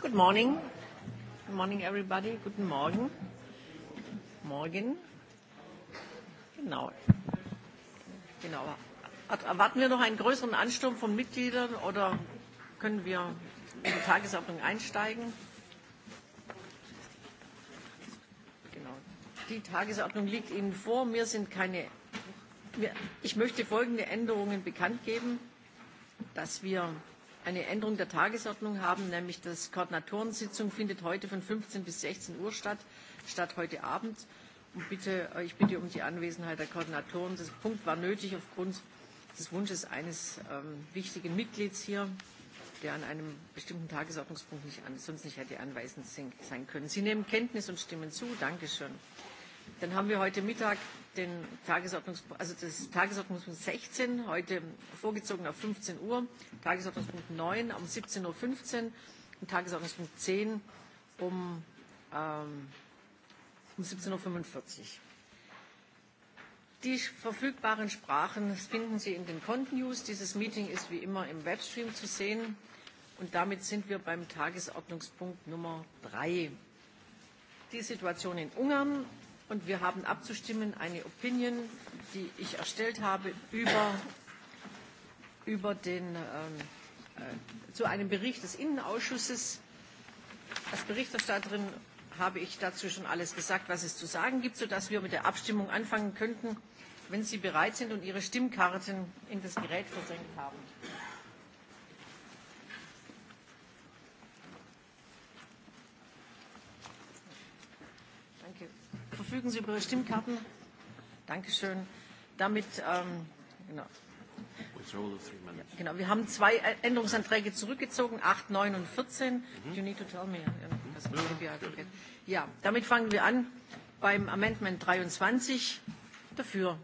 Good morning. Good morning, everybody. Guten Morgen. Morgen. Genau. Genau. Erwarten wir noch einen größeren Ansturm von Mitgliedern oder können wir in die Tagesordnung einsteigen? Genau. Die Tagesordnung liegt Ihnen vor. Mir sind keine. Ich möchte folgende Änderungen bekannt geben, dass wir eine Änderung der Tagesordnung haben, nämlich das Koordinatorensitzung findet heute von 15 bis 16 Uhr statt, statt heute Abend. Und bitte, äh, ich bitte um die Anwesenheit der Koordinatoren. Das Punkt war nötig aufgrund des Wunsches eines ähm, wichtigen Mitglieds hier, der an einem bestimmten Tagesordnungspunkt nicht an, sonst nicht hätte anweisend sein können. Sie nehmen Kenntnis und stimmen zu. Dankeschön. Dann haben wir heute Mittag den Tagesordnungspunkt, also das Tagesordnungspunkt 16, heute vorgezogen auf 15 Uhr, Tagesordnungspunkt 9 um 17.15 Uhr und Tagesordnungspunkt 10 um, ähm, um 17.45 Uhr. Die verfügbaren Sprachen finden Sie in den Kontenews. Dieses Meeting ist wie immer im Webstream zu sehen. Und damit sind wir beim Tagesordnungspunkt Nummer 3. Die Situation in Ungarn Und wir haben abzustimmen eine Opinion, die ich erstellt habe über, über den, ähm, äh, zu einem Bericht des Innenausschusses. Als Berichterstatterin habe ich dazu schon alles gesagt, was es zu sagen gibt, sodass wir mit der Abstimmung anfangen könnten, wenn Sie bereit sind und Ihre Stimmkarten in das Gerät versenkt haben. Verfügen Sie über Ihre Stimmkarten? Dankeschön. Damit, ähm, genau. Genau, wir haben zwei äh, Änderungsanträge zurückgezogen, 8, 9 und 14. Mhm. You need to tell me. Ja, mhm. damit fangen wir an beim Amendment 23. Dafür.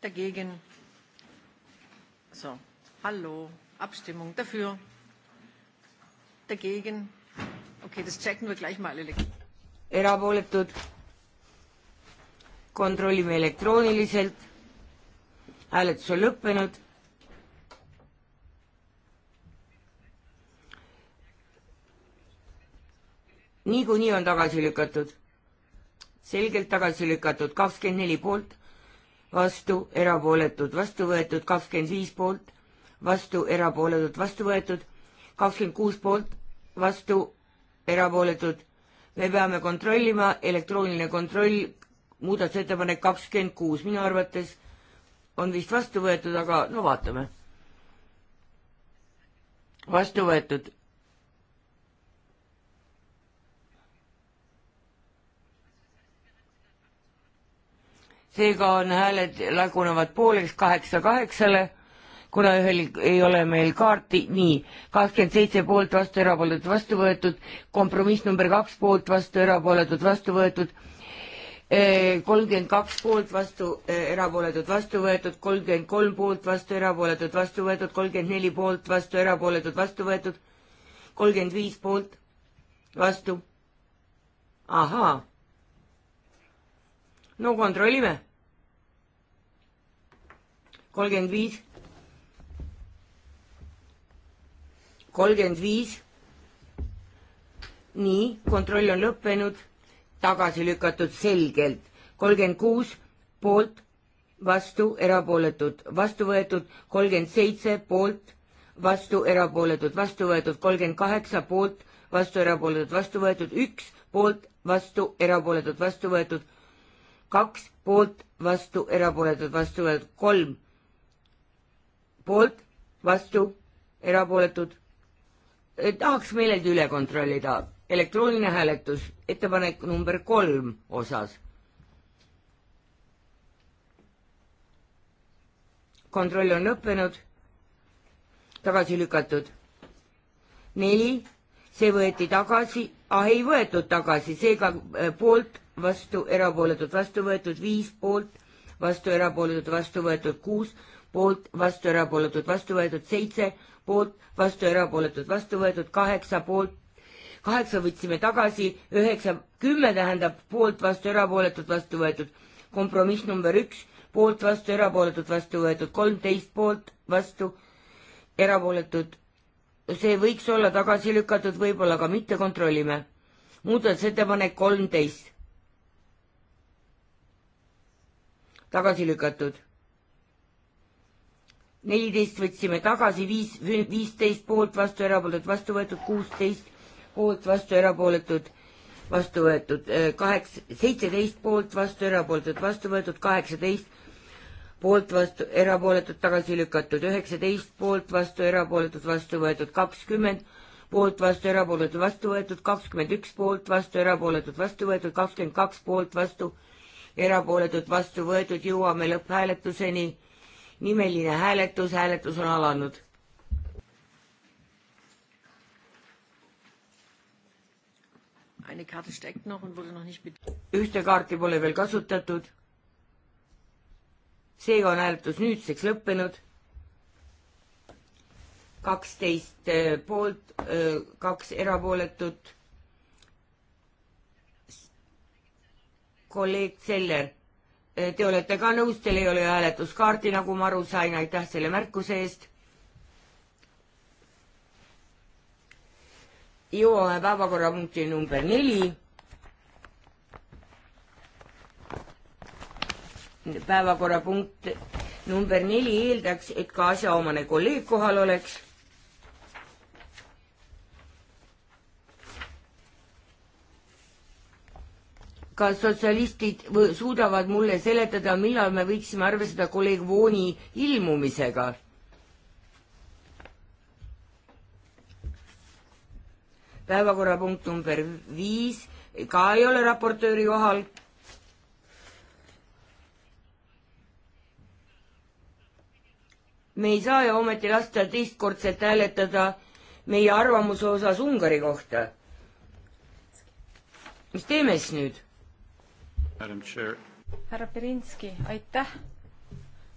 Dagegen. So, hallo. Abstimmung. Dafür. Dagegen. Okay, das checken wir gleich mal. Erapooletud kontrollime elektrooniliselt. hääletus on lõppenud. niikuinii on tagasi lükatud, selgelt tagasi lükatud, kakskümmend neli poolt, vastu erapooletud, vastu võetud kakskümmend viis poolt, vastu erapooletud, vastu võetud kakskümmend kuus poolt, vastu erapooletud. me peame kontrollima, elektrooniline kontroll muudatusettepanek kakskümmend kuus, minu arvates on vist vastu võetud, aga no vaatame. vastu võetud. seega on hääled lagunevad pooleks kaheksa kaheksale, kuna ühel ei ole meil kaarti, nii, kakskümmend seitse poolt vastu, erapooletud vastu võetud, kompromiss number kaks poolt vastu, erapooletud vastu võetud Äh, kolmkümmend kaks poolt vastu, äh, erapooletud vastu võetud, kolmkümmend kolm poolt vastu, erapooletud vastu võetud, kolmkümmend neli poolt vastu, erapooletud vastu võetud, kolmkümmend viis poolt vastu. ahaa. no kontrollime. kolmkümmend viis. kolmkümmend viis. nii, kontroll on lõppenud tagasi lükatud selgelt, kolmkümmend kuus poolt, vastu, erapooletud, vastu võetud, kolmkümmend seitse poolt, vastu, erapooletud, vastu võetud, kolmkümmend kaheksa poolt, vastu, erapooletud, vastu võetud, üks poolt, vastu, erapooletud, vastu võetud, kaks poolt, vastu, erapooletud, vastu võetud, kolm poolt, vastu, erapooletud eh,. tahaks meeleldi üle kontrollida elektrooniline hääletus, ettepanek number kolm osas. kontroll on lõppenud, tagasi lükatud. neli, see võeti tagasi, ah ei võetud tagasi, seega äh, poolt, vastu, erapooletud, vastu võetud, viis poolt, vastu, erapooletud, vastu võetud, kuus poolt, vastu, erapooletud, vastu võetud, seitse poolt, vastu, erapooletud, vastu võetud, kaheksa poolt kaheksa võtsime tagasi, üheksa, kümme tähendab poolt vastu, erapooletult vastu võetud. kompromiss number üks, poolt vastu, erapooletult vastu võetud, kolmteist poolt vastu, erapooletud. see võiks olla tagasi lükatud, võib-olla ka mitte, kontrollime. muudatusettepanek kolmteist. tagasi lükatud neliteist võtsime tagasi, viis, viisteist poolt vastu, erapooletud vastu võetud, kuusteist poolt, vastu, erapooletud, vastu võetud äh, kaheksa, seitseteist poolt, vastu, erapooletud, vastu võetud kaheksateist, poolt, vastu, erapooletud, tagasi lükatud üheksateist, poolt, vastu, erapooletud, vastu võetud kakskümmend, poolt, vastu, erapooletud, vastu võetud kakskümmend üks, poolt, vastu, erapooletud, vastu võetud kakskümmend kaks, poolt, vastu, erapooletud, vastu võetud, jõuame lõpphääletuseni. nimeline hääletus, hääletus on alanud ühte kaarti pole veel kasutatud. seega on hääletus nüüdseks lõppenud. kaksteist äh, poolt, äh, kaks erapooletut. kolleeg Seller, äh, te olete ka nõus, teil ei ole hääletuskaarti, nagu ma aru sain, aitäh selle märkuse eest jõuame päevakorrapunktini number neli. päevakorrapunkt number neli eeldaks, et ka asjaomane kolleeg kohal oleks kas sotsialistid suudavad mulle seletada, millal me võiksime arvestada kolleeg Vooni ilmumisega? päevakorrapunkt number viis, ka ei ole raportööri kohal. me ei saa ju ometi lasta teistkordselt hääletada meie arvamuse osas Ungari kohta. mis teeme siis nüüd? härra Berinski, aitäh.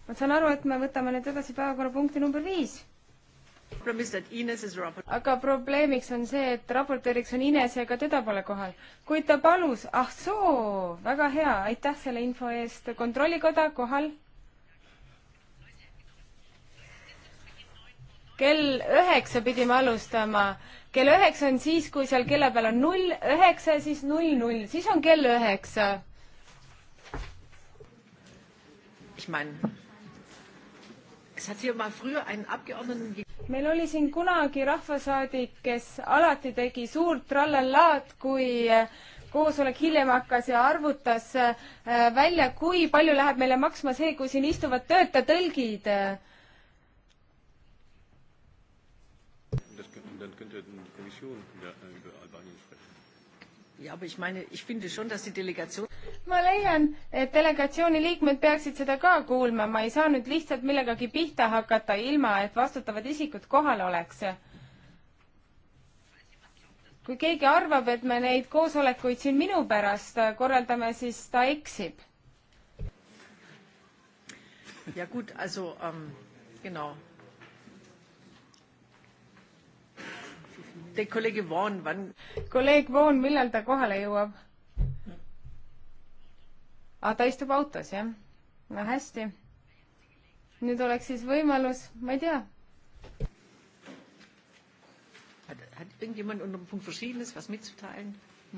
ma saan aru, et me võtame nüüd edasi päevakorrapunkti number viis aga probleemiks on see, et raportööriks on Ines ja ka teda pole kohal. kuid ta palus, ah soo, väga hea, aitäh selle info eest, kontrollikoda kohal. kell üheksa pidime alustama, kell üheksa on siis, kui seal kella peal on null, üheksa ja siis null, null, siis on kell üheksa. Ich meine, meil oli siin kunagi rahvasaadik, kes alati tegi suurt trallallaad, kui äh, koosolek hiljem hakkas ja arvutas äh, välja, kui palju läheb meile maksma see, kui siin istuvad tööta tõlgid. Äh. Ja, aber ich meine, ich finde schon, dass die Delegation ma leian, et delegatsiooni liikmed peaksid seda ka kuulma, ma ei saa nüüd lihtsalt millegagi pihta hakata, ilma et vastutavad isikud kohal oleks. kui keegi arvab, et me neid koosolekuid siin minu pärast korraldame, siis ta eksib. ja gut, also um, genau. kolleeg Voon, millal ta kohale jõuab? aa, ta istub autos, jah? no hästi. nüüd oleks siis võimalus, ma ei tea.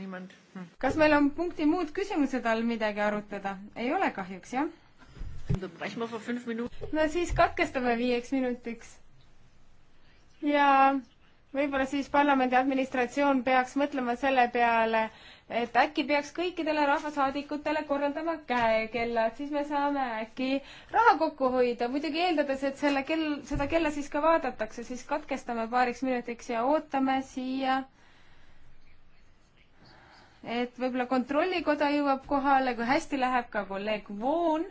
Hm. kas meil on punkti muud küsimused all midagi arutada? ei ole kahjuks, jah? no siis katkestame viieks minutiks. ja võib-olla siis parlamendi administratsioon peaks mõtlema selle peale, et äkki peaks kõikidele rahvasaadikutele korraldama käekella, et siis me saame äkki raha kokku hoida. muidugi eeldades, et selle kell, seda kella siis ka vaadatakse, siis katkestame paariks minutiks ja ootame siia et võib-olla kontrollikoda jõuab kohale, kui hästi läheb ka kolleeg Voon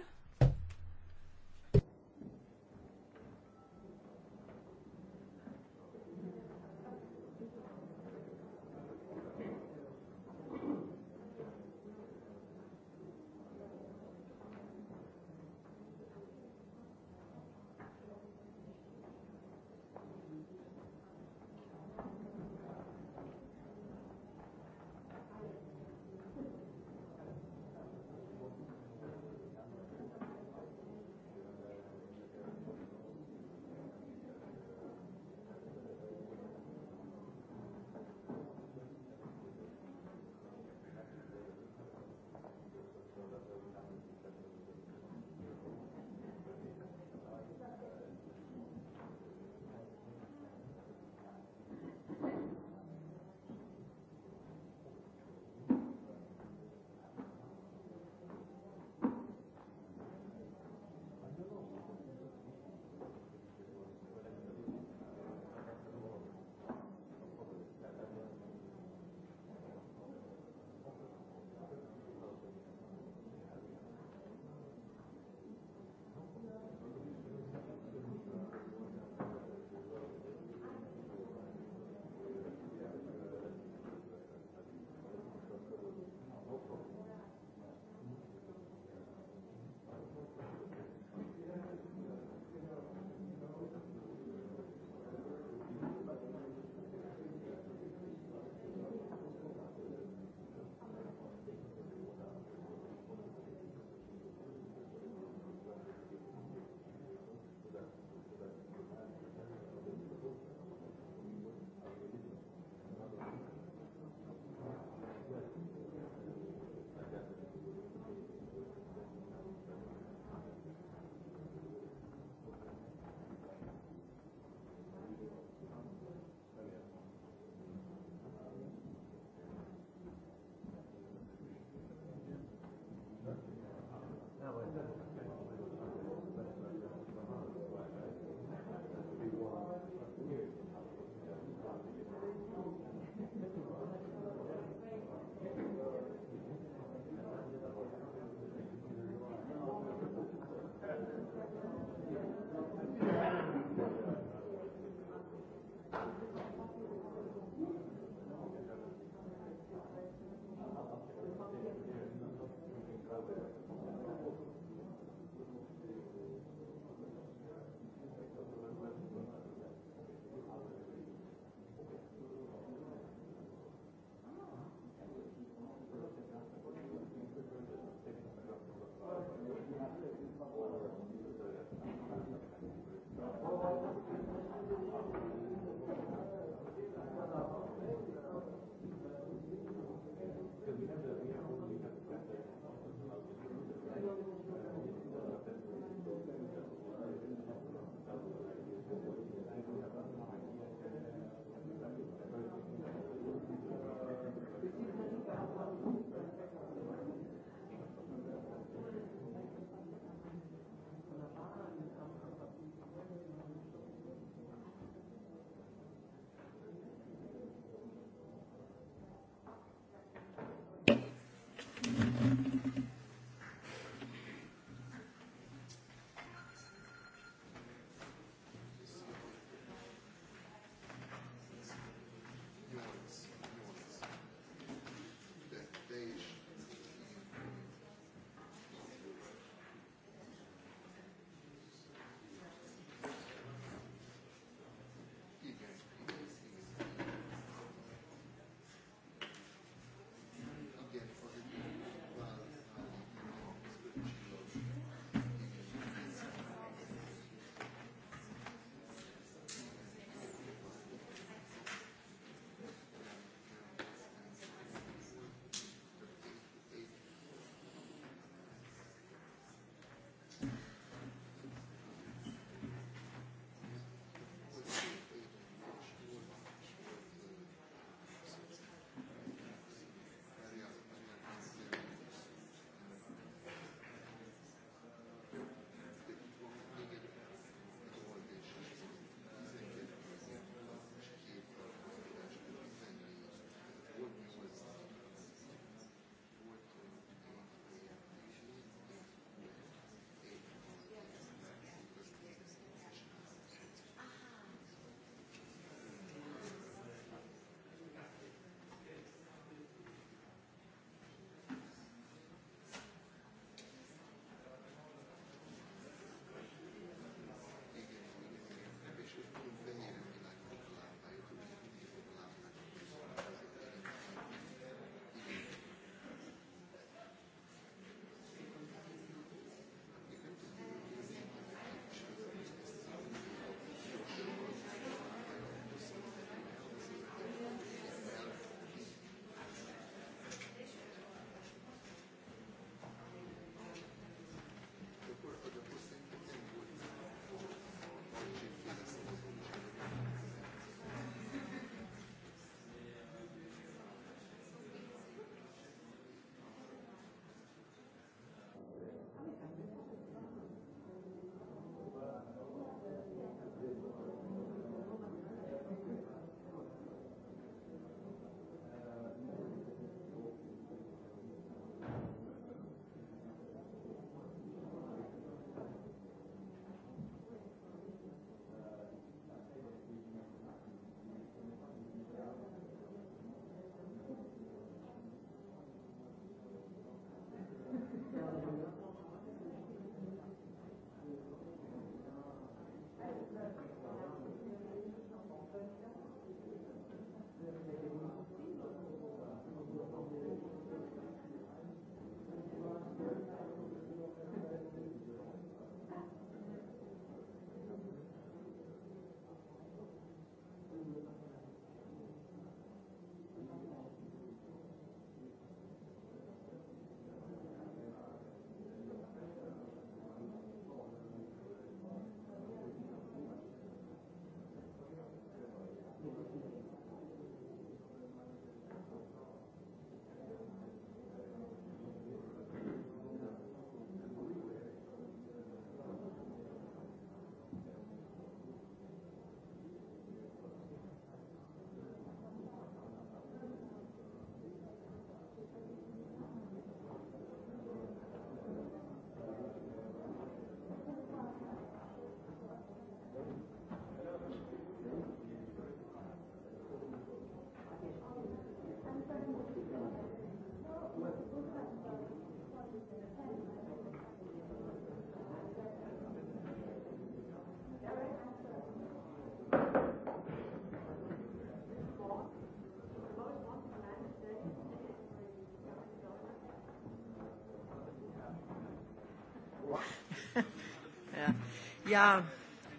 Ja,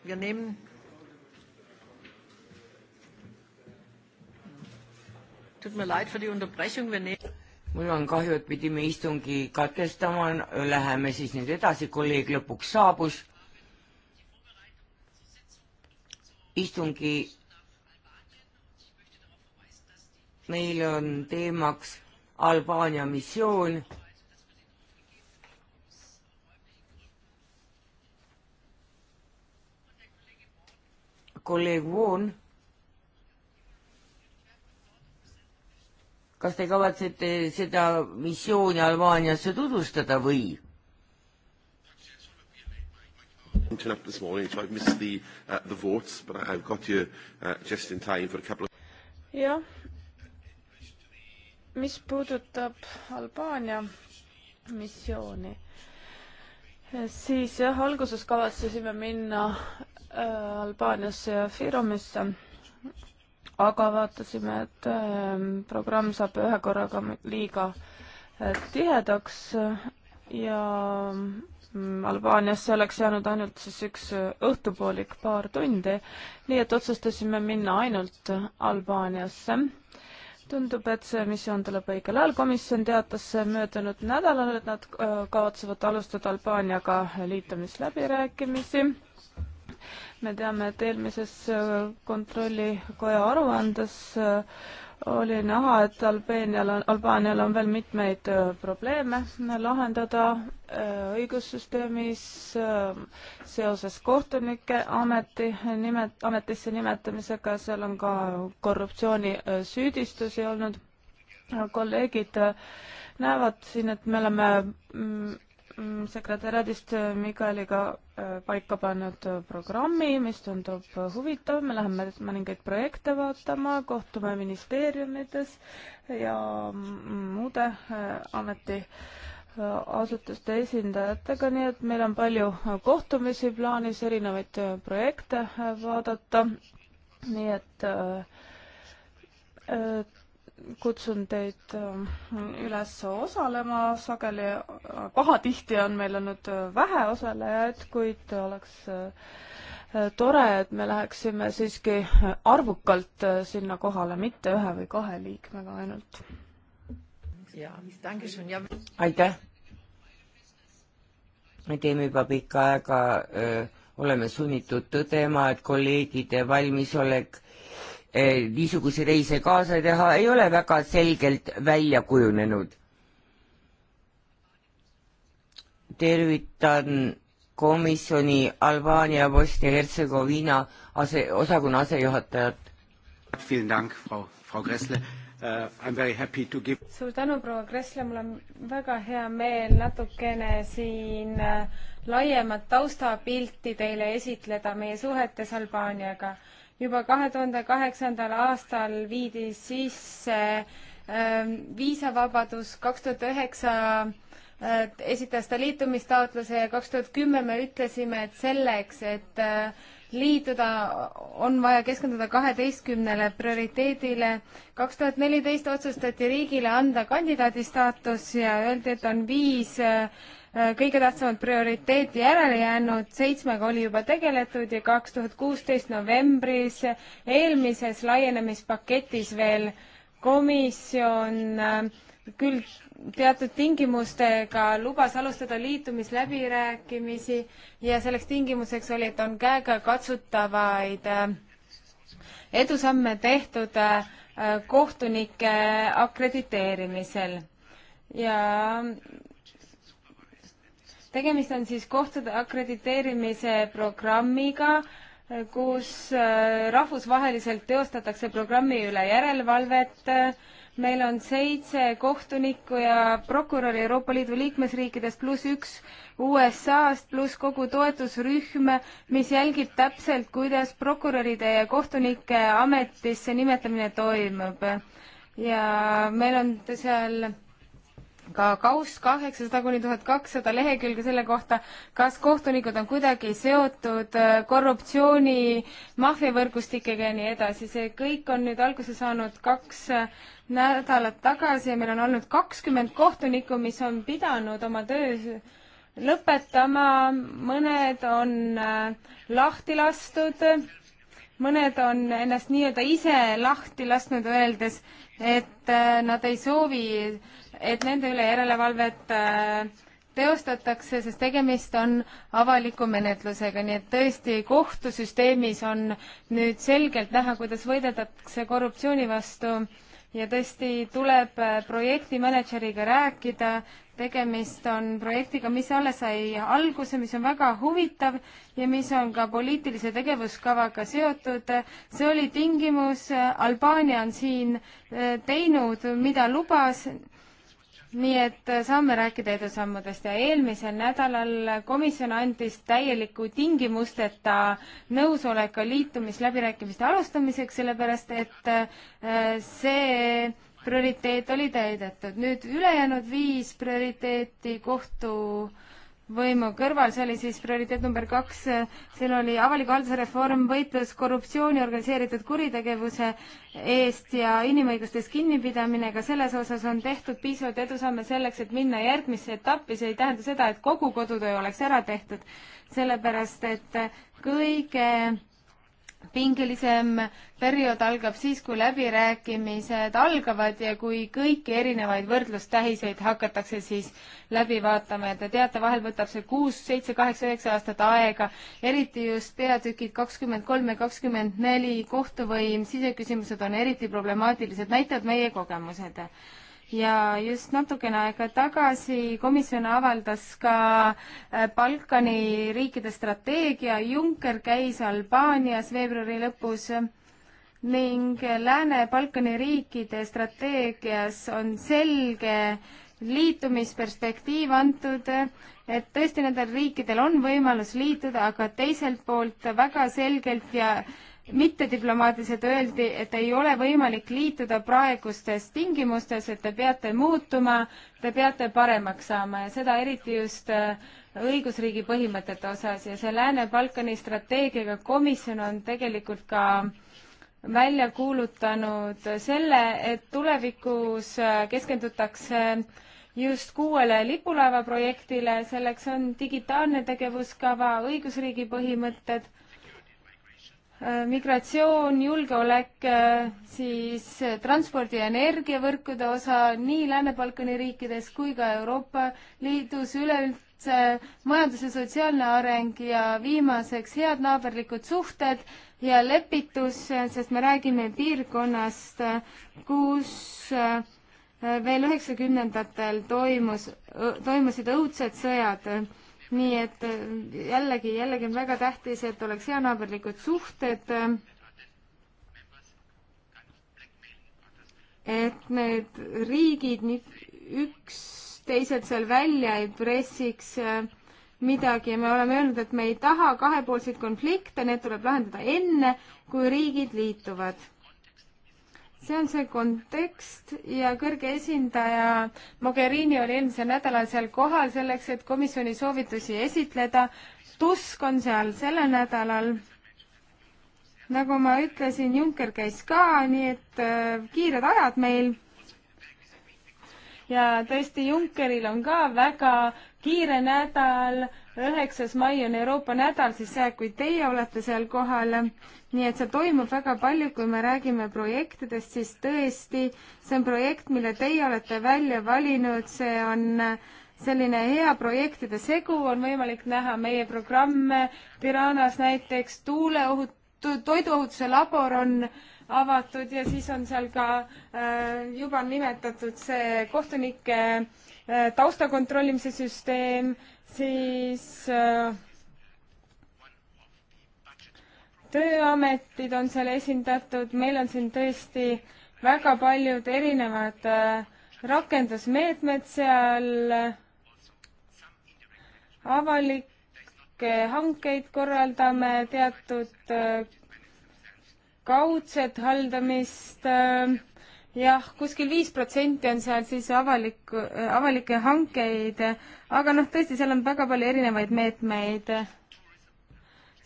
wir nehmen. Tut mir leid für die Unterbrechung. Wir nehmen. mul on kahju, et pidime istungi katkestama, läheme siis nüüd edasi, kolleeg lõpuks saabus. istungi meil on teemaks Albaania missioon te kavatsete seda missiooni Albaaniasse tutvustada või? Internet this morning, so I've missed the uh, the votes, but I've got you uh, just in time for a couple of. jah, mis puudutab Albaania missiooni, siis jah, alguses kavatsesime minna äh, Albaaniasse ja Firomisse aga vaatasime, et ähm, programm saab ühe korraga liiga äh, tihedaks äh, ja mm, Albaaniasse oleks jäänud ainult siis üks äh, õhtupoolik paar tundi, nii et otsustasime minna ainult Albaaniasse. tundub, et see missioon tuleb õigel ajal, komisjon teatas möödunud nädalal, et nad kavatsevad alustada Albaaniaga liitumisläbirääkimisi me teame, et eelmises äh, kontrollikoja aruandes äh, oli näha, et Albeenial on, Albaanial on veel mitmeid äh, probleeme lahendada õigussüsteemis seoses kohtunike ameti nimet-, ametisse nimetamisega, seal on ka korruptsioonisüüdistusi olnud. kolleegid näevad siin, et me oleme mm, Mm, sekretäriadist äh, Mikaliga äh, paika pannud äh, programmi, mis tundub huvitav, me läheme mõningaid projekte vaatama, kohtume ministeeriumides ja mm, muude ametiasutuste esindajatega, nii et meil on palju kohtumisi plaanis, erinevaid projekte vaadata, nii et, et kutsun teid äh, üles osalema, sageli, pahatihti on meil olnud äh, vähe osalejaid, kuid oleks äh, tore, et me läheksime siiski arvukalt sinna kohale, mitte ühe või kahe liikmega ainult. aitäh! me teeme juba pikka aega, oleme sunnitud tõdema, et kolleegide valmisolek Eh, niisuguseid reise kaasa teha, ei ole väga selgelt välja kujunenud. tervitan komisjoni Albaania, Bosnia-Hertsegoviina ase, osakonna asejuhatajat. Äh, give... suur tänu, proua Kressle, mul on väga hea meel natukene siin äh, laiemat taustapilti teile esitleda meie suhetes Albaaniaga juba kahe tuhande kaheksandal aastal viidi sisse ähm, viisavabadus, kaks tuhat üheksa äh, esitas ta liitumistaotluse ja kaks tuhat kümme me ütlesime, et selleks, et äh, liituda, on vaja keskenduda kaheteistkümnele prioriteedile. kaks tuhat neliteist otsustati riigile anda kandidaadi staatus ja öeldi, et on viis äh, Äh, kõige tähtsamad prioriteeti järele jäänud, seitsmega oli juba tegeletud ja kaks tuhat kuusteist novembris eelmises laienemispaketis veel komisjon äh, küll teatud tingimustega lubas alustada liitumisläbirääkimisi ja selleks tingimuseks oli, et on käegakatsutavaid äh, edusamme tehtud kohtunike akrediteerimisel ja tegemist on siis kohtade akrediteerimise programmiga, kus äh, rahvusvaheliselt teostatakse programmi üle järelevalvet. meil on seitse kohtunikku ja prokuröri Euroopa Liidu liikmesriikidest, pluss üks USA-st, pluss kogu toetusrühm, mis jälgib täpselt, kuidas prokuröride ja kohtunike ametisse nimetamine toimub. ja meil on seal ka kauss kaheksasada kuni tuhat kakssada lehekülge selle kohta, kas kohtunikud on kuidagi seotud äh, korruptsiooni, maffiavõrgustikega ja nii edasi. see kõik on nüüd alguse saanud kaks äh, nädalat tagasi ja meil on olnud kakskümmend kohtunikku, mis on pidanud oma töö lõpetama, mõned on äh, lahti lastud, mõned on ennast nii-öelda ise lahti lasknud, öeldes, et nad ei soovi äh, et nende üle järelevalvet äh, teostatakse, sest tegemist on avaliku menetlusega, nii et tõesti kohtusüsteemis on nüüd selgelt näha, kuidas võideldakse korruptsiooni vastu ja tõesti tuleb äh, projektimänedžeriga rääkida, tegemist on projektiga, mis alles sai alguse, mis on väga huvitav ja mis on ka poliitilise tegevuskavaga seotud. see oli tingimus, Albaania on siin äh, teinud, mida lubas nii et äh, saame rääkida edusammudest ja eelmisel nädalal komisjon andis täieliku tingimusteta nõusoleka liitumisläbirääkimiste alustamiseks, sellepärast et äh, see prioriteet oli täidetud. nüüd ülejäänud viis prioriteeti kohtu äh, võimu kõrval, see oli siis prioriteet number kaks, seal oli avaliku halduse reform, võitlus korruptsiooni, organiseeritud kuritegevuse eest ja inimõigustest kinnipidamine, ka selles osas on tehtud piisavalt edusamme selleks, et minna järgmisse etappi, see ei tähenda seda, et kogu kodutöö oleks ära tehtud, sellepärast et kõige pingelisem periood algab siis, kui läbirääkimised algavad ja kui kõiki erinevaid võrdlustähiseid hakatakse siis läbi vaatama ja te teate, vahel võtab see kuus, seitse, kaheksa, üheksa aastat aega, eriti just peatükid kakskümmend kolm ja kakskümmend neli, kohtuvõim, siseküsimused on eriti problemaatilised, näitavad meie kogemused ja just natukene aega tagasi komisjon avaldas ka äh, Balkani riikide strateegia, Juncker käis Albaanias veebruari lõpus ning Lääne-Balkani riikide strateegias on selge liitumisperspektiiv antud, et tõesti nendel riikidel on võimalus liituda, aga teiselt poolt väga selgelt ja mittediplomaatiliselt öeldi, et ei ole võimalik liituda praegustes tingimustes, et te peate muutuma, te peate paremaks saama ja seda eriti just äh, õigusriigi põhimõtete osas ja see Lääne-Balkani strateegiaga komisjon on tegelikult ka välja kuulutanud selle, et tulevikus äh, keskendutakse just kuuele lipulaeva projektile, selleks on digitaalne tegevuskava, õigusriigi põhimõtted Äh, migratsioon, julgeolek, äh, siis äh, transpordi ja energiavõrkude osa nii Lääne-Balkani riikides kui ka Euroopa Liidus üleüldse, majanduse sotsiaalne areng ja viimaseks head naaberlikud suhted ja lepitus, sest me räägime piirkonnast, kus veel üheksakümnendatel toimus, toimusid õudsed sõjad nii et äh, jällegi, jällegi on väga tähtis, et oleks heanaaberlikud suhted. Äh, et need riigid üksteiselt seal välja ei pressiks äh, midagi ja me oleme öelnud, et me ei taha kahepoolseid konflikte, need tuleb lahendada enne, kui riigid liituvad see on see kontekst ja kõrge esindaja Mogherini oli eelmisel nädalal seal kohal selleks, et komisjoni soovitusi esitleda. Tusk on seal sellel nädalal. nagu ma ütlesin, Juncker käis ka, nii et äh, kiired ajad meil. ja tõesti, Junckeril on ka väga kiire nädal üheksas mai on Euroopa nädal, siis see, kui teie olete seal kohal, nii et seal toimub väga palju, kui me räägime projektidest, siis tõesti, see on projekt, mille teie olete välja valinud, see on selline hea projektide segu, on võimalik näha meie programme, Piranas näiteks tuuleohut-, toiduohutuse labor on avatud ja siis on seal ka äh, juba nimetatud see kohtunike äh, Äh, tausta kontrollimise süsteem, siis äh, tööametid on seal esindatud, meil on siin tõesti väga paljud erinevad äh, rakendusmeetmed seal, avalikke hankeid korraldame, teatud kaudset haldamist äh, jah, kuskil viis protsenti on seal siis avalik, äh, avalikke hankeid, aga noh, tõesti, seal on väga palju erinevaid meetmeid.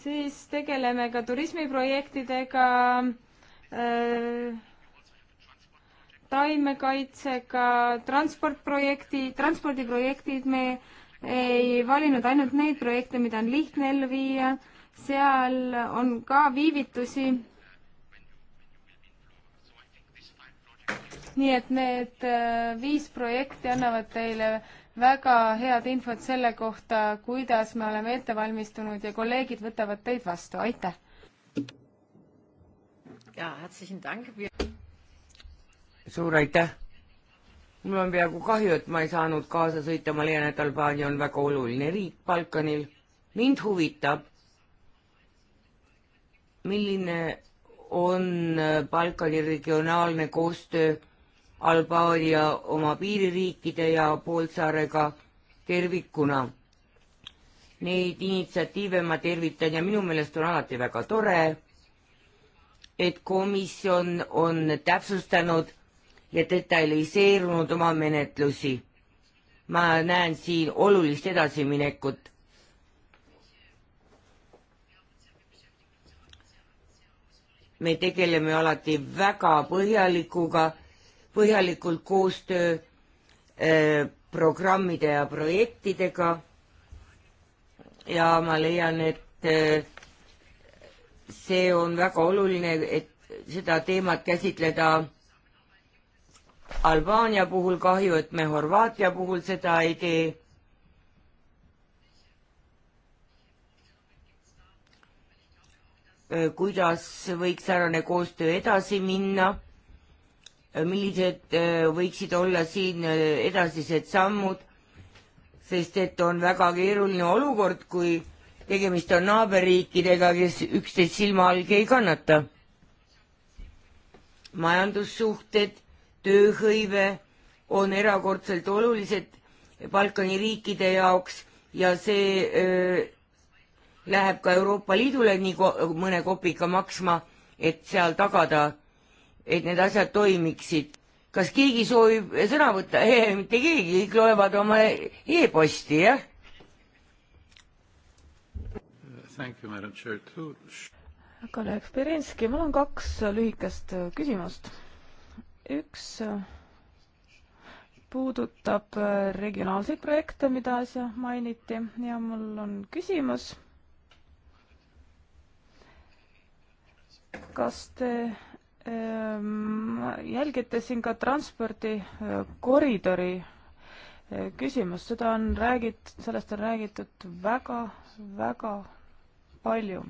siis tegeleme ka turismiprojektidega, äh, taimekaitsega, transportprojekti, transpordiprojektid, me ei valinud ainult neid projekte, mida on lihtne ellu viia, seal on ka viivitusi nii et need äh, viis projekti annavad teile väga head infot selle kohta, kuidas me oleme ette valmistunud ja kolleegid võtavad teid vastu, aitäh! suur aitäh! mul on peaaegu kahju, et ma ei saanud kaasa sõita, ma leian, et Albaania on väga oluline riik Balkanil. mind huvitab, milline on Balkani regionaalne koostöö Albaania oma piiririikide ja poolsaarega tervikuna. Neid initsiatiive ma tervitan ja minu meelest on alati väga tore, et komisjon on täpsustanud ja detailiseerunud oma menetlusi. ma näen siin olulist edasiminekut. me tegeleme alati väga põhjalikuga põhjalikult koostöö äh, programmide ja projektidega ja ma leian, et äh, see on väga oluline, et seda teemat käsitleda Albaania puhul, kahju, et me Horvaatia puhul seda ei tee. Äh, kuidas võiks säärane koostöö edasi minna millised äh, võiksid olla siin äh, edasised sammud, sest et on väga keeruline olukord, kui tegemist on naaberriikidega, kes üksteist silma allgi ei kannata. majandussuhted, tööhõive on erakordselt olulised Balkani riikide jaoks ja see öö, äh, läheb ka Euroopa Liidule nii ko mõne kopika maksma, et seal tagada et need asjad toimiksid. kas keegi soovib sõna võtta? mitte keegi, kõik loevad oma e-posti, jah. kolleeg Spirinski, mul on kaks lühikest küsimust. üks puudutab regionaalseid projekte, mida äsja mainiti ja mul on küsimus. kas te Ehm, jälgite siin ka transpordikoridori eh, eh, küsimust, seda on räägit-, sellest on räägitud väga, väga palju.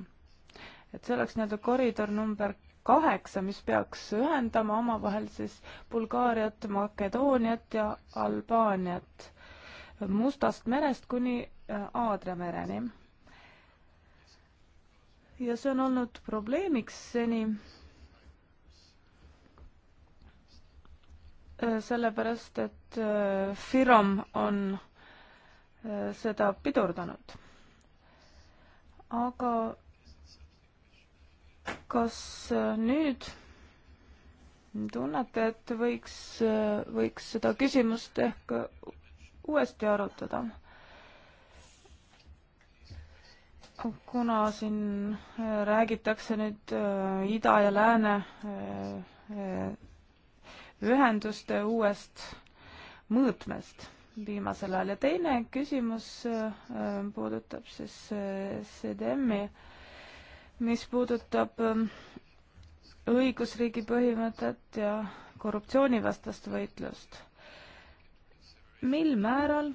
et see oleks nii-öelda koridor number kaheksa, mis peaks ühendama omavahel siis Bulgaariat, Makedooniat ja Albaaniat Mustast merest kuni eh, Aadria mereni. ja see on olnud probleemiks seni Äh, sellepärast, et äh, FIROM on äh, seda pidurdanud. aga kas nüüd tunnete, et võiks, võiks seda küsimust ehk uuesti arutada? kuna siin räägitakse nüüd ida ja lääne ühenduste uuest mõõtmest viimasel ajal ja teine küsimus äh, puudutab siis äh, CDM-i, mis puudutab äh, õigusriigi põhimõtet ja korruptsioonivastast võitlust. mil määral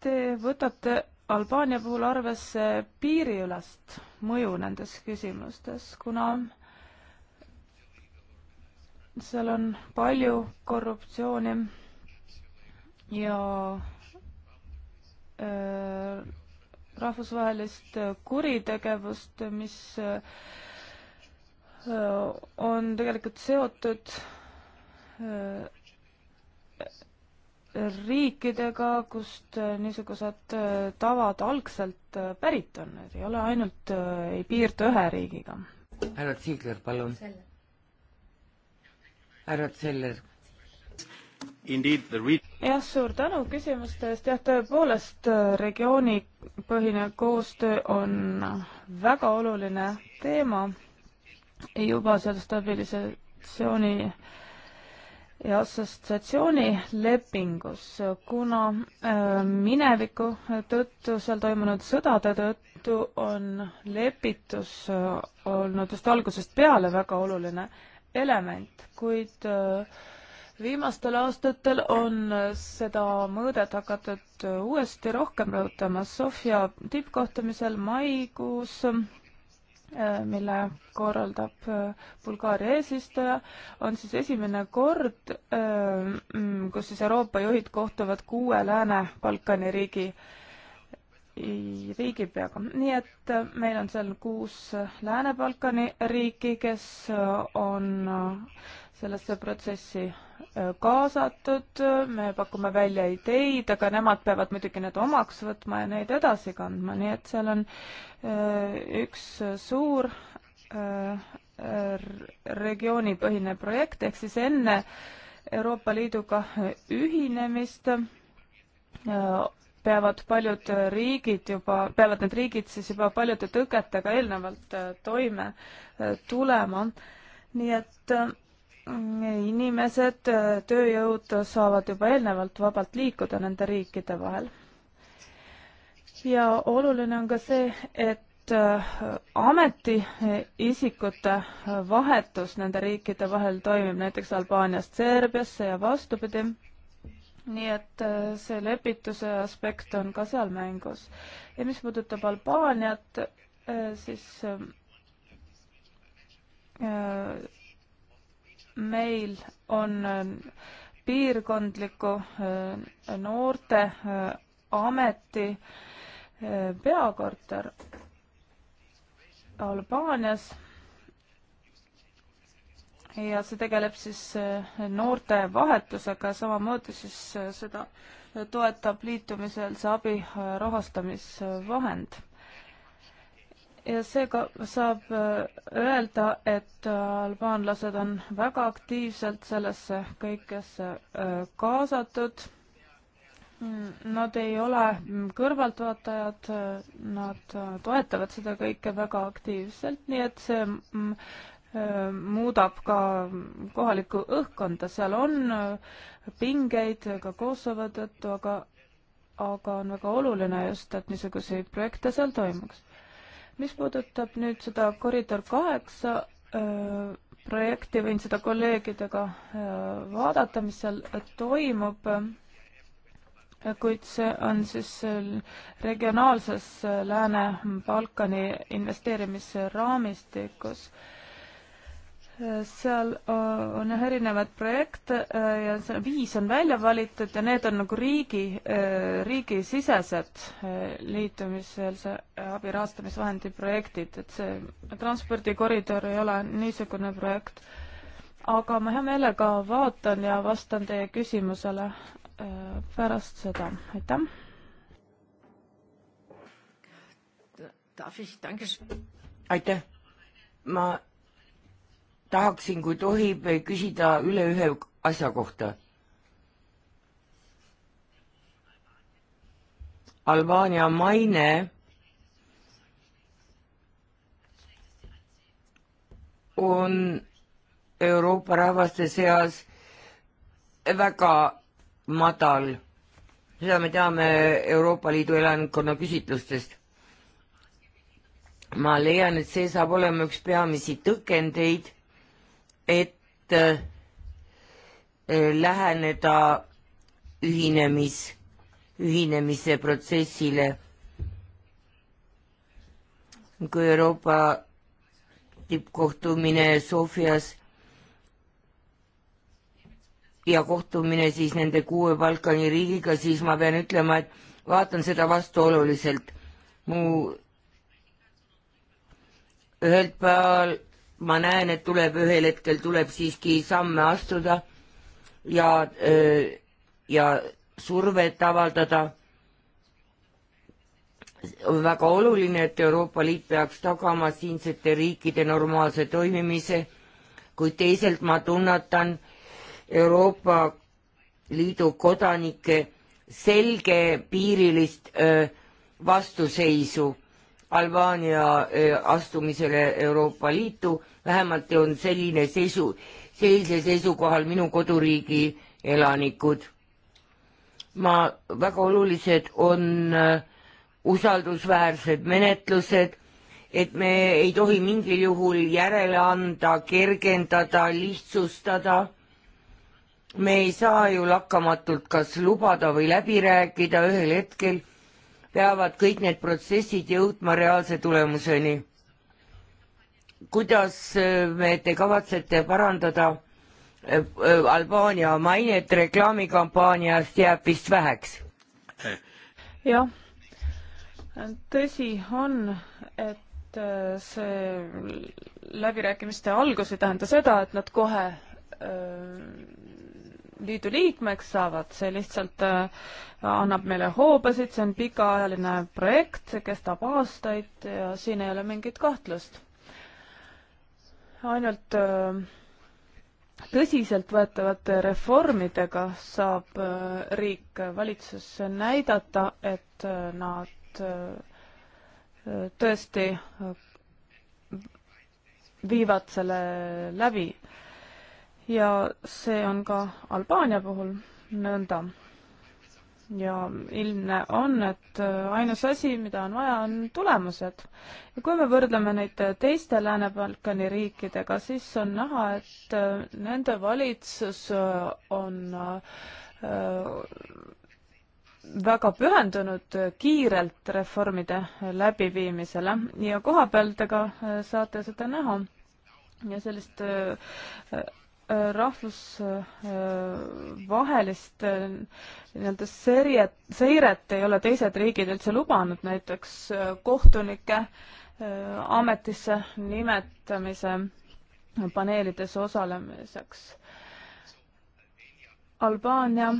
te võtate Albaania puhul arvesse piiriülest mõju nendes küsimustes, kuna seal on palju korruptsiooni ja äh, rahvusvahelist kuritegevust, mis äh, on tegelikult seotud äh, riikidega, kust äh, niisugused äh, tavad algselt äh, pärit on, et ei ole ainult, ei piirdu ühe riigiga. härra Tiigler, palun. selge härra Zeller. jah, suur tänu küsimuste eest, jah, tõepoolest äh, regioonipõhine koostöö on väga oluline teema juba seal stabilisatsiooni ja assotsiatsiooni lepingus, kuna äh, mineviku tõttu, seal toimunud sõdade tõttu on lepitus äh, olnud just algusest peale väga oluline element, kuid äh, viimastel aastatel on seda mõõdet hakatud äh, uuesti rohkem rõhutama Sofia tippkohtumisel maikuus, äh, mille korraldab Bulgaaria eesistuja, on siis esimene kord, kus siis Euroopa juhid kohtuvad kuue Lääne-Balkani riigi riigipeaga, nii et äh, meil on seal kuus äh, Lääne-Balkani riiki, kes äh, on sellesse protsessi kaasatud, me pakume välja ideid, aga nemad peavad muidugi need omaks võtma ja neid edasi kandma, nii et seal on üks suur regioonipõhine projekt, ehk siis enne Euroopa Liiduga ühinemist peavad paljud riigid juba, peavad need riigid siis juba paljude tõketega eelnevalt äh, toime äh, tulema. nii et äh, inimesed, tööjõud saavad juba eelnevalt vabalt liikuda nende riikide vahel. ja oluline on ka see, et ametiisikute vahetus nende riikide vahel toimib näiteks Albaaniast Serbiasse ja vastupidi nii et äh, see lepituse aspekt on ka seal mängus. ja mis puudutab Albaaniat, äh, siis äh, meil on piirkondliku noorte ameti peakorter Albaanias ja see tegeleb siis äh, noorte vahetusega, samamoodi siis äh, seda toetab liitumisel see abi äh, rahastamisvahend. ja seega saab öelda, et albaanlased on väga aktiivselt sellesse kõikesse kaasatud. Mm, nad ei ole kõrvaltvaatajad, nad toetavad seda kõike väga aktiivselt, nii et see mm, muudab ka kohalikku õhkkonda, seal on äh, pingeid ka Kosovo tõttu, aga, aga on väga oluline just, et niisuguseid projekte seal toimuks. mis puudutab nüüd seda koridor kaheksa äh, projekti, võin seda kolleegidega äh, vaadata, mis seal toimub, kuid see on siis regionaalses Lääne-Balkani investeerimisraamistikus äh, seal äh, on jah erinevaid projekte äh, ja viis on välja valitud ja need on nagu riigi, äh, riigisisesed liitumiseelse abi rahastamisvahendi projektid, et see transpordikoridor ei ole niisugune projekt. aga ma hea meelega vaatan ja vastan teie küsimusele pärast seda, aitäh. aitäh, ma tahaksin, kui tohib, küsida üle ühe asja kohta. Albaania maine on Euroopa rahvaste seas väga madal. seda me teame Euroopa Liidu elanikkonna küsitlustest. ma leian, et see saab olema üks peamisi tõkendeid et äh, läheneda ühinemis, ühinemise protsessile. kui Euroopa tippkohtumine Sofias ja kohtumine siis nende kuue Balkani riigiga, siis ma pean ütlema, et vaatan seda vastuoluliselt. mu ühelt päeval ma näen, et tuleb ühel hetkel, tuleb siiski samme astuda ja, ja survet avaldada. on väga oluline, et Euroopa Liit peaks tagama siinsete riikide normaalse toimimise, kuid teisalt ma tunnetan Euroopa Liidu kodanike selgepiirilist vastuseisu Albaania eh, astumisele Euroopa Liitu, vähemalt on selline seisu, sellise seisukohal minu koduriigi elanikud. ma, väga olulised on eh, usaldusväärsed menetlused, et me ei tohi mingil juhul järele anda, kergendada, lihtsustada. me ei saa ju lakkamatult kas lubada või läbi rääkida ühel hetkel peavad kõik need protsessid jõudma reaalse tulemuseni. kuidas äh, me, te kavatsete parandada äh, äh, Albaania mainet reklaamikampaaniast jääb vist väheks? jah, tõsi on, et see läbirääkimiste algus ei tähenda seda, et nad kohe öö, liidu liikmeks saavad, see lihtsalt äh, annab meile hoobasid, see on pikaajaline projekt, see kestab aastaid ja siin ei ole mingit kahtlust. ainult äh, tõsiseltvõetavate reformidega saab äh, riik, valitsus näidata, et nad tõesti viivad selle läbi ja see on ka Albaania puhul nõnda. ja ilmne on, et äh, ainus asi, mida on vaja, on tulemused. ja kui me võrdleme neid teiste Lääne-Balkani riikidega, siis on näha, et äh, nende valitsus äh, on väga pühendunud kiirelt reformide läbiviimisele ja koha pealt ega saate seda näha ja sellist rahvusvahelist äh, nii-öelda seiret, seiret ei ole teised riigid üldse lubanud, näiteks äh, kohtunike äh, ametisse nimetamise paneelides osalemiseks. Albaania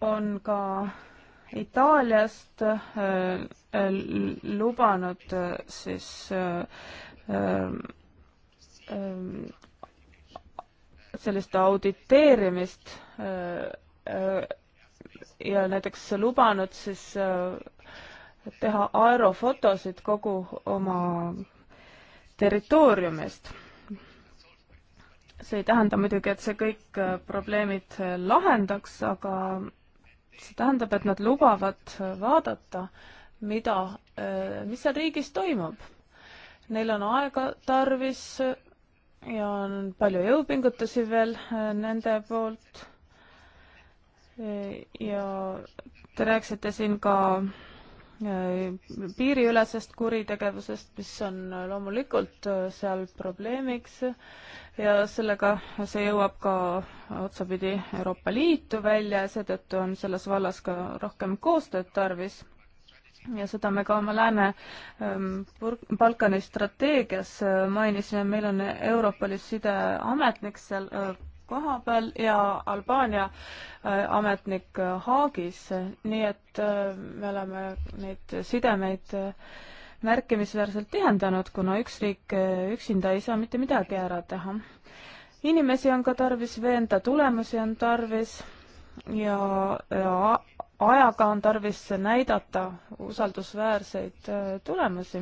on ka Itaaliast lubanud siis Ehm, sellist auditeerimist äh, äh, ja näiteks lubanud siis äh, teha aerofotosid kogu oma territooriumist. see ei tähenda muidugi, et see kõik probleemid lahendaks, aga see tähendab, et nad lubavad vaadata, mida, mis seal riigis toimub. Neil on aega tarvis ja on palju jõupingutusi veel äh, nende poolt. Äh, ja te rääkisite siin ka äh, piiriülesest kuritegevusest, mis on loomulikult seal probleemiks ja sellega see jõuab ka otsapidi Euroopa Liitu välja ja seetõttu on selles vallas ka rohkem koostööd tarvis ja seda me ka oma Lääne-Balkani ähm, strateegias äh, mainisime, meil on Europolis sideametnik seal äh, kohapeal ja Albaania äh, ametnik Haagis, nii et me oleme neid sidemeid märkimisväärselt tihendanud, kuna üks riik üksinda ei saa mitte midagi ära teha. inimesi on ka tarvis veenda, tulemusi on tarvis ja, ja ajaga on tarvis näidata usaldusväärseid äh, tulemusi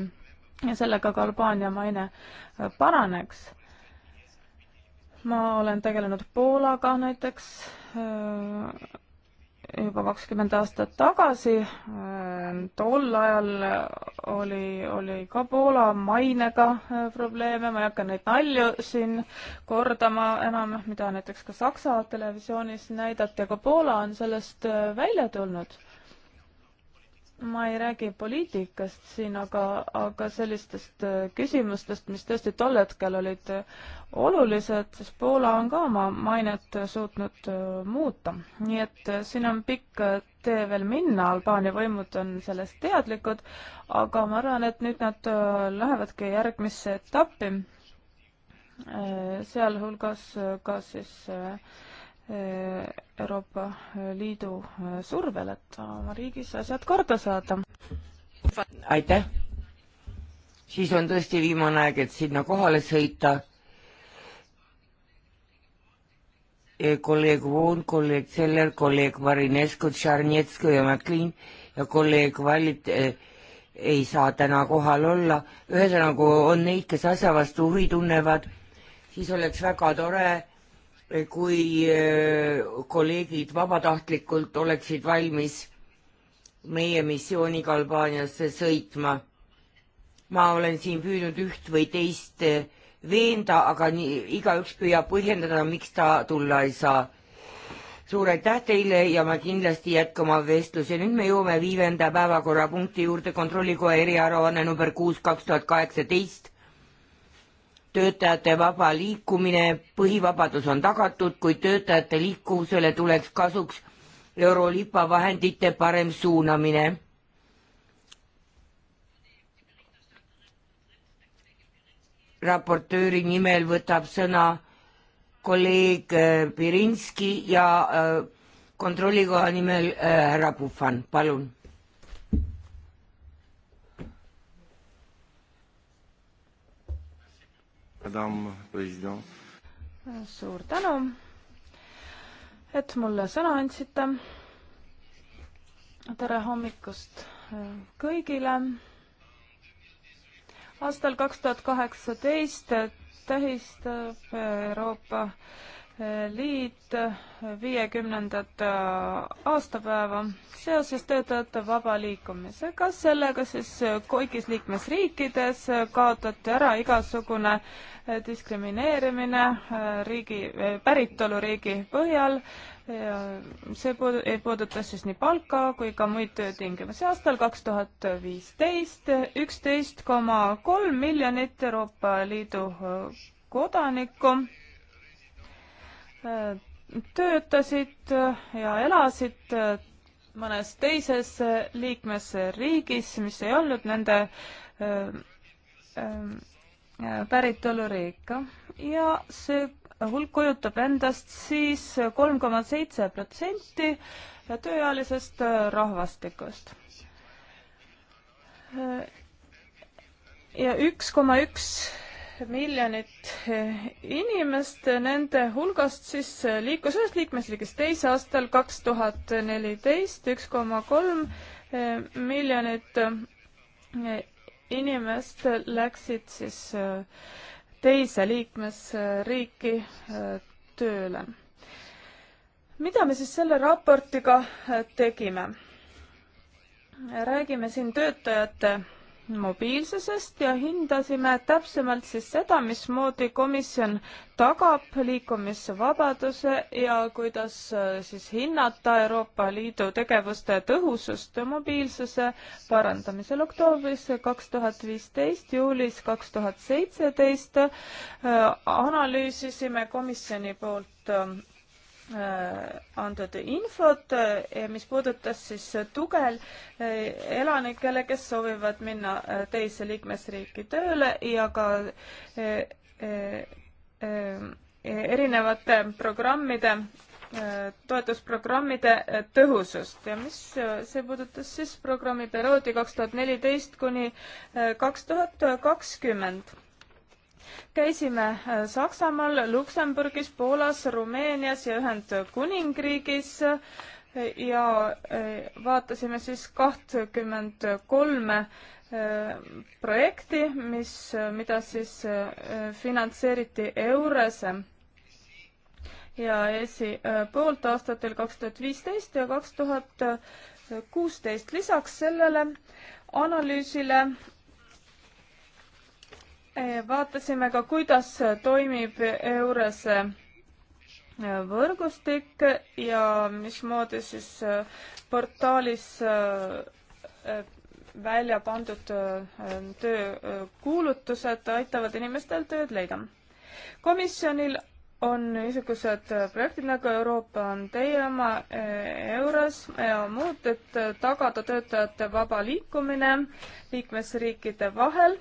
ja sellega ka Albaania maine äh, paraneks. ma olen tegelenud Poolaga näiteks äh, juba kakskümmend aastat tagasi. tol ajal oli, oli ka Poola mainega äh, probleeme, ma ei hakka neid nalju siin kordama enam, mida näiteks ka Saksa televisioonis näidati, aga Poola on sellest äh, välja tulnud ma ei räägi poliitikast siin, aga, aga sellistest äh, küsimustest, mis tõesti tol hetkel olid äh, olulised, sest Poola on ka oma mainet suutnud äh, muuta. nii et siin on pikk tee veel minna, Albaania võimud on sellest teadlikud, aga ma arvan, et nüüd nad lähevadki järgmisse etappi, sealhulgas ka siis äh, Euroopa Liidu survel, et oma riigis asjad korda saada. aitäh! siis on tõesti viimane aeg, et sinna kohale sõita. kolleeg Voon, kolleeg Seller, kolleeg Marinesko, Tšarnetsko ja McLean ja kolleeg Vallit eh, ei saa täna kohal olla. ühesõnaga on neid, kes asja vastu huvi tunnevad, siis oleks väga tore kui eh, kolleegid vabatahtlikult oleksid valmis meie missiooniga Albaaniasse sõitma. ma olen siin püüdnud üht või teist eh, veenda, aga nii igaüks püüab põhjendada, miks ta tulla ei saa. suur aitäh teile ja ma kindlasti jätkan oma vestluse. nüüd me jõuame viienda päevakorrapunkti juurde, kontrollikoja eriaruanne number kuus, kaks tuhat kaheksateist töötajate vaba liikumine, põhivabadus on tagatud, kuid töötajate liikuvusele tuleks kasuks Eurolipa vahendite parem suunamine. raportööri nimel võtab sõna kolleeg äh, Pirinski ja äh, kontrollikoja nimel äh, härra Puhvan, palun suur tänu, et mulle sõna andsite. tere hommikust kõigile. aastal kaks tuhat kaheksateist tähistab Euroopa Liit viiekümnendat aastapäeva seoses töötajate vaba liikumisega. sellega siis kõigis liikmesriikides kaotati ära igasugune diskrimineerimine riigi, päritoluriigi põhjal. see puud-, puudutas siis nii palka kui ka muid töötingimusi. aastal kaks tuhat viisteist üksteist koma kolm miljonit Euroopa Liidu kodanikku töötasid ja elasid mõnes teises liikmesriigis, mis ei olnud nende äh, äh, päritoluriik ja see hulk kujutab endast siis kolm koma seitse protsenti tööealisest rahvastikust. Äh, ja üks koma üks miljonit eh, inimest, nende hulgast siis eh, liikus ühest liikmesriigist teise aastal kaks tuhat neliteist üks koma kolm eh, miljonit inimest läksid siis teise liikmesriiki tööle. mida me siis selle raportiga tegime? räägime siin töötajate mobiilsusest ja hindasime täpsemalt siis seda, mismoodi komisjon tagab liikumisvabaduse ja kuidas äh, siis hinnata Euroopa Liidu tegevuste tõhusust mobiilsuse parandamisel. oktoobris kaks tuhat viisteist, juulis kaks tuhat seitseteist äh, analüüsisime komisjoni poolt äh, Äh, antud infot, äh, mis puudutas siis tugel äh, elanikele, kes soovivad minna teise liikmesriiki tööle ja ka erinevate programmide, toetusprogrammide tõhusust ja mis, see puudutas siis programmi perioodi kaks tuhat neliteist kuni kaks tuhat kakskümmend käisime äh, Saksamaal, Luksemburgis, Poolas, Rumeenias ja Ühendkuningriigis äh, ja äh, vaatasime siis kahtekümmend kolme projekti, mis, mida siis finantseeriti Eurese ja EAS-i poolt aastatel kaks tuhat viisteist ja kaks tuhat kuusteist. lisaks sellele analüüsile Eh, vaatasime ka, kuidas toimib Eurese eh, võrgustik ja mismoodi siis eh, portaalis välja pandud töökuulutused aitavad inimestel tööd leida. komisjonil on niisugused projektid nagu Euroopa on teie oma, EURES ja muud, et tagada töötajate vaba liikumine liikmesriikide vahel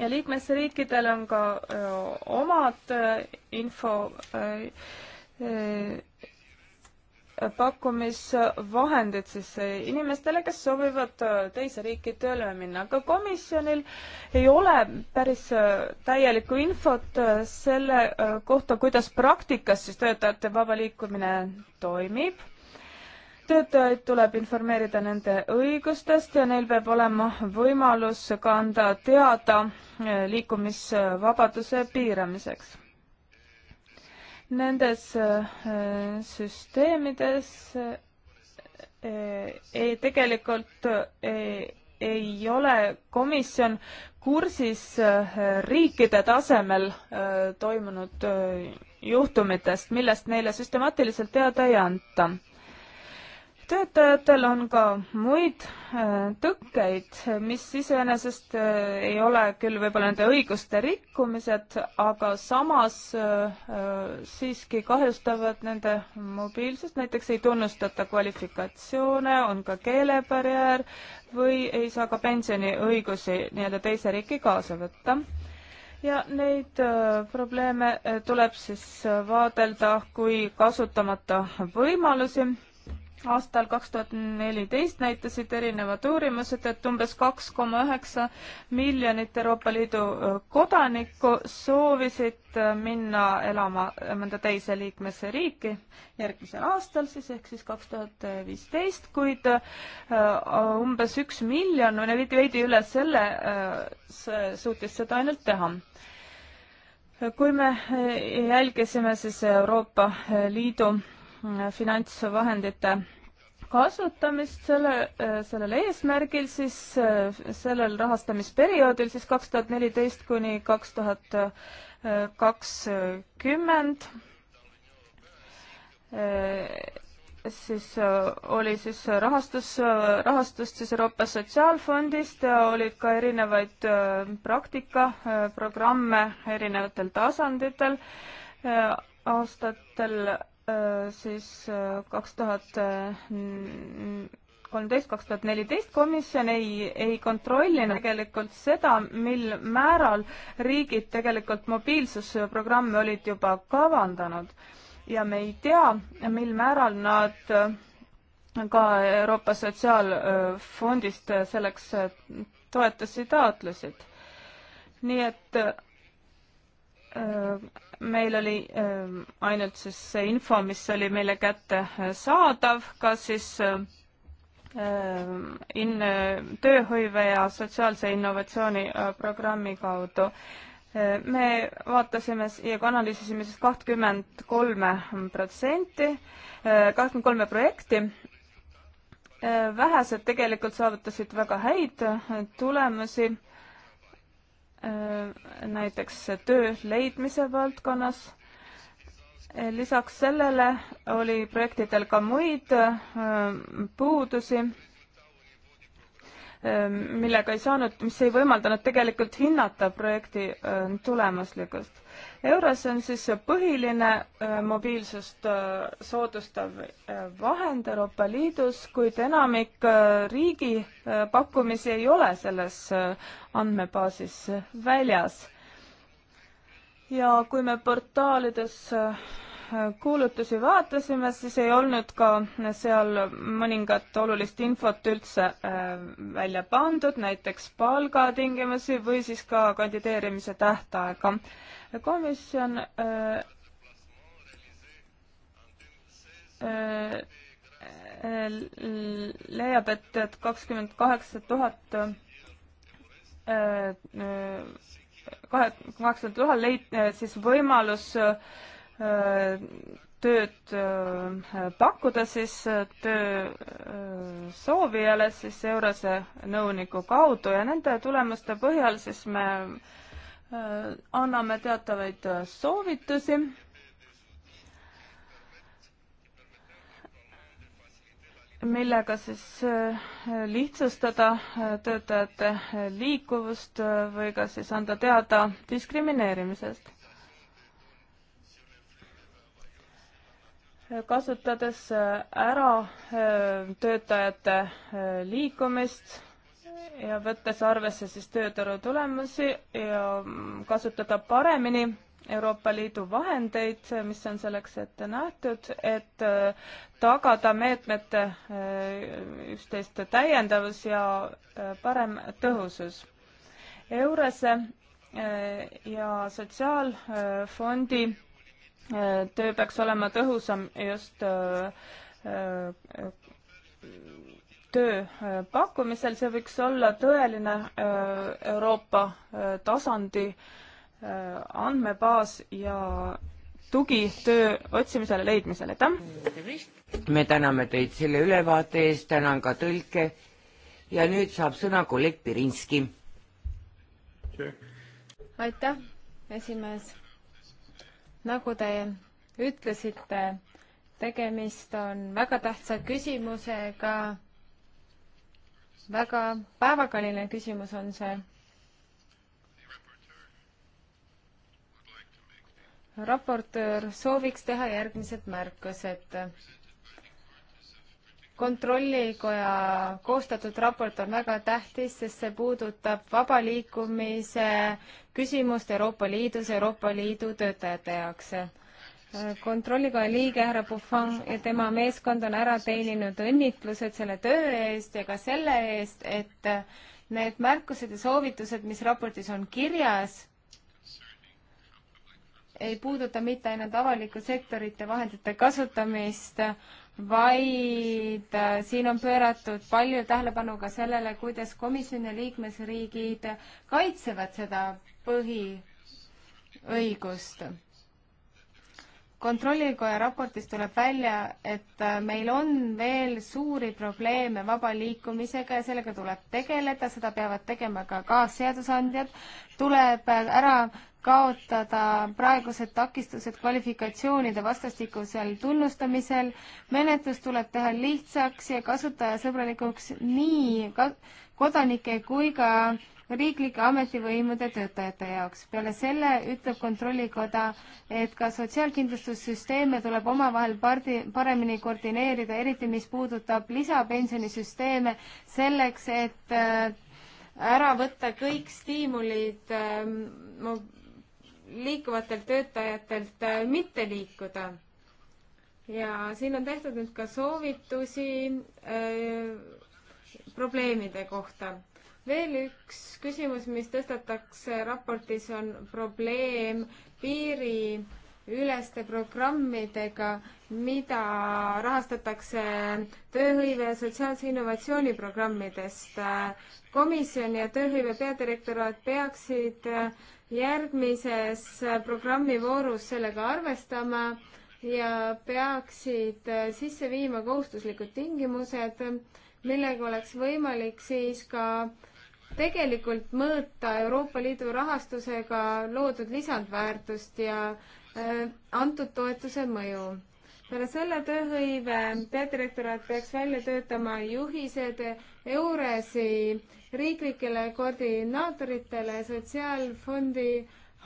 ja liikmesriikidel on ka öö, omad öö, info öö, pakkumisvahendid siis inimestele, kes soovivad teise riiki tööle minna, aga komisjonil ei ole päris täielikku infot selle kohta, kuidas praktikas siis töötajate vaba liikumine toimib töötajaid tuleb informeerida nende õigustest ja neil peab olema võimalus ka anda teada eh, liikumisvabaduse piiramiseks. Nendes eh, süsteemides eh, ei, tegelikult ei, ei ole komisjon kursis riikide tasemel toimunud juhtumitest, millest neile süstemaatiliselt teada ei anta töötajatel on ka muid äh, tõkkeid, mis iseenesest äh, ei ole küll võib-olla nende õiguste rikkumised, aga samas äh, siiski kahjustavad nende mobiilsust, näiteks ei tunnustata kvalifikatsioone, on ka keelebarjäär või ei saa ka pensioniõigusi nii-öelda teise riiki kaasa võtta ja neid äh, probleeme tuleb siis vaadelda kui kasutamata võimalusi aastal kaks tuhat neliteist näitasid erinevad uurimused, et umbes kaks koma üheksa miljonit Euroopa Liidu kodanikku soovisid minna elama äh, mõnda teise liikmesse riiki järgmisel aastal siis, ehk siis kaks tuhat viisteist, kuid umbes üks miljon või veidi, veidi üle selle suutis seda ainult teha kui me jälgisime siis Euroopa Liidu finantsvahendite kasutamist selle, sellel eesmärgil siis sellel rahastamisperioodil siis kaks tuhat neliteist kuni kaks tuhat kakskümmend. siis oli siis rahastus, rahastust siis Euroopa Sotsiaalfondist ja olid ka erinevaid äh, praktikaprogramme äh, erinevatel tasanditel äh, aastatel Äh, siis äh, kaks tuhat äh, kolmteist, kaks tuhat neliteist komisjon ei, ei kontrollinud tegelikult seda, mil määral riigid tegelikult mobiilsusprogramme olid juba kavandanud. ja me ei tea, mil määral nad ka Euroopa Sotsiaalfondist selleks toetusi taotlesid. nii et Äh, meil oli äh, ainult siis see info, mis oli meile kätte äh, saadav, ka siis in-, tööhõive ja sotsiaalse innovatsiooni programmi kaudu. me vaatasime ja analüüsisime siis kahtkümmend kolme protsenti, kahtekümmend kolme projekti vähesed tegelikult saavutasid väga häid tulemusi. Äh, näiteks töö leidmise valdkonnas. Äh, lisaks sellele oli projektidel ka muid äh, puudusi, millega ei saanud, mis ei võimaldanud tegelikult hinnata projekti tulemuslikkust euros on siis see põhiline äh, mobiilsust äh, soodustav äh, vahend Euroopa Liidus, kuid enamik riigi pakkumisi ei ole selles andmebaasis väljas. ja kui me portaalides kuulutusi vaatasime, siis ei olnud ka seal mõningat olulist infot üldse äh, välja pandud, näiteks palgatingimusi või siis ka kandideerimise tähtaega. komisjon äh, äh, leiab, et, et kakskümmend kaheksa tuhat kahe, kaheksakümne tuhal leid-, siis võimalus tööd äh, pakkuda siis äh, töö soovijale siis Eurose nõuniku kaudu ja nende tulemuste põhjal siis me äh, anname teatavaid soovitusi. millega siis lihtsustada töötajate liikuvust või ka siis anda teada diskrimineerimisest kasutades äh, ära äh, töötajate äh, liikumist ja võttes arvesse siis tööturu tulemusi ja mm, kasutada paremini Euroopa Liidu vahendeid, mis on selleks ette nähtud, et tagada meetmete üksteist täiendavus ja parem tõhusus. EURES-e ja Sotsiaalfondi Äh, töö peaks olema tõhusam just äh, äh, töö pakkumisel, see võiks olla tõeline Euroopa tasandi andmebaas ja tugi töö otsimisele, leidmisele, aitäh! me täname teid selle ülevaate eest, tänan ka tõlke ja nüüd saab sõna kolleeg Pirinski. aitäh, esimees nagu te ütlesite, tegemist on väga tähtsa küsimusega, väga päevakajaline küsimus on see. raportöör sooviks teha järgmised märkused kontrollikoja koostatud raport on väga tähtis, sest see puudutab vaba liikumise küsimust Euroopa Liidus Euroopa Liidu töötajate jaoks. kontrollikoja liige härra Buffon ja tema meeskond on ära teeninud õnnitlused selle töö eest ja ka selle eest, et need märkused ja soovitused, mis raportis on kirjas, ei puuduta mitte ainult avaliku sektorite vahendite kasutamist, vaid äh, siin on pööratud palju tähelepanu ka sellele, kuidas komisjon ja liikmesriigid kaitsevad seda põhiõigust. kontrollikoja raportis tuleb välja, et äh, meil on veel suuri probleeme vaba liikumisega ja sellega tuleb tegeleda, seda peavad tegema ka kaasseadusandjad, tuleb ära kaotada praegused takistused kvalifikatsioonide vastastikusel tunnustamisel, menetlus tuleb teha lihtsaks ja kasutajasõbralikuks nii ka kodanike kui ka riiklike ametivõimude töötajate jaoks. peale selle ütleb Kontrollikoda, et ka sotsiaalkindlustussüsteeme tuleb omavahel pardi, paremini koordineerida, eriti mis puudutab lisapensionisüsteeme, selleks et äh, ära võtta kõik stiimulid ähm, liikuvatelt töötajatelt äh, mitte liikuda. ja siin on tehtud nüüd ka soovitusi öö, äh, probleemide kohta. veel üks küsimus, mis tõstatakse raportis, on probleem piiri üleste programmidega, mida rahastatakse tööhõive ja sotsiaalse innovatsiooni programmidest. komisjon ja tööhõive peadirektoraat peaksid äh, järgmises programmivoorus sellega arvestama ja peaksid äh, sisse viima kohustuslikud tingimused, millega oleks võimalik siis ka tegelikult mõõta Euroopa Liidu rahastusega loodud lisandväärtust ja äh, antud toetuse mõju peale selle tööhõive peadirektoraat peaks välja töötama juhised EURES-i riiklikele koordinaatoritele, sotsiaalfondi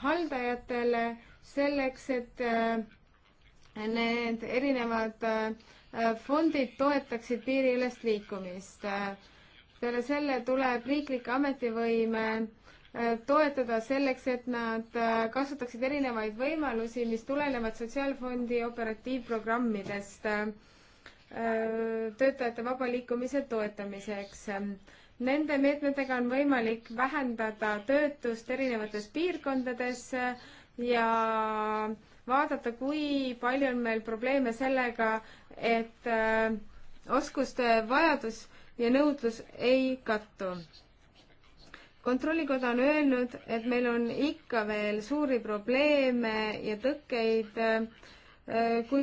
haldajatele selleks, et äh, need erinevad äh, fondid toetaksid piiriülest liikumist. peale selle tuleb riiklike ametivõime Äh, toetada selleks, et nad äh, kasutaksid erinevaid võimalusi, mis tulenevad Sotsiaalfondi operatiivprogrammidest äh, töötajate vaba liikumise toetamiseks. Nende meetmetega on võimalik vähendada töötust erinevates piirkondades ja vaadata, kui palju on meil probleeme sellega, et oskuste vajadus ja nõudlus ei kattu kontrollikoda on öelnud, et meil on ikka veel suuri probleeme ja tõkkeid, äh, kui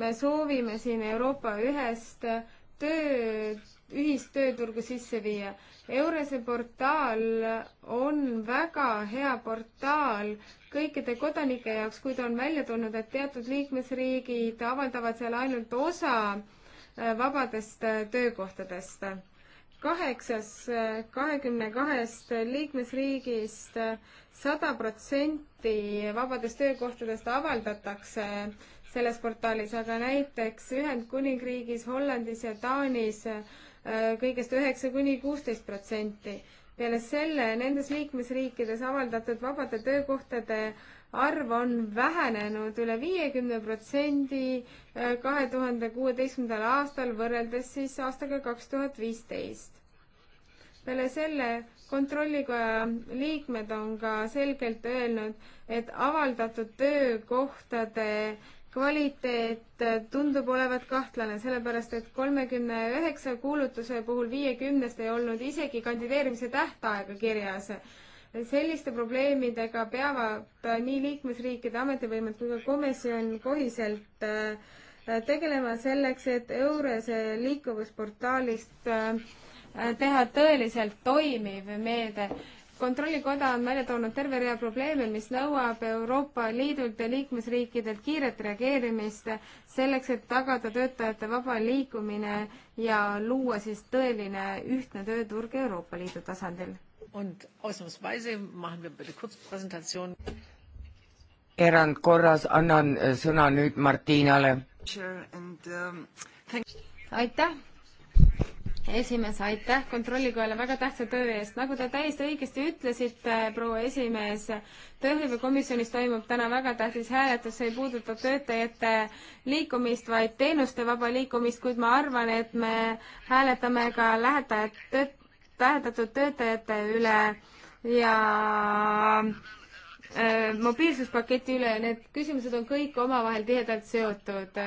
me soovime siin Euroopa ühest töö, ühist tööturgu sisse viia. Eurese portaal on väga hea portaal kõikide kodanike jaoks, kui ta on välja tulnud, et teatud liikmesriigid avaldavad seal ainult osa äh, vabadest äh, töökohtadest kaheksas kahekümne kahest liikmesriigist sada protsenti vabadest töökohtadest avaldatakse selles portaalis, aga näiteks Ühendkuningriigis, Hollandis ja Taanis äh, kõigest üheksa kuni kuusteist protsenti. peale selle nendes liikmesriikides avaldatud vabade töökohtade arv on vähenenud üle viiekümne protsendi äh, kahe tuhande kuueteistkümnendal aastal võrreldes siis aastaga kaks tuhat viisteist peale selle kontrollikoja liikmed on ka selgelt öelnud, et avaldatud töökohtade kvaliteet tundub olevat kahtlane, sellepärast et kolmekümne üheksa kuulutuse puhul viiekümnest ei olnud isegi kandideerimise tähtaega kirjas. selliste probleemidega peavad nii liikmesriikide ametivõimed kui ka komisjon kohiselt äh, tegelema selleks, et EURES-e liikuvusportaalist äh, Äh, teha tõeliselt toimiv meede. kontrollikoda on välja toonud terve rea probleeme, mis nõuab Euroopa Liidult ja liikmesriikidelt kiiret reageerimist selleks, et tagada töötajate vaba liikumine ja luua siis tõeline ühtne tööturg Euroopa Liidu tasandil. Und ausnahmsweise machen wir bitte Kurzpräsentation erandkorras annan äh, sõna nüüd Martinale. Um, aitäh, esimees, aitäh Kontrollikojale väga tähtsa töö eest. nagu te täiesti õigesti ütlesite, proua esimees, tööhõivekomisjonis toimub täna väga tähtis hääletus, see ei puuduta töötajate liikumist, vaid teenuste vaba liikumist, kuid ma arvan, et me hääletame ka lähetajad, tööt-, lähetatud töötajate üle ja äh, mobiilsuspaketi üle, need küsimused on kõik omavahel tihedalt seotud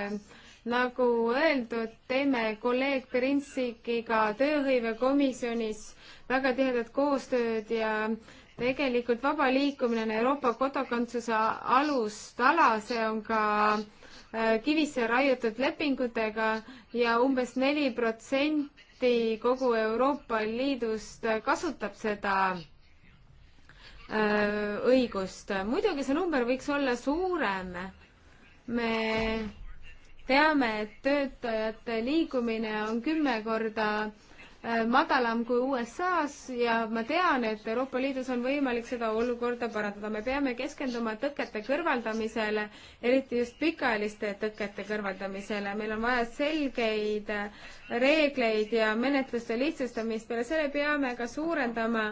nagu öeldud, teeme kolleeg Perintsikiga tööhõivekomisjonis väga tihedat koostööd ja tegelikult vaba liikumine on Euroopa kodakondsuse alustala, see on ka äh, kivisse raiutud lepingutega ja umbes neli protsenti kogu Euroopa Liidust äh, kasutab seda äh, õigust. muidugi see number võiks olla suurem. me teame, et töötajate liigumine on kümme korda äh, madalam kui USA-s ja ma tean, et Euroopa Liidus on võimalik seda olukorda parandada. me peame keskenduma tõkete kõrvaldamisele, eriti just pikaajaliste tõkete kõrvaldamisele. meil on vaja selgeid äh, reegleid ja menetluste lihtsustamist. peale selle peame ka suurendama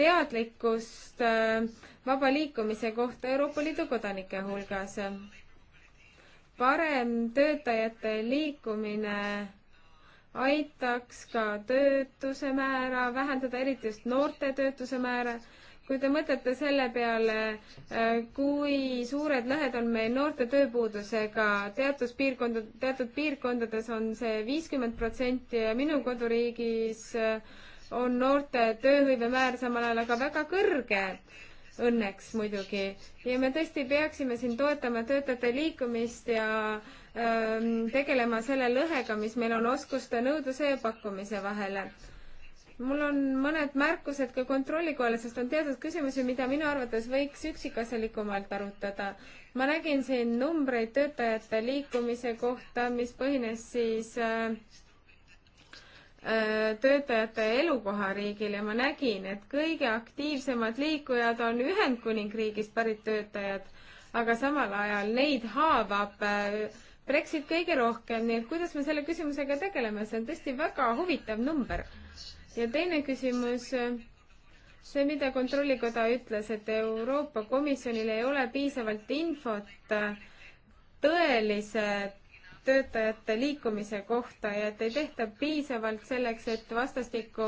teadlikkust äh, vaba liikumise kohta Euroopa Liidu kodanike hulgas parem töötajate liikumine aitaks ka töötuse määra vähendada, eriti just noorte töötuse määra. kui te mõtlete selle peale, äh, kui suured lõhed on meil noorte tööpuudusega, teatud piirkondad, teatud piirkondades on see viiskümmend protsenti ja minu koduriigis äh, on noorte tööhõive määr samal ajal aga väga kõrge õnneks muidugi. ja me tõesti peaksime siin toetama töötajate liikumist ja ähm, tegelema selle lõhega, mis meil on oskuste nõudluse ja pakkumise vahele. mul on mõned märkused ka kontrollikojale, sest on teatud küsimusi, mida minu arvates võiks üksikasjalikumalt arutada. ma nägin siin numbreid töötajate liikumise kohta, mis põhines siis äh, Äh, töötajate elukohariigil ja ma nägin, et kõige aktiivsemad liikujad on Ühendkuningriigist pärit töötajad, aga samal ajal neid haavab äh, Brexit kõige rohkem, nii et kuidas me selle küsimusega tegeleme, see on tõesti väga huvitav number. ja teine küsimus, äh, see, mida Kontrollikoda ütles, et Euroopa Komisjonil ei ole piisavalt infot tõelise töötajate liikumise kohta ja et ei tehta piisavalt selleks, et vastastikku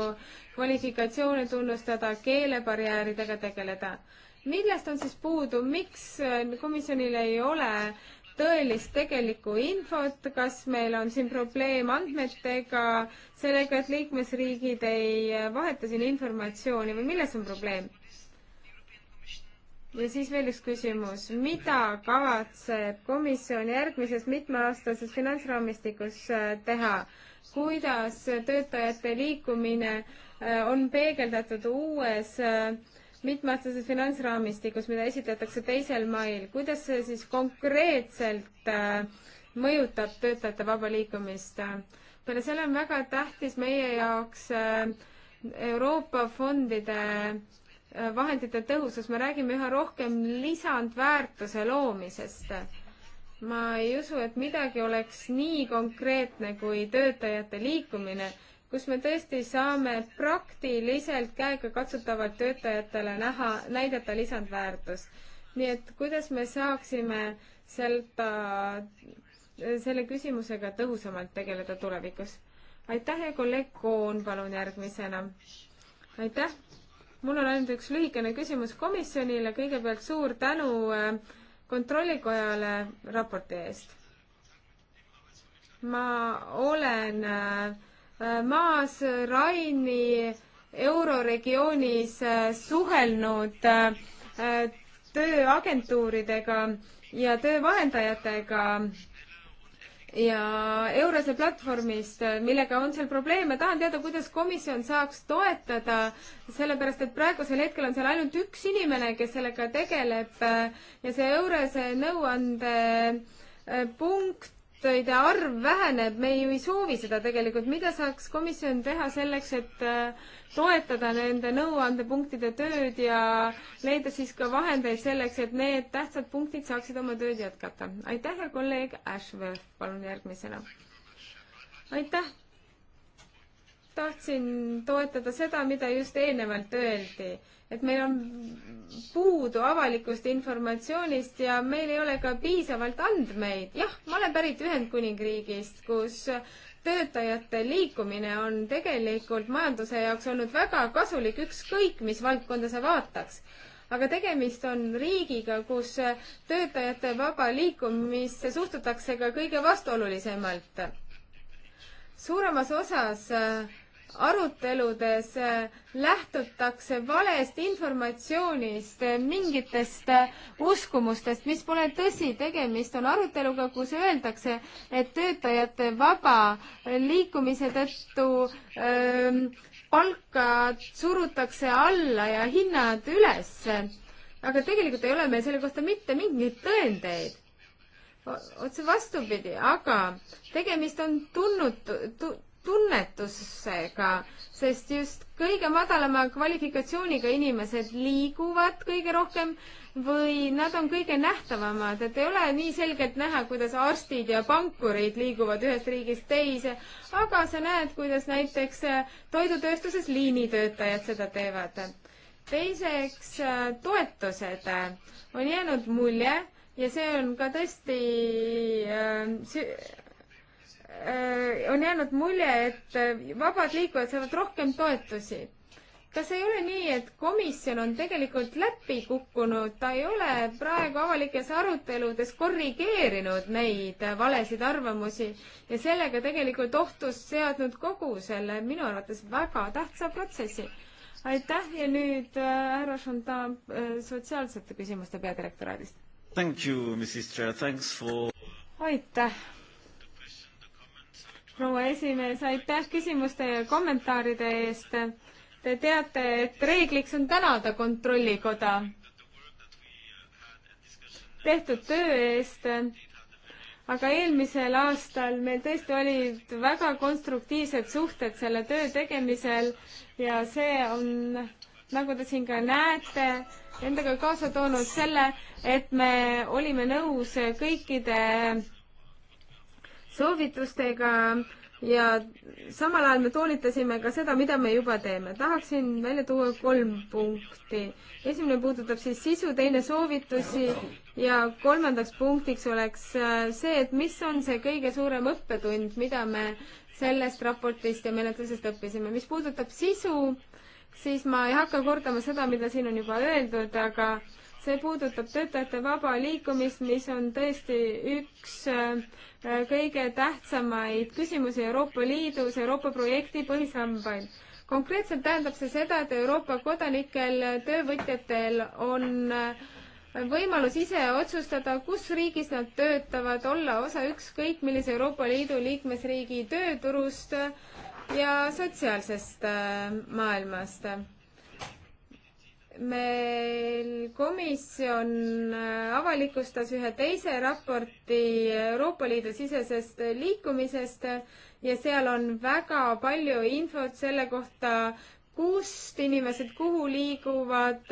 kvalifikatsioone tunnustada, keelebarjääridega tegeleda. millest on siis puudu, miks äh, komisjonil ei ole tõelist tegelikku infot, kas meil on siin probleem andmetega, sellega, et liikmesriigid ei äh, vaheta siin informatsiooni või milles on probleem? ja siis veel üks küsimus, mida kavatseb komisjon järgmises mitmeaastases finantsraamistikus äh, teha? kuidas töötajate liikumine äh, on peegeldatud uues äh, mitmeaastases finantsraamistikus, mida esitletakse teisel mail, kuidas see siis konkreetselt mõjutab töötajate vaba liikumist? peale selle on väga tähtis meie jaoks Euroopa fondide vahendite tõhusus, me räägime üha rohkem lisandväärtuse loomisest. ma ei usu, et midagi oleks nii konkreetne kui töötajate liikumine, kus me tõesti saame praktiliselt käegakatsutavalt töötajatele näha, näidata lisandväärtust. nii et kuidas me saaksime sealt selle küsimusega tõhusamalt tegeleda tulevikus. aitäh ja kolleeg Koon, palun järgmisena. aitäh mul on ainult üks lühikene küsimus komisjonile, kõigepealt suur tänu äh, kontrollikojale raporti eest. ma olen äh, äh, maas Raini euroregioonis suhelnud tööagentuuridega ja töövahendajatega ja Eurose platvormist, äh, millega on seal probleeme, tahan teada, kuidas komisjon saaks toetada, sellepärast et praegusel hetkel on seal ainult üks inimene, kes sellega tegeleb äh, ja see Eurose nõuande äh, punkt töötajaid ja arv väheneb, me ju ei soovi seda tegelikult, mida saaks komisjon teha selleks, et äh, toetada nende nõuandepunktide tööd ja leida siis ka vahendeid selleks, et need tähtsad punktid saaksid oma tööd jätkata. aitäh ja kolleeg Ashworth, palun järgmisena. aitäh, tahtsin toetada seda, mida just eelnevalt öeldi, et meil on puudu avalikust informatsioonist ja meil ei ole ka piisavalt andmeid. jah, ma olen pärit Ühendkuningriigist, kus töötajate liikumine on tegelikult majanduse jaoks olnud väga kasulik, ükskõik mis valdkonda sa vaataks aga tegemist on riigiga, kus töötajate vaba liikumisse suhtutakse ka kõige vastuolulisemalt. suuremas osas äh, aruteludes äh, lähtutakse valest informatsioonist, äh, mingitest äh, uskumustest, mis pole tõsi, tegemist on aruteluga, kus öeldakse, et töötajate vaba liikumise tõttu öö, ähm, palka surutakse alla ja hinnad üles. aga tegelikult ei ole meil selle kohta mitte mingeid tõendeid otse vastupidi, aga tegemist on tunnud tu,, tunnetusega, sest just kõige madalama kvalifikatsiooniga inimesed liiguvad kõige rohkem või nad on kõige nähtavamad, et ei ole nii selgelt näha, kuidas arstid ja pankurid liiguvad ühest riigist teise, aga sa näed, kuidas näiteks äh, toidutööstuses liinitöötajad seda teevad. teiseks, äh, toetused on jäänud mulje ja see on ka tõesti äh, Äh, on jäänud mulje, et äh, vabad liikujad saavad rohkem toetusi. kas ei ole nii, et komisjon on tegelikult läbi kukkunud, ta ei ole praegu avalikes aruteludes korrigeerinud neid valesid arvamusi ja sellega tegelikult ohtu seadnud kogu selle minu arvates väga tähtsa protsessi? aitäh ja nüüd äh, härra Šontan sotsiaalsete küsimuste peadirektoraadist. For... aitäh proua esimees, aitäh küsimuste ja kommentaaride eest. Te teate, et reegliks on tänada Kontrollikoda tehtud töö eest. aga eelmisel aastal meil tõesti olid väga konstruktiivsed suhted selle töö tegemisel ja see on, nagu te siin ka näete, endaga kaasa toonud selle, et me olime nõus kõikide soovitustega ja samal ajal me toonitasime ka seda, mida me juba teeme. tahaksin välja tuua kolm punkti. esimene puudutab siis sisu, teine soovitusi ja kolmandaks punktiks oleks äh, see, et mis on see kõige suurem õppetund, mida me sellest raportist ja menetlusest õppisime. mis puudutab sisu, siis ma ei hakka kordama seda, mida siin on juba öeldud, aga äh, see puudutab töötajate vaba liikumist, mis on tõesti üks äh, kõige tähtsamaid küsimusi Euroopa Liidus, Euroopa projekti põhisambaid. konkreetselt tähendab see seda, et Euroopa kodanikel, töövõtjatel on äh, võimalus ise otsustada, kus riigis nad töötavad, olla osa ükskõik millise Euroopa Liidu liikmesriigi tööturust ja sotsiaalsest äh, maailmast meil komisjon avalikustas ühe teise raporti Euroopa Liidu sisesest liikumisest ja seal on väga palju infot selle kohta, kust inimesed kuhu liiguvad,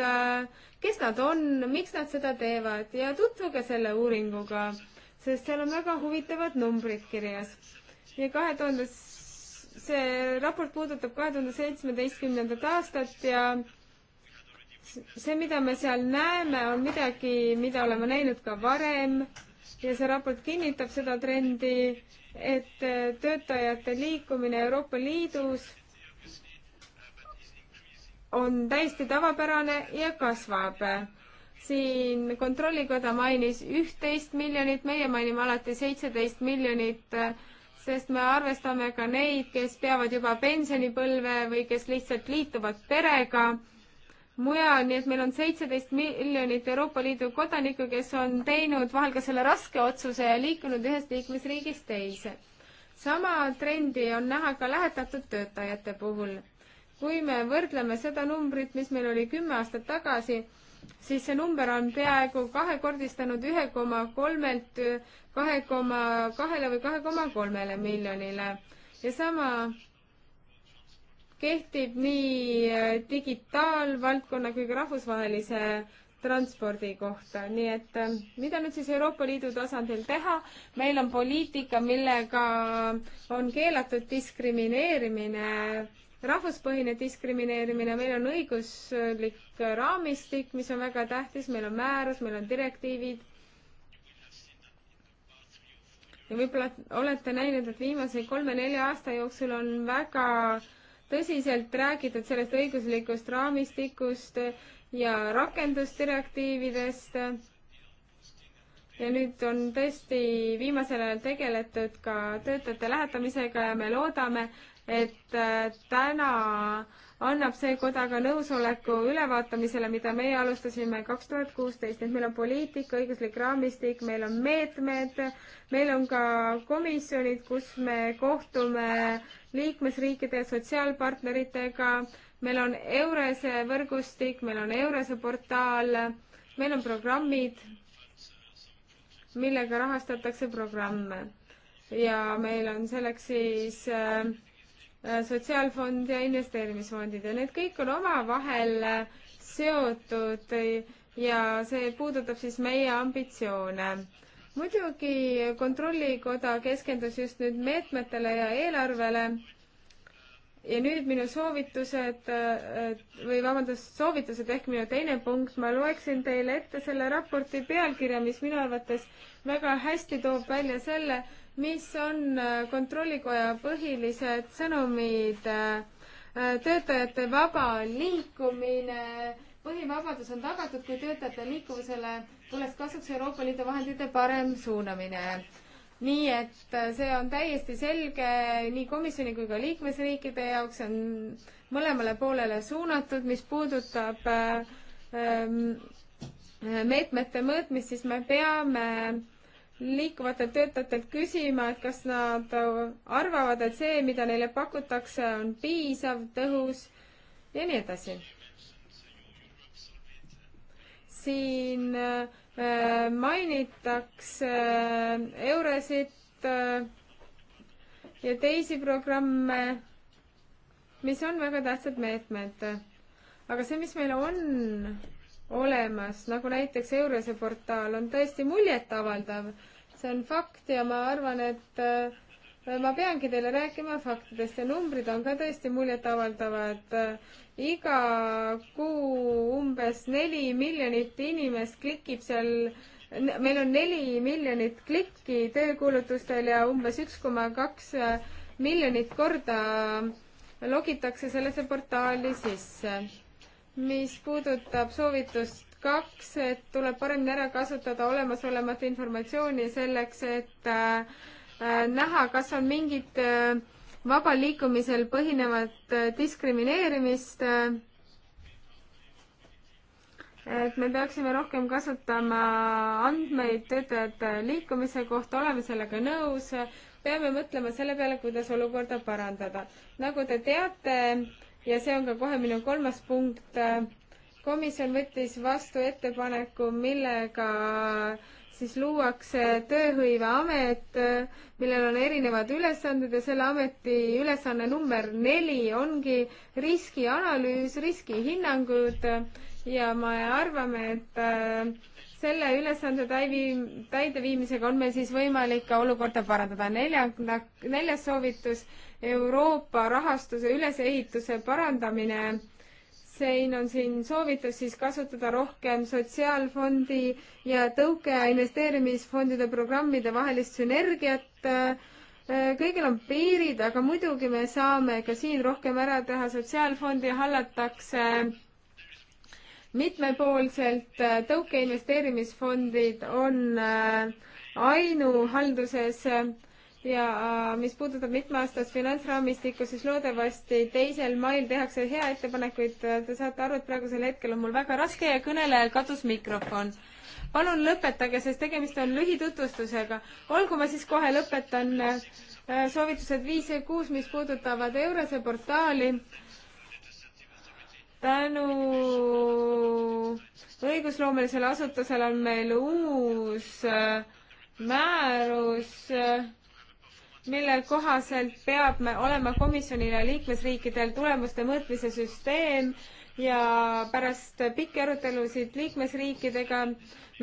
kes nad on, miks nad seda teevad ja tutvuge selle uuringuga, sest seal on väga huvitavad numbrid kirjas. ja kahe tuhande, see raport puudutab kahe tuhande seitsmeteistkümnendat aastat ja see, mida me seal näeme, on midagi, mida oleme näinud ka varem ja see raport kinnitab seda trendi, et äh, töötajate liikumine Euroopa Liidus on täiesti tavapärane ja kasvab. siin Kontrollikoda mainis üht-teist miljonit, meie mainime alati seitseteist miljonit, äh, sest me arvestame ka neid, kes peavad juba pensionipõlve või kes lihtsalt liituvad perega mujal, nii et meil on seitseteist miljonit Euroopa Liidu kodanikku, kes on teinud vahel ka selle raske otsuse ja liikunud ühest liikmesriigist teise. sama trendi on näha ka lähetatud töötajate puhul. kui me võrdleme seda numbrit, mis meil oli kümme aastat tagasi, siis see number on peaaegu kahekordistanud ühe koma kolmelt kahe koma kahele või kahe koma kolmele miljonile ja sama kehtib nii äh, digitaalvaldkonna kui ka rahvusvahelise transpordi kohta, nii et äh, mida nüüd siis Euroopa Liidu tasandil teha, meil on poliitika, millega on keelatud diskrimineerimine, rahvuspõhine diskrimineerimine, meil on õiguslik raamistik, mis on väga tähtis, meil on määrus, meil on direktiivid, ja võib-olla olete näinud, et viimase kolme-nelja aasta jooksul on väga äh, tõsiselt räägitud sellest õiguslikust raamistikust ja rakendusdirektiividest. ja nüüd on tõesti viimasel ajal tegeletud ka töötajate lähetamisega ja me loodame, et äh, täna annab see koda ka nõusoleku ülevaatamisele, mida meie alustasime kaks tuhat kuusteist, et meil on poliitika, õiguslik raamistik, meil on meetmed, meil on ka komisjonid, kus me kohtume äh, liikmesriikide sotsiaalpartneritega, meil on Eurese võrgustik, meil on Eurese portaal, meil on programmid, millega rahastatakse programme ja meil on selleks siis äh, äh sotsiaalfond ja investeerimisfondid ja need kõik on omavahel äh, seotud ja see puudutab siis meie ambitsioone muidugi Kontrollikoda keskendus just nüüd meetmetele ja eelarvele ja nüüd minu soovitused äh, või vabandust, soovitused ehk minu teine punkt, ma loeksin teile ette selle raporti pealkirja, mis minu arvates väga hästi toob välja selle, mis on äh, Kontrollikoja põhilised sõnumid, äh, töötajate vaba liikumine, põhivabadus on tagatud, kui töötajate liikuvusele tuleks kasuks Euroopa Liidu vahendite parem suunamine. nii et äh, see on täiesti selge nii komisjoni kui ka liikmesriikide jaoks, on mõlemale poolele suunatud, mis puudutab äh, ähm, meetmete mõõtmist, siis me peame liikuvatelt töötajatelt küsima, et kas nad arvavad, et see, mida neile pakutakse, on piisav, tõhus ja nii edasi. siin äh, Äh, mainitakse äh, Euresit äh, ja teisi programme, mis on väga tähtsad meetmed. aga see, mis meil on olemas, nagu näiteks Eurose portaal, on tõesti muljetavaldav. see on fakt ja ma arvan, et ma peangi teile rääkima faktidest ja numbrid on ka tõesti muljetavaldavad iga kuu umbes neli miljonit inimest klikib seal meil on neli miljonit klikki töökuulutustel ja umbes üks koma kaks miljonit korda logitakse sellesse portaali sisse. mis puudutab soovitust kaks, et tuleb paremini ära kasutada olemasolevat informatsiooni selleks, et äh, näha, kas on mingid äh, vabal liikumisel põhinevat äh, diskrimineerimist. Äh, et me peaksime rohkem kasutama andmeid töötajate liikumise kohta, oleme sellega nõus, peame mõtlema selle peale, kuidas olukorda parandada. nagu te teate ja see on ka kohe minu kolmas punkt, äh, komisjon võttis vastu ettepaneku, millega äh, siis luuakse Tööhõiveamet, millel on erinevad ülesanded ja selle ameti ülesanne number neli ongi riskianalüüs, riskihinnangud ja me arvame, et äh, selle ülesande täivi-, täideviimisega on meil siis võimalik ka olukorda parandada. neljanda, neljas soovitus, Euroopa rahastuse ülesehituse parandamine sein on siin soovitus siis kasutada rohkem sotsiaalfondi ja tõuke ja investeerimisfondide programmide vahelist sünergiat. Äh, kõigil on piirid, aga muidugi me saame ka siin rohkem ära teha, sotsiaalfondi hallatakse mitmepoolselt, äh, tõuke investeerimisfondid on äh, ainuhalduses ja äh, mis puudutab mitmeaastast finantsraamistikku, siis loodetavasti teisel mail tehakse hea ettepanekuid. Äh, te saate aru, et praegusel hetkel on mul väga raske ja kõnelejal kadus mikrofon. palun lõpetage, sest tegemist on lühitutvustusega. olgu, ma siis kohe lõpetan äh, soovitused viis ja kuus, mis puudutavad Eurose portaali. tänu õigusloomelisele asutusele on meil uus määrus mille kohaselt peab olema komisjonil ja liikmesriikidel tulemuste mõõtmise süsteem ja pärast pikki arutelusid liikmesriikidega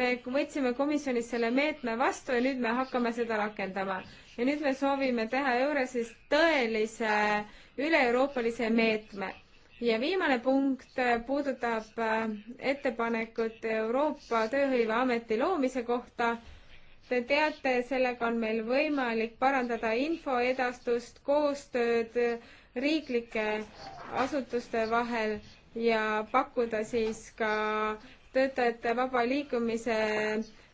me võtsime komisjonis selle meetme vastu ja nüüd me hakkame seda rakendama. ja nüüd me soovime teha EURES-is tõelise üle-euroopalise meetme. ja viimane punkt puudutab äh, ettepanekut Euroopa Tööhõiveameti loomise kohta Te teate, sellega on meil võimalik parandada infoedastust, koostööd riiklike asutuste vahel ja pakkuda siis ka töötajate vaba liikumise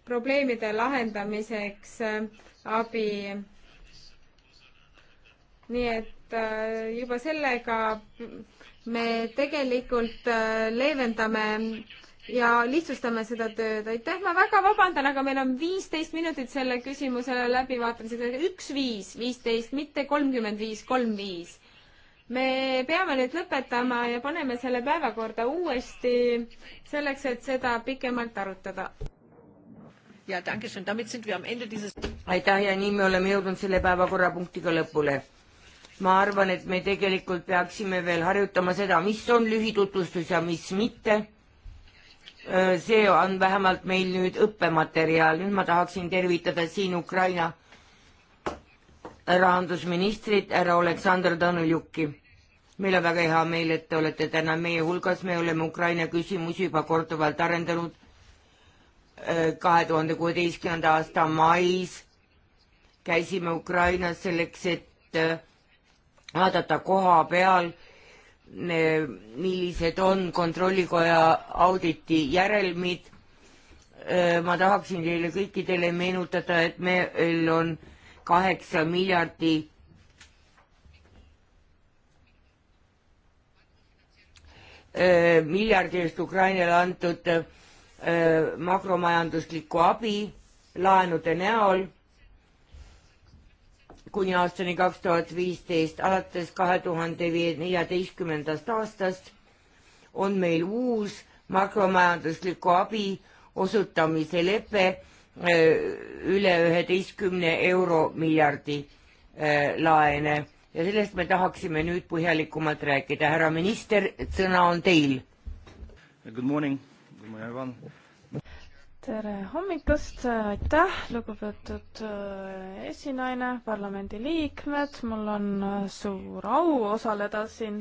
probleemide lahendamiseks äh, abi. nii et äh, juba sellega me tegelikult äh, leevendame ja lihtsustame seda tööd. aitäh, ma väga vabandan, aga meil on viisteist minutit selle küsimuse läbivaatamiseks. üks viis, viisteist, mitte kolmkümmend viis, kolm viis. me peame nüüd lõpetama ja paneme selle päevakorda uuesti selleks, et seda pikemalt arutada. ja dieses... aitäh ja nii me oleme jõudnud selle päevakorrapunktiga lõpule ma arvan, et me tegelikult peaksime veel harjutama seda, mis on lühitutvustus ja mis mitte see on vähemalt meil nüüd õppematerjal, nüüd ma tahaksin tervitada siin Ukraina rahandusministrit härra Aleksandr Daniljuki. meil on väga hea meel, et te olete täna meie hulgas, me oleme Ukraina küsimusi juba korduvalt arendanud kahe tuhande kuueteistkümnenda aasta mais käisime Ukrainas selleks, et äh, vaadata koha peal äh, millised on Kontrollikoja auditi järelmid. Äh, ma tahaksin teile kõikidele meenutada, et meil on kaheksa miljardi äh, miljardi eest Ukrainale antud äh, makromajanduslikku abi laenude näol kuni aastani kaks tuhat viisteist, alates kahe tuhande neljateistkümnendast aastast on meil uus makromajandusliku abi osutamise lepe äh, üle üheteistkümne euro miljardi äh, laene ja sellest me tahaksime nüüd põhjalikumalt rääkida. härra minister, sõna on teil. Good morning, good morning everyone tere hommikust, aitäh, lugupeetud äh, esinaine, parlamendiliikmed, mul on äh, suur au osaleda siin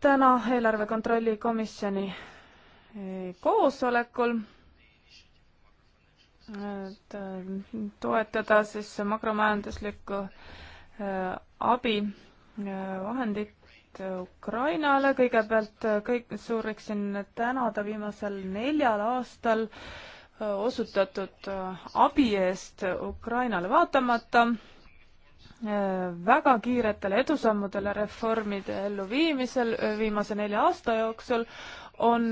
täna eelarve kontrolli komisjoni äh, koosolekul et toetada siis makromajanduslikku abi vahendit Äh, Ukrainale, kõigepealt äh, kõik sooviksin tänada viimasel neljal aastal äh, osutatud abi eest Ukrainale vaatamata väga kiiretele edusammudele reformide elluviimisel viimase nelja aasta jooksul on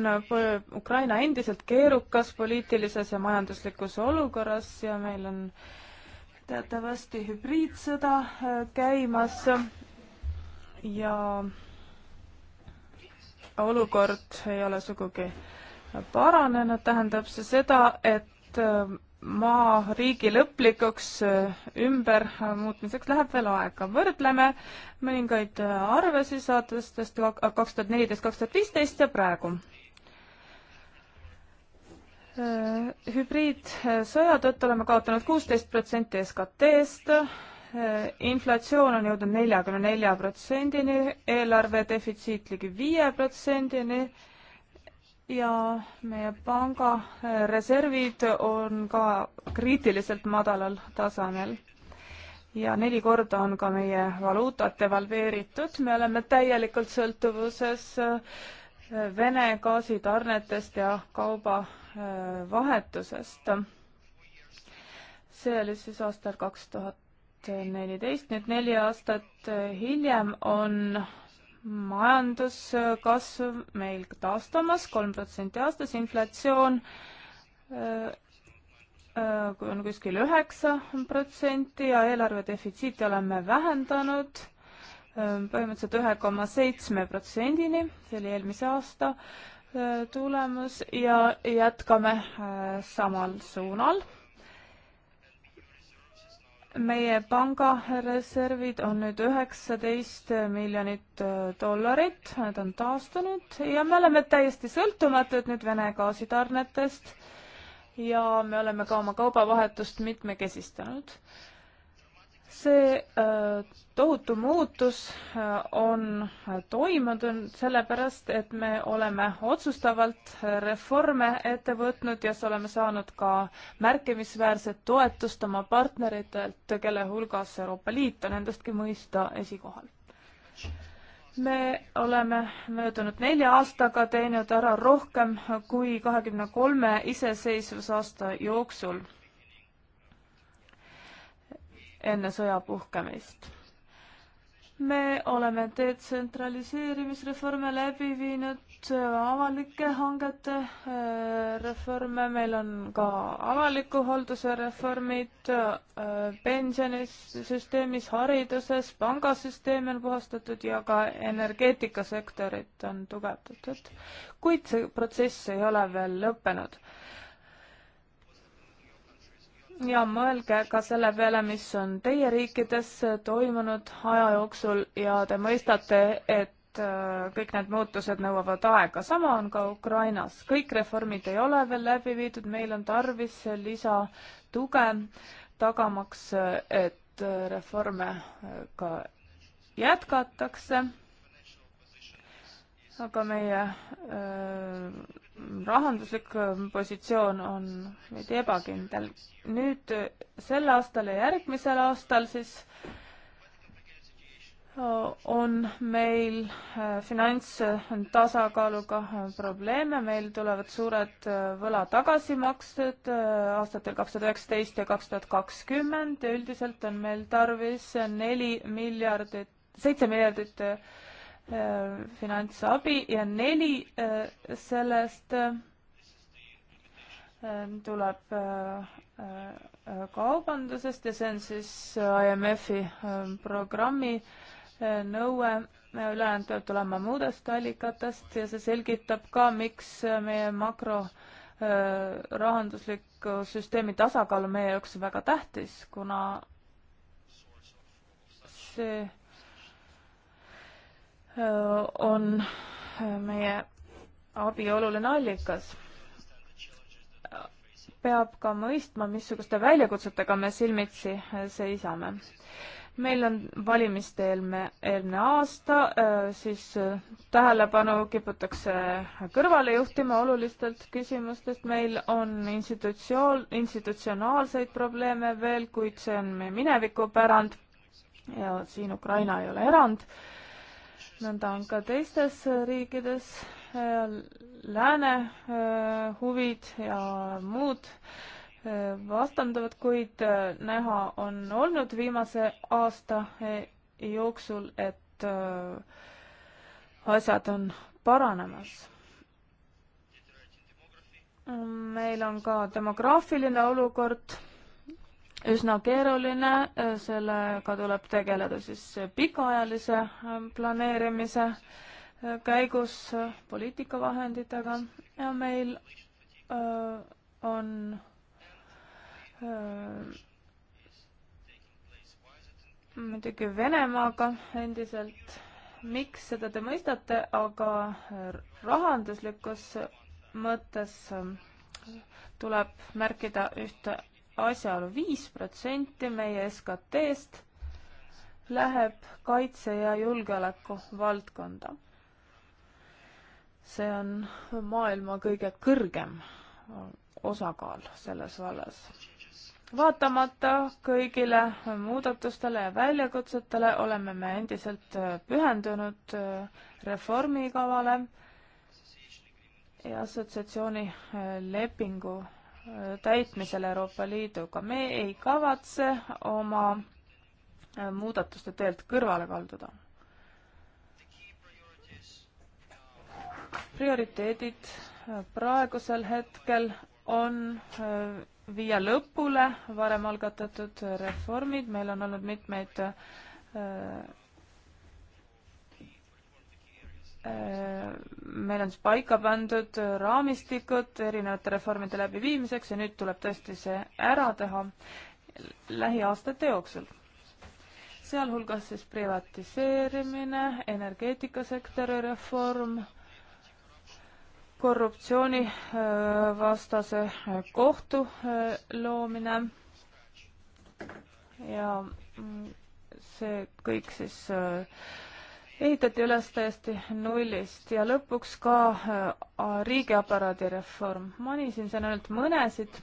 Ukraina endiselt keerukas poliitilises ja majanduslikus olukorras ja meil on teatavasti hübriidsõda käimas ja olukord ei ole sugugi paranenud, tähendab see seda, et äh, maa riigi lõplikuks äh, ümbermuutmiseks läheb veel aega. võrdleme mõningaid äh, arve siis aastatest kaks tuhat neliteist, kaks tuhat viisteist ja praegu. hübriidsõja tõttu oleme kaotanud kuusteist protsenti SKT-st Eh, inflatsioon on jõudnud neljakümne nelja protsendini, eelarve defitsiit ligi viie protsendini ja meie panga eh, reservid on ka kriitiliselt madalal tasemel. ja neli korda on ka meie valuutad devalveeritud, me oleme täielikult sõltuvuses eh, Vene gaasitarnetest ja kaubavahetusest. see oli siis aastal kaks tuhat neliteist, nüüd neli aastat hiljem on majanduskasv meil taastumas, kolm protsenti aastas, inflatsioon äh, äh, on kuskil üheksa protsenti ja eelarve defitsiiti oleme vähendanud äh, põhimõtteliselt ühe koma seitsme protsendini, see oli eelmise aasta tulemus ja jätkame samal suunal meie panga reservid on nüüd üheksateist miljonit äh, dollarit, need on taastunud ja me oleme täiesti sõltumatud nüüd Vene gaasitarnetest ja me oleme ka oma kaubavahetust mitmekesistanud see äh, tohutu muutus äh, on toimunud sellepärast, et me oleme otsustavalt reforme ette võtnud ja oleme saanud ka märkimisväärset toetust oma partneritelt, kelle hulgas Euroopa Liit on endastki mõista esikohal me oleme möödunud nelja aastaga teinud ära rohkem kui kahekümne kolme iseseisvusaasta jooksul enne sõja puhkemist. me oleme detsentraliseerimisreforme läbi viinud, avalike hangete äh, reforme, meil on ka avaliku halduse reformid, äh, pensionisüsteemis, hariduses, pangasüsteemi on puhastatud ja ka energeetikasektorit on tugevdatud. kuid see protsess ei ole veel lõppenud ja mõelge ka selle peale, mis on teie riikides toimunud aja jooksul ja te mõistate, et äh, kõik need muutused nõuavad aega. sama on ka Ukrainas. kõik reformid ei ole veel läbi viidud, meil on tarvis lisatuge, tagamaks, äh, et äh, reforme ka jätkatakse aga meie äh, rahanduslik äh, positsioon on veidi ebakindel. nüüd äh, sel aastal ja järgmisel aastal siis äh, on meil finantstasakaaluga probleeme, meil tulevad suured võla tagasimaksed aastatel kaks tuhat üheksateist ja kaks tuhat kakskümmend ja üldiselt on meil tarvis neli miljardit, seitse miljardit Äh, finantsabi ja neli äh, sellest äh, tuleb kaubandusest ja see on siis IMF-i programmi nõue, ülejäänud peab tulema muudest allikatest ja see selgitab ka, miks meie makro rahandusliku süsteemi tasakaal on meie jaoks väga tähtis, kuna see on meie abi oluline allikas. peab ka mõistma, missuguste väljakutsetega me silmitsi seisame. meil on valimiste eelme, eelmine aasta, siis tähelepanu kiputakse kõrvale juhtima olulistelt küsimustest, meil on institutsioon, institutsionaalseid probleeme veel, kuid see on meie minevikupärand ja siin Ukraina ei ole erand nõnda on ka teistes äh, riikides äh, lääne äh, huvid ja muud vastanduvad, kuid näha on olnud viimase aasta jooksul, et asjad on paranemas. meil on ka demograafiline olukord üsna keeruline, äh, sellega tuleb tegeleda siis pikaajalise äh, planeerimise äh, käigus poliitikavahenditega ja meil öö, on muidugi Venemaaga endiselt, miks, seda te mõistate, aga rahanduslikus mõttes tuleb märkida ühte asjaolu, viis protsenti meie SKT-st läheb kaitse ja julgeoleku valdkonda. see on maailma kõige kõrgem osakaal selles vallas. vaatamata kõigile muudatustele ja väljakutsetele oleme me endiselt pühendunud reformikavale ja assotsiatsiooni lepingu täitmisele Euroopa Liiduga. me ei kavatse oma äh, muudatuste teelt kõrvale kalduda. prioriteedid äh, praegusel hetkel on äh, viia lõpule varem algatatud reformid, meil on olnud mitmeid Äh, meil on siis paika pandud raamistikud erinevate reformide läbiviimiseks ja nüüd tuleb tõesti see ära teha lähiaastate jooksul. sealhulgas siis privatiseerimine, energeetikasektori reform, korruptsioonivastase äh, äh, kohtu loomine ja mm, see kõik siis äh, ehitati üles täiesti nullist ja lõpuks ka äh, riigiaparaadi reform. mainisin siin ainult mõnesid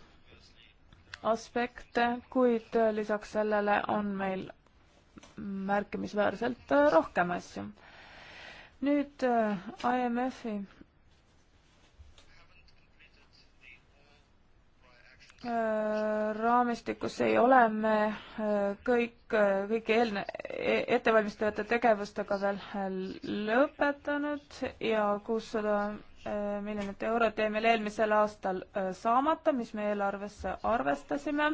aspekte, kuid äh, lisaks sellele on meil märkimisväärselt äh, rohkem asju. nüüd IMF-i Äh, raamistikus ei ole me äh, kõik, äh, kõiki eelne-, e-, ettevalmistavate tegevustega veel lõpetanud ja kuussada miljonit eurot jäi meil eelmisel aastal saamata, mis me eelarvesse arvestasime.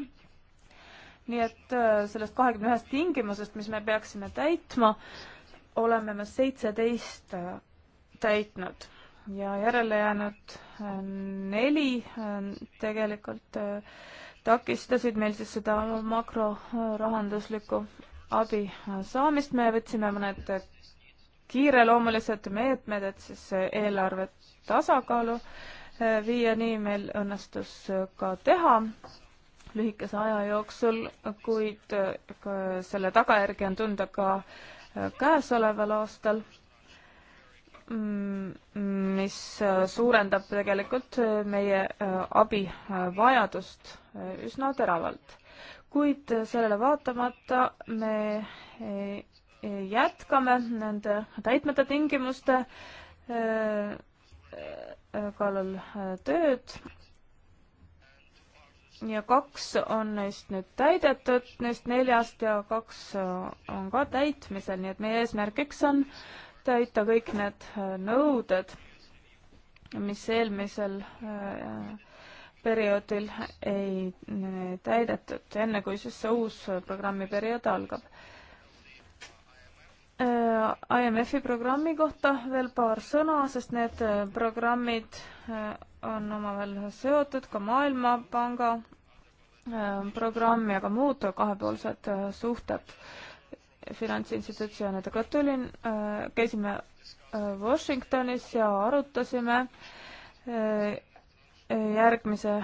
nii et sellest kahekümne ühest tingimusest, mis me peaksime täitma, oleme me seitseteist täitnud ja järele jäänud äh, neli äh, tegelikult äh, takistasid meil siis seda makrorahanduslikku abi saamist, me võtsime mõned kiireloomulised meetmed, et siis eelarvet tasakaalu viia, nii meil õnnestus ka teha lühikese aja jooksul, kuid selle tagajärgi on tunda ka käesoleval aastal Mm, mis äh, suurendab tegelikult äh, meie äh, abivajadust üsna teravalt. kuid sellele vaatamata me jätkame nende täitmata tingimuste kallal tööd. ja kaks on neist nüüd täidetud, neist neljast ja kaks on ka täitmisel, nii et meie eesmärgiks on täita kõik need äh, nõuded, mis eelmisel äh, perioodil ei äh, täidetud, enne kui siis see uus programmiperiood algab. IMF-i programmi kohta veel paar sõna, sest need programmid on omavahel seotud, ka Maailmapanga programm ja ka muud kahepoolsed suhted finantsinstitutsioonidega. tulin, äh, käisime äh, Washingtonis ja arutasime äh, järgmise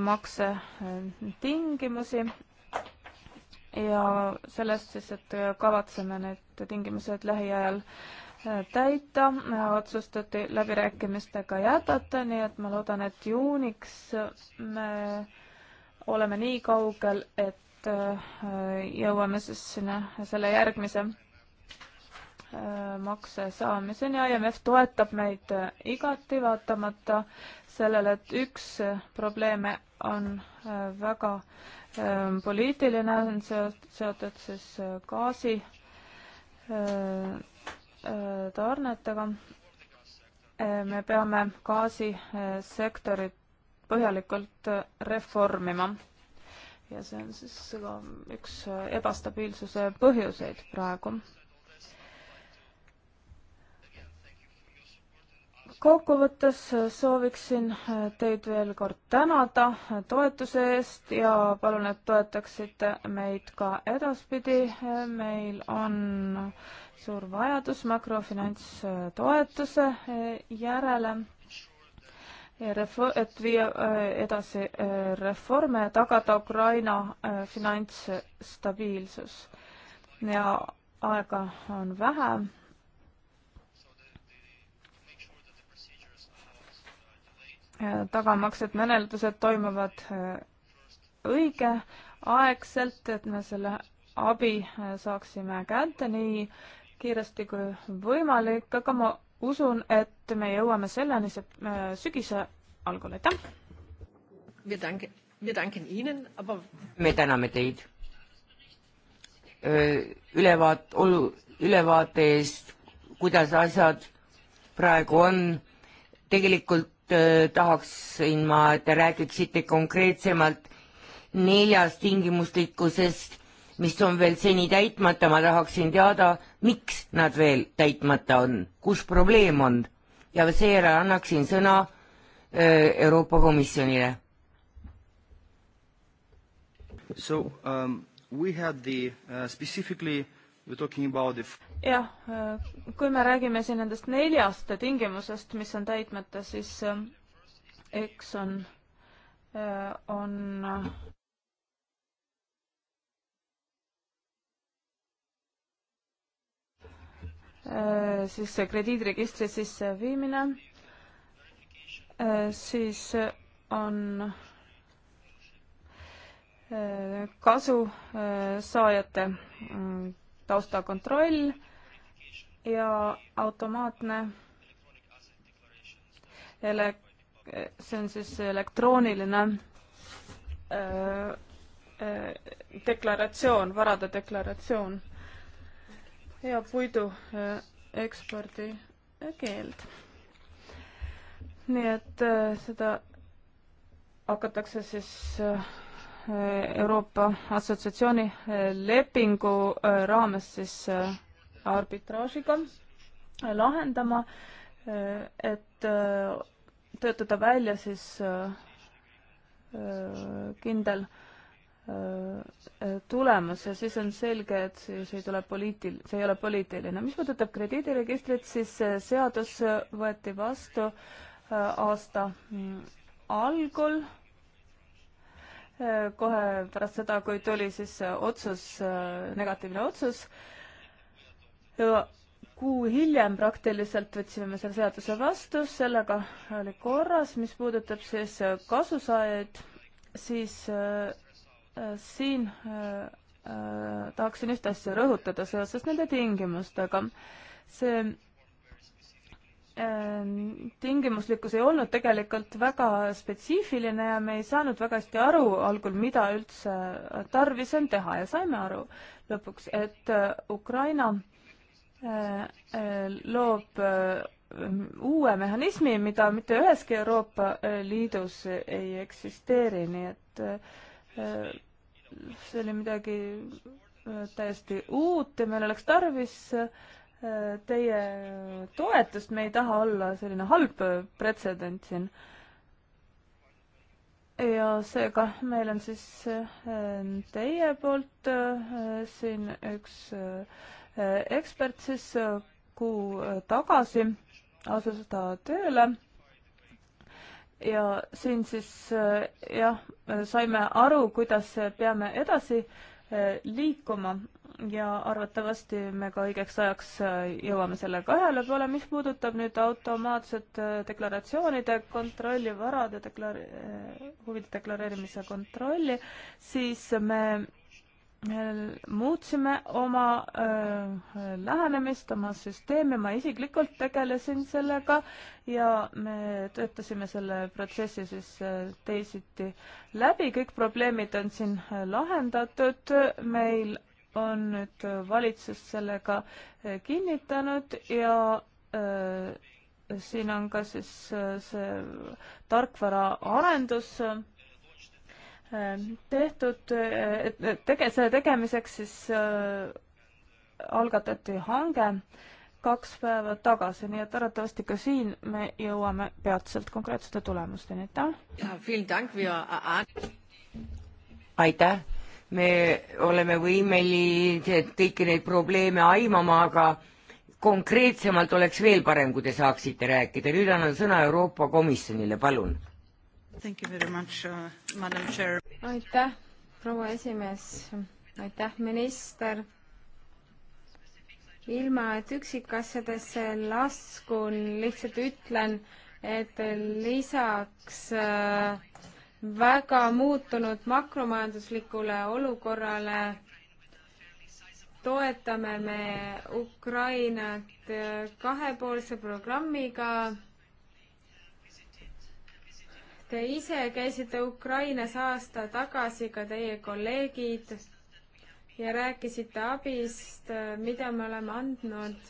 makse tingimusi ja sellest siis, et kavatseme need tingimused lähiajal täita, otsustati läbirääkimistega jätkata, nii et ma loodan, et juuniks me oleme nii kaugel, et et äh, jõuame siis sinna, selle järgmise äh, makse saamiseni. IMF toetab meid äh, igati, vaatamata sellele, et üks probleeme on väga poliitiline, on seotud siis gaasi tarnetega. me peame gaasisektorit põhjalikult reformima ja see on siis ka üks äh, ebastabiilsuse põhjuseid praegu. kokkuvõttes äh, sooviksin äh, teid veel kord tänada toetuse eest ja palun, et toetaksite meid ka edaspidi. meil on suur vajadus makrofinantstoetuse järele refo-, et viia äh, edasi äh, reforme, tagada Ukraina äh, finantsstabiilsus. ja aega on vähe. tagamaks, et menetlused toimuvad õigeaegselt, et me selle abi saaksime kätte nii kiiresti kui võimalik, aga ma usun, et me jõuame selleni äh, sügise algul, aitäh! me täname teid äh, ülevaat-, olu-, ülevaate eest, kuidas asjad praegu on. tegelikult äh, tahaksin ma, et te räägiksite konkreetsemalt neljast tingimuslikkusest mis on veel seni täitmata, ma tahaksin teada, miks nad veel täitmata on, kus probleem on ja seejärel annaksin sõna äh, Euroopa Komisjonile. So um, we had the uh, specifically we are talking about if jah, äh, kui me räägime siin nendest neljast tingimusest, mis on täitmata, siis eks äh, on, on Äh, siis krediidiregistri sisseviimine, äh, siis on äh, kasusaajate mm, taustakontroll ja automaatne ele-, see on siis elektrooniline deklaratsioon, varade deklaratsioon ja puidu äh, ekspordi äh, keeld. nii et äh, seda hakatakse siis Euroopa Assotsiatsiooni lepingu raames siis arbitraažiga lahendama, et töötada välja siis kindel äh, Äh, tulemas ja siis on selge, et see, see ei tule poliitil-, see ei ole poliitiline. mis puudutab krediidiregistrit, siis seadus võeti vastu äh, aasta mm, algul, äh, kohe pärast seda, kui tuli siis otsus, negatiivne otsus, kuu hiljem praktiliselt võtsime me selle seaduse vastu, sellega oli korras, mis puudutab siis kasusaajaid, siis siin äh, äh, tahaksin ühte asja rõhutada seoses nende tingimustega. see äh, tingimuslikkus ei olnud tegelikult väga spetsiifiline ja me ei saanud väga hästi aru algul, mida üldse tarvis on teha ja saime aru lõpuks, et Ukraina loob uue mehhanismi, mida mitte üheski Euroopa Liidus ei eksisteeri, nii et äh, see oli midagi äh, täiesti uut ja meil oleks tarvis äh, teie toetust, me ei taha olla selline halb pretsedent siin. ja seega meil on siis äh, teie poolt siin üks ekspert siis kuu tagasi asus ta tööle ja siin siis äh, jah, saime aru, kuidas peame edasi äh, liikuma ja arvatavasti me ka õigeks ajaks äh, jõuame sellega ühele poole, mis puudutab nüüd automaatset deklaratsioonide kontrolli, varade deklar-, huvide deklareerimise kontrolli, siis me muutsime oma äh, lähenemist, oma süsteemi, ma isiklikult tegelesin sellega ja me töötasime selle protsessi siis äh, teisiti läbi, kõik probleemid on siin äh, lahendatud, meil on nüüd valitsus sellega äh, kinnitanud ja äh, siin on ka siis äh, see tarkvaraarendus äh, tehtud, tege-, selle tegemiseks siis äh, algatati hange kaks päeva tagasi, nii et arvatavasti ka siin me jõuame peatselt konkreetsete tulemusteni, aitäh! aitäh! me oleme võimelised kõiki neid probleeme aimama, aga konkreetsemalt oleks veel parem, kui te saaksite rääkida, nüüd annan sõna Euroopa Komisjonile, palun Uh, aitäh, proua esimees, aitäh, minister. ilma, et üksikasjadesse laskun, lihtsalt ütlen, et lisaks äh, väga muutunud makromajanduslikule olukorrale toetame me Ukrainat äh, kahepoolse programmiga Te ise käisite Ukrainas aasta tagasi, ka teie kolleegid, ja rääkisite abist, mida me oleme andnud.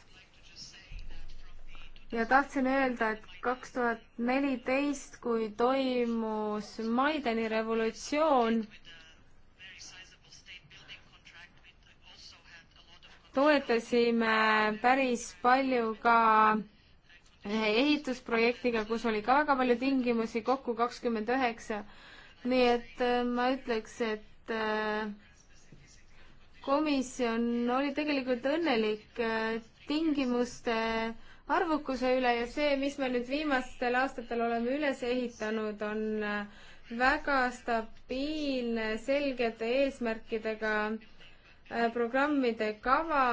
ja tahtsin öelda, et kaks tuhat neliteist, kui toimus Maidani revolutsioon, toetasime päris palju ka ehitusprojektiga, kus oli ka väga palju tingimusi, kokku kakskümmend üheksa. nii et äh, ma ütleks, et äh, komisjon oli tegelikult õnnelik äh, tingimuste arvukuse üle ja see, mis me nüüd viimastel aastatel oleme üles ehitanud, on väga stabiilne, selgete eesmärkidega programmide kava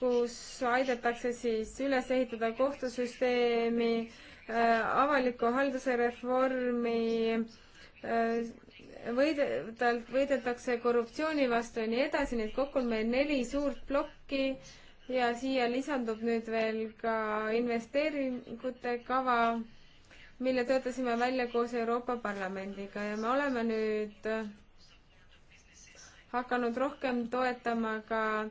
kus aidatakse siis üles ehitada kohtusüsteemi, äh, avaliku halduse reformi, äh, võidetalt võidetakse korruptsiooni vastu ja nii edasi, nii et kokku on meil neli suurt plokki ja siia lisandub nüüd veel ka investeeringute kava, mille töötasime välja koos Euroopa Parlamendiga ja me oleme nüüd hakanud rohkem toetama ka äh,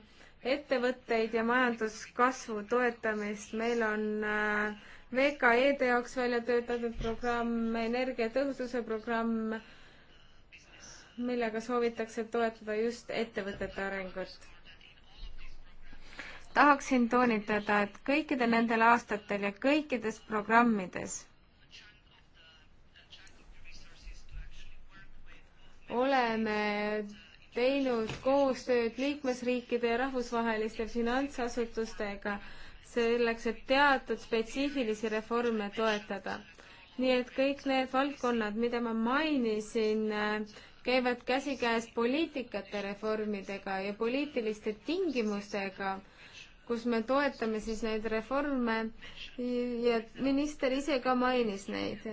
ettevõtteid ja majanduskasvu toetamist. meil on äh, VKE-de jaoks välja töötatud programm, energiatõhususe programm, millega soovitakse toetada just ettevõtete arengut. tahaksin toonitada, et kõikidel nendel aastatel ja kõikides programmides oleme teinud koostööd liikmesriikide ja rahvusvaheliste finantsasutustega selleks, et teatud spetsiifilisi reforme toetada. nii et kõik need valdkonnad, mida ma mainisin, käivad käsikäes poliitikate reformidega ja poliitiliste tingimustega, kus me toetame siis neid reforme ja minister ise ka mainis neid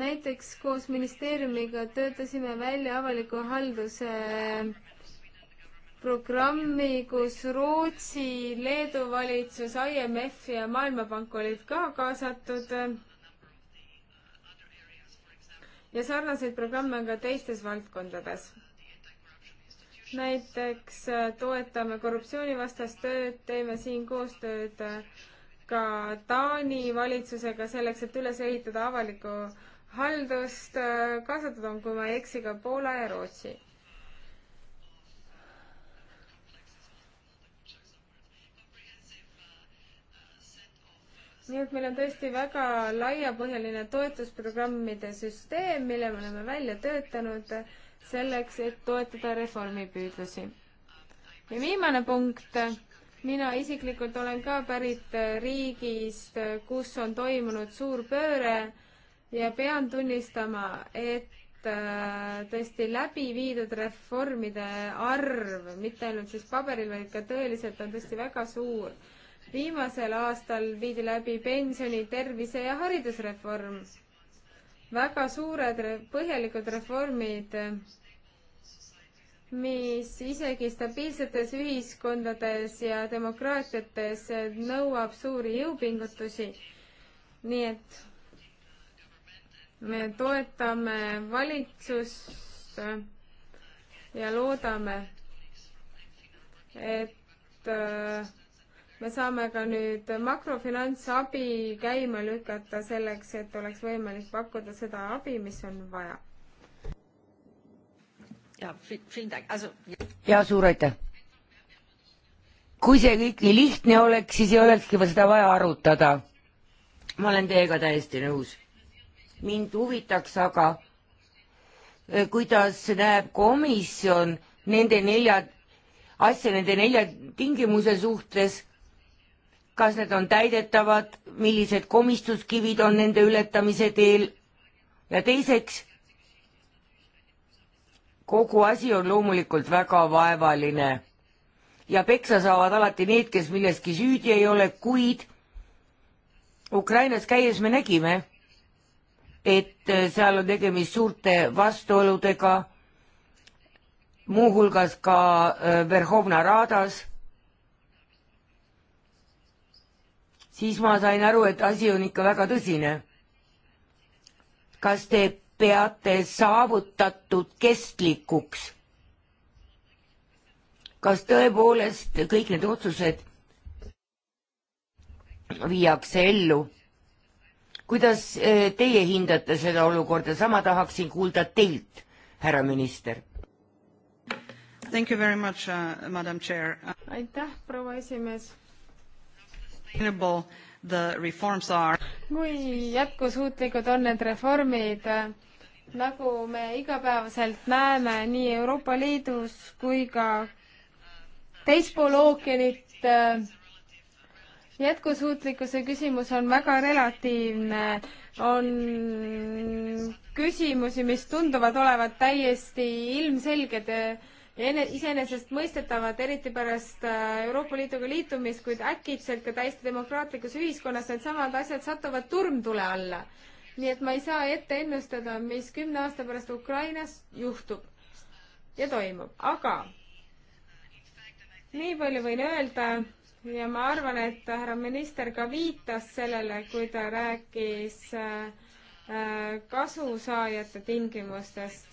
näiteks koos ministeeriumiga töötasime välja avaliku halduse äh, programmi, kus Rootsi, Leedu valitsus, IMF ja Maailmapank olid ka kaasatud. ja sarnaseid programme on ka teistes valdkondades. näiteks äh, toetame korruptsioonivastast tööd, teeme siin koostööd äh, ka Taani valitsusega selleks, et üles ehitada avalikku haldust äh, kaasatud on, kui ma ei eksi, ka Poola ja Rootsi. nii et meil on tõesti väga laiapõhjaline toetusprogrammide süsteem, mille me oleme välja töötanud selleks, et toetada reformipüüdlusi. ja viimane punkt mina isiklikult olen ka pärit riigist, kus on toimunud suur pööre ja pean tunnistama, et äh, tõesti läbi viidud reformide arv, mitte ainult siis paberil, vaid ka tõeliselt on tõesti väga suur. viimasel aastal viidi läbi pensioni, tervise ja haridusreform. väga suured põhjalikud reformid, mis isegi stabiilsetes ühiskondades ja demokraatiates nõuab suuri jõupingutusi. nii et me toetame valitsust ja loodame, et äh, me saame ka nüüd makrofinantsabi käima lükata selleks, et oleks võimalik pakkuda seda abi, mis on vaja. ja suur aitäh! kui see kõik nii lihtne oleks, siis ei olekski seda vaja arutada. ma olen teiega täiesti nõus mind huvitaks aga, e, kuidas näeb komisjon nende nelja, asja nende nelja tingimuse suhtes, kas need on täidetavad, millised komistuskivid on nende ületamise teel ja teiseks, kogu asi on loomulikult väga vaevaline ja peksa saavad alati need, kes milleski süüdi ei ole, kuid Ukrainas käies me nägime, et seal on tegemist suurte vastuoludega, muuhulgas ka äh, Verhovna Radas, siis ma sain aru, et asi on ikka väga tõsine. kas te peate saavutatud kestlikuks? kas tõepoolest kõik need otsused viiakse ellu? kuidas eh, teie hindate seda olukorda, sama tahaksin kuulda teilt, härra minister Thank you very much, uh, Madam Chair. aitäh, proua esimees. The reforms are. kui jätkusuutlikud on need reformid, nagu me igapäevaselt näeme nii Euroopa Liidus kui ka teispool ookeanit äh,, jätkusuutlikkuse küsimus on väga relatiivne. on küsimusi, mis tunduvad olevat täiesti ilmselged ja iseenesestmõistetavad, eriti pärast äh, Euroopa Liiduga liitumist, kuid äkitselt ka täiesti demokraatlikus ühiskonnas needsamad asjad satuvad turmtule alla. nii et ma ei saa ette ennustada, mis kümne aasta pärast Ukrainas juhtub ja toimub, aga nii palju võin öelda ja ma arvan, et härra minister ka viitas sellele, kui ta rääkis äh, kasusaajate tingimustest.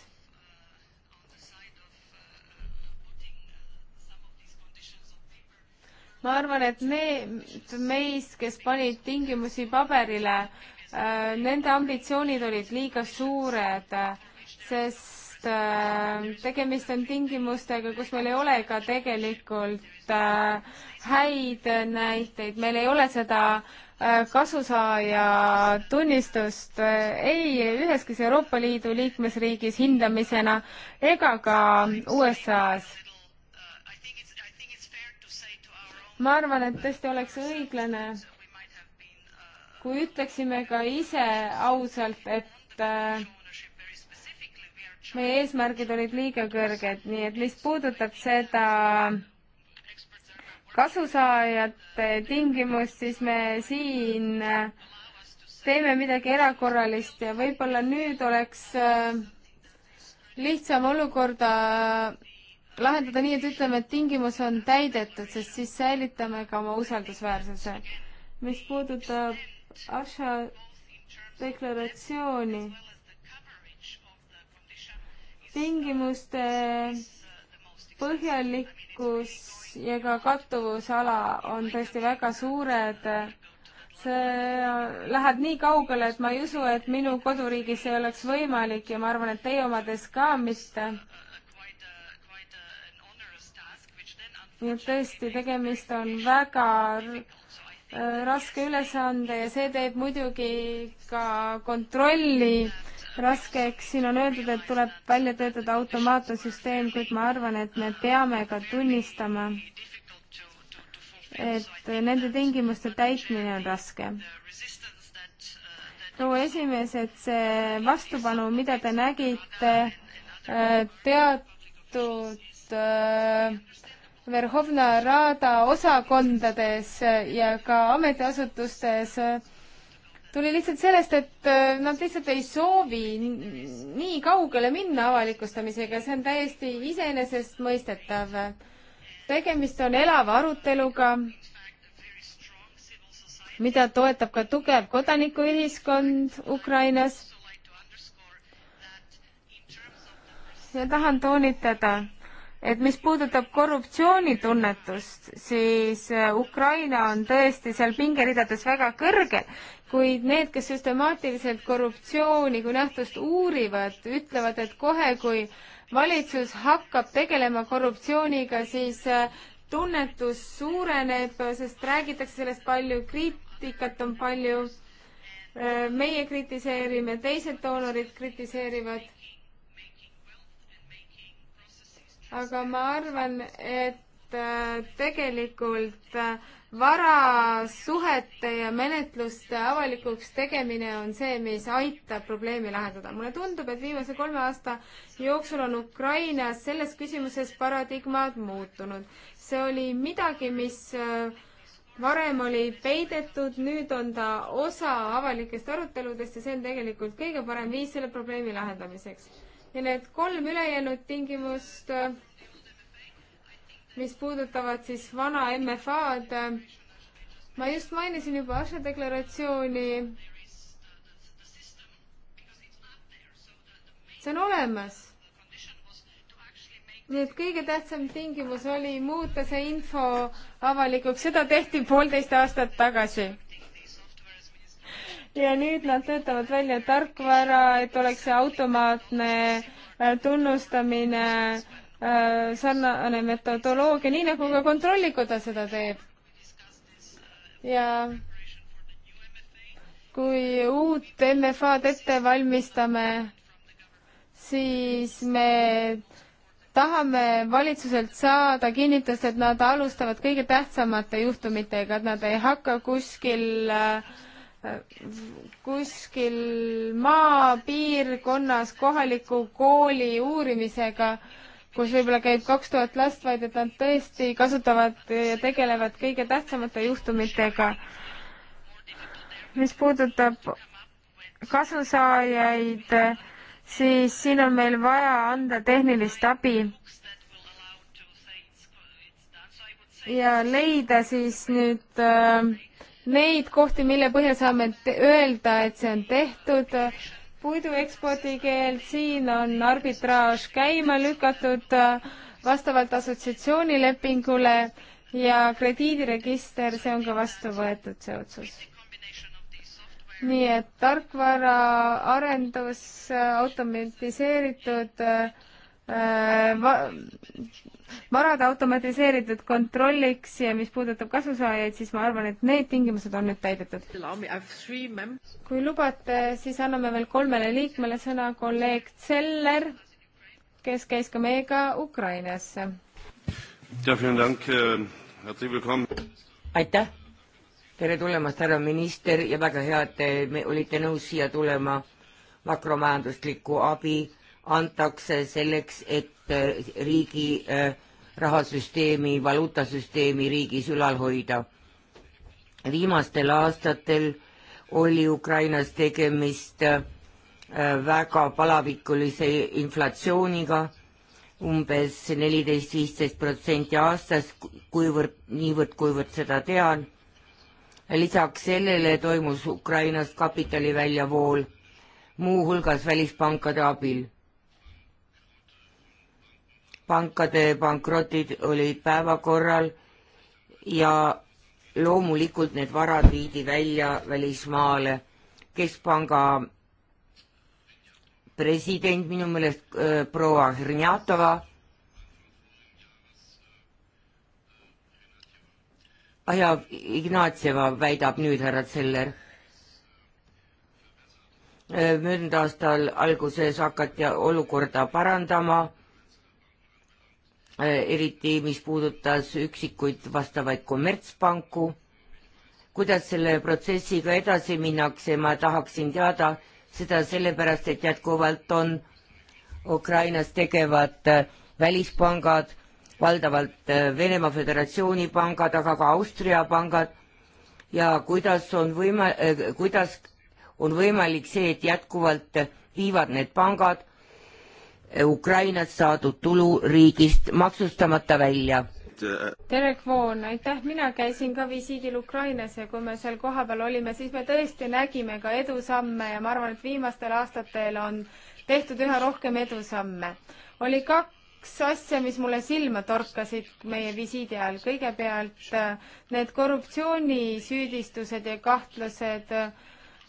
ma arvan, et need meist, kes panid tingimusi paberile, äh, nende ambitsioonid olid liiga suured, äh, sest Äh, tegemist on tingimustega, kus meil ei ole ka tegelikult äh, häid näiteid, meil ei ole seda äh, kasusaaja tunnistust ei üheski Euroopa Liidu liikmesriigis hindamisena ega ka USA-s ma arvan, et tõesti oleks õiglane, kui ütleksime ka ise ausalt, et meie eesmärgid olid liiga kõrged, nii et mis puudutab seda kasusaajate tingimust, siis me siin äh, teeme midagi erakorralist ja võib-olla nüüd oleks äh, lihtsam olukorda äh, lahendada nii, et ütleme, et tingimus on täidetud, sest siis säilitame ka oma usaldusväärsuse. mis puudutab Asha deklaratsiooni, tingimuste põhjalikkus ja ka kattuvusala on tõesti väga suured. see läheb nii kaugele, et ma ei usu, et minu koduriigis ei oleks võimalik ja ma arvan, et teie omades ka mitte. nii et tõesti, tegemist on väga raske ülesande ja see teeb muidugi ka kontrolli raskeks, siin on öeldud, et tuleb välja töötada automaatne süsteem, kuid ma arvan, et me peame ka tunnistama, et nende tingimuste täitmine on raske. proua esimees, et see vastupanu, mida te nägite äh, teatud äh, Verhovna Rada osakondades ja ka ametiasutustes, tuli lihtsalt sellest, et äh, nad lihtsalt ei soovi nii kaugele minna avalikustamisega, see on täiesti iseenesestmõistetav. tegemist on elava aruteluga, mida toetab ka tugev kodanikuühiskond Ukrainas. ja tahan toonitada, et mis puudutab korruptsioonitunnetust, siis äh, Ukraina on tõesti seal pingeridades väga kõrgel, kuid need, kes süstemaatiliselt korruptsiooni kui nähtust uurivad, ütlevad, et kohe, kui valitsus hakkab tegelema korruptsiooniga, siis äh, tunnetus suureneb, sest räägitakse sellest palju, kriitikat on palju. Äh, meie kritiseerime, teised doonorid kritiseerivad aga ma arvan, et äh, tegelikult äh, varasuhete ja menetluste avalikuks tegemine on see, mis aitab probleemi lahendada. mulle tundub, et viimase kolme aasta jooksul on Ukrainas selles küsimuses paradigmad muutunud. see oli midagi, mis äh, varem oli peidetud, nüüd on ta osa avalikest aruteludest ja see on tegelikult kõige parem viis selle probleemi lahendamiseks ja need kolm ülejäänud tingimust, mis puudutavad siis vana MFA-d, ma just mainisin juba asjadeklaratsiooni. see on olemas. nii et kõige tähtsam tingimus oli muuta see info avalikuks, seda tehti poolteist aastat tagasi ja nüüd nad töötavad välja tarkvara, et oleks see automaatne äh, tunnustamine, äh, sarnane metodoloogia, nii nagu ka Kontrollikoda seda teeb. ja kui uut MFA-d ette valmistame, siis me tahame valitsuselt saada kinnitust, et nad alustavad kõige tähtsamate juhtumitega, et nad ei hakka kuskil äh, kuskil maapiirkonnas kohaliku kooli uurimisega, kus võib-olla käib kaks tuhat last, vaid et nad tõesti kasutavad ja tegelevad kõige tähtsamate juhtumitega. mis puudutab kasusaajaid, siis siin on meil vaja anda tehnilist abi ja leida siis nüüd äh, neid kohti, mille põhjal saame öelda, et see on tehtud, puidu ekspordikeeld, siin on arbitraaž käima lükatud vastavalt assotsiatsioonilepingule ja krediidiregister, see on ka vastu võetud, see otsus. nii et tarkvara arendus, automatiseeritud äh, Äh, va-, varade automatiseeritud kontrolliks ja mis puudutab kasusaajaid, siis ma arvan, et need tingimused on nüüd täidetud. kui lubate, siis anname veel kolmele liikmele sõna, kolleeg Zeller, kes käis ka meiega Ukrainas. Äh, aitäh, tere tulemast, härra minister ja väga hea, et te olite nõus siia tulema makromajandusliku abi antakse selleks, et äh, riigi äh, rahasüsteemi, valuutasüsteemi riigis ülal hoida. viimastel aastatel oli Ukrainas tegemist äh, väga palavikulise inflatsiooniga umbes neliteist, viisteist protsenti aastas, kuivõrd, niivõrd, kuivõrd seda tean. lisaks sellele toimus Ukrainast kapitali väljavool, muuhulgas välispankade abil pankade pankrotid olid päevakorral ja loomulikult need varad viidi välja välismaale. keskpanga president minu meelest äh, proua Hrnjatova ja Ignatseva väidab nüüd härra Zeller äh, möödunud aastal alguses hakati olukorda parandama Äh, eriti mis puudutas üksikuid vastavaid kommertspanku. kuidas selle protsessiga edasi minnakse, ma tahaksin teada seda sellepärast, et jätkuvalt on Ukrainas tegevad äh, välispangad, valdavalt äh, Venemaa Föderatsiooni pangad, aga ka Austria pangad ja kuidas on võima-, kuidas on võimalik see, et jätkuvalt viivad need pangad Eh, Ukrainat saadud tulu riigist maksustamata välja. Derek Voon, aitäh, mina käisin ka visiidil Ukrainas ja kui me seal kohapeal olime, siis me tõesti nägime ka edusamme ja ma arvan, et viimastel aastatel on tehtud üha rohkem edusamme. oli kaks asja, mis mulle silma torkasid meie visiidi ajal, kõigepealt eh, need korruptsioonisüüdistused ja kahtlused äh,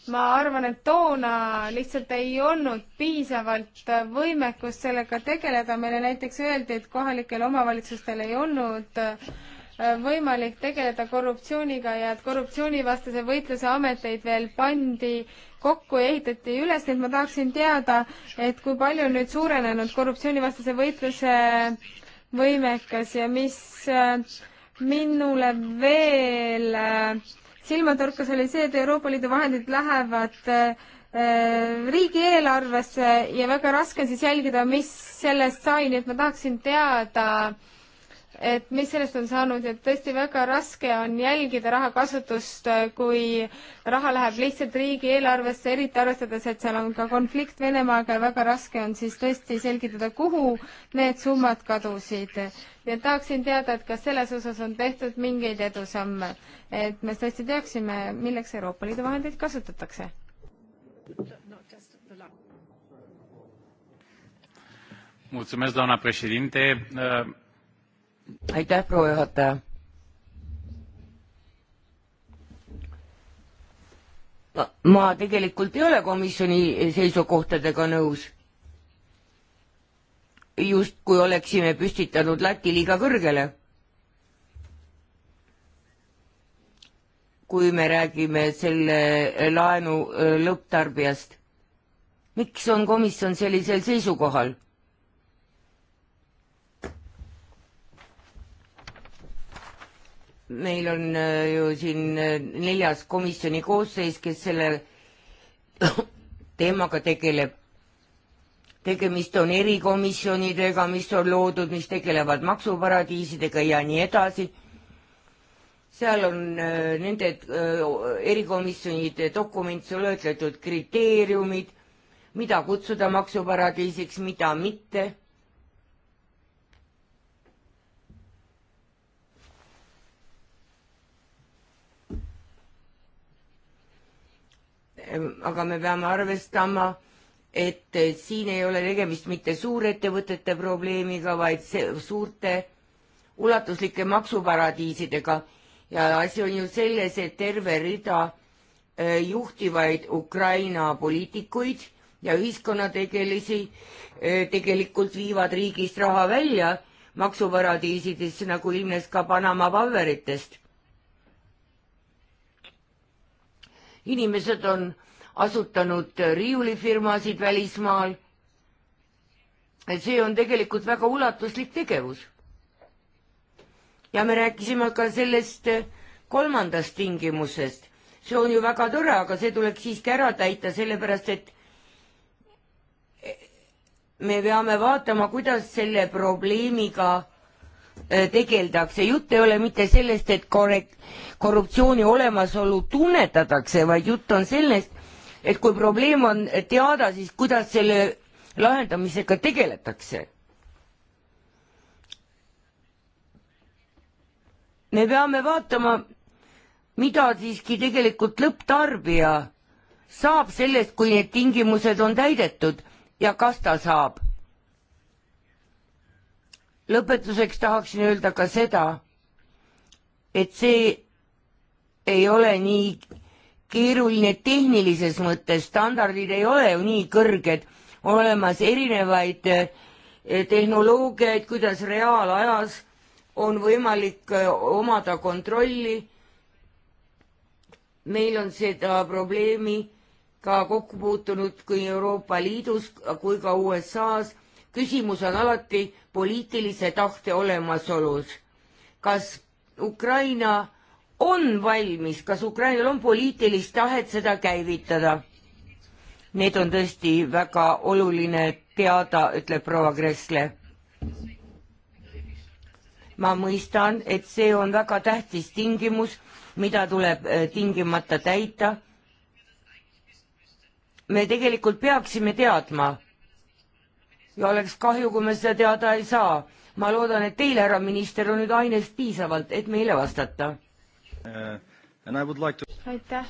ma arvan, et toona lihtsalt ei olnud piisavalt võimekust sellega tegeleda, meile näiteks öeldi, et kohalikel omavalitsustel ei olnud äh, võimalik tegeleda korruptsiooniga ja et korruptsioonivastase võitluse ameteid veel pandi kokku ja ehitati üles, nii et ma tahaksin teada, et kui palju on nüüd suurenenud korruptsioonivastase võitluse võimekas ja mis äh, minule veel äh, silmatorkas oli see, et Euroopa Liidu vahendid lähevad äh, riigieelarvesse ja väga raske on siis jälgida, mis sellest sai, nii et ma tahaksin teada, et mis sellest on saanud, et tõesti väga raske on jälgida raha kasutust, äh, kui raha läheb lihtsalt riigieelarvesse, eriti arvestades, et seal on ka konflikt Venemaaga ja väga raske on siis tõesti selgitada, kuhu need summad kadusid. ja tahaksin teada, et kas selles osas on tehtud mingeid edusamme, et me tõesti teaksime, milleks Euroopa Liidu vahendeid kasutatakse Mulțumesc, doamna președinte aitäh, proua juhataja. ma tegelikult ei ole komisjoni seisukohtadega nõus. justkui oleksime püstitanud Läti liiga kõrgele. kui me räägime selle laenu äh, lõpptarbijast. miks on komisjon sellisel seisukohal? meil on äh, ju siin äh, neljas komisjoni koosseis, kes selle teemaga tegeleb. tegemist on erikomisjonidega, mis on loodud, mis tegelevad maksuparadiisidega ja nii edasi. seal on äh, nende erikomisjonide dokumendis loetletud kriteeriumid, mida kutsuda maksuparadiisiks, mida mitte aga me peame arvestama, et eh, siin ei ole tegemist mitte suurettevõtete probleemiga, vaid suurte ulatuslike maksuparadiisidega ja asi on ju selles, et terve rida eh, juhtivaid Ukraina poliitikuid ja ühiskonnategelisi eh, tegelikult viivad riigist raha välja maksuparadiisidesse, nagu ilmnes ka Panama paberitest. inimesed on asutanud riiulifirmasid välismaal. see on tegelikult väga ulatuslik tegevus. ja me rääkisime ka sellest kolmandast tingimusest. see on ju väga tore, aga see tuleks siiski ära täita, sellepärast et me peame vaatama, kuidas selle probleemiga Äh, tegeldakse, jutt ei ole mitte sellest, et korrekt-, korruptsiooni olemasolu tunnetatakse, vaid jutt on sellest, et kui probleem on teada, siis kuidas selle lahendamisega tegeletakse. me peame vaatama, mida siiski tegelikult lõpptarbija saab sellest, kui need tingimused on täidetud ja kas ta saab lõpetuseks tahaksin öelda ka seda, et see ei ole nii keeruline tehnilises mõttes, standardid ei ole ju nii kõrged, on olemas erinevaid eh, tehnoloogiaid, kuidas reaalajas on võimalik eh, omada kontrolli. meil on seda probleemi ka kokku puutunud kui Euroopa Liidus kui ka USA-s küsimus on alati poliitilise tahte olemasolus. kas Ukraina on valmis, kas Ukrainal on poliitilist tahet seda käivitada? Need on tõesti väga oluline teada, ütleb proua Kressle. ma mõistan, et see on väga tähtis tingimus, mida tuleb eh, tingimata täita. me tegelikult peaksime teadma ja oleks kahju, kui me seda teada ei saa. ma loodan, et teil, härra minister, on nüüd ainest piisavalt, et meile vastata uh,. Like to... aitäh.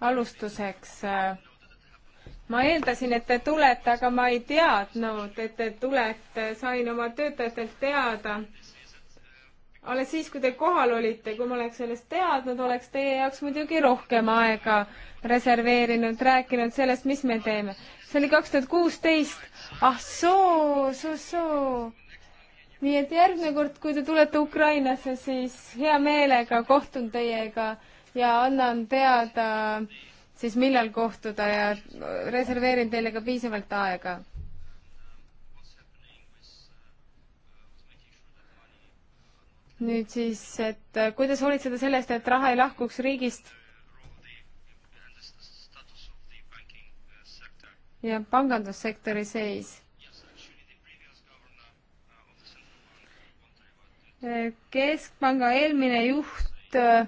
alustuseks eh, ma eeldasin, et te tulete, aga ma ei teadnud, et te tulete, sain oma töötajatelt teada alles siis, kui te kohal olite, kui ma oleks sellest teadnud, oleks teie jaoks muidugi rohkem aega reserveerinud, rääkinud sellest, mis me teeme. see oli kaks tuhat kuusteist. ah soo, soo, soo. nii et järgmine kord, kui te tulete Ukrainasse, siis hea meelega kohtun teiega ja annan teada siis millal kohtuda ja reserveerin teile ka piisavalt aega nüüd siis, et äh, kuidas hoolitseda selle eest, et raha ei lahkuks riigist ja pangandussektori seis. Äh, keskpanga eelmine juht äh,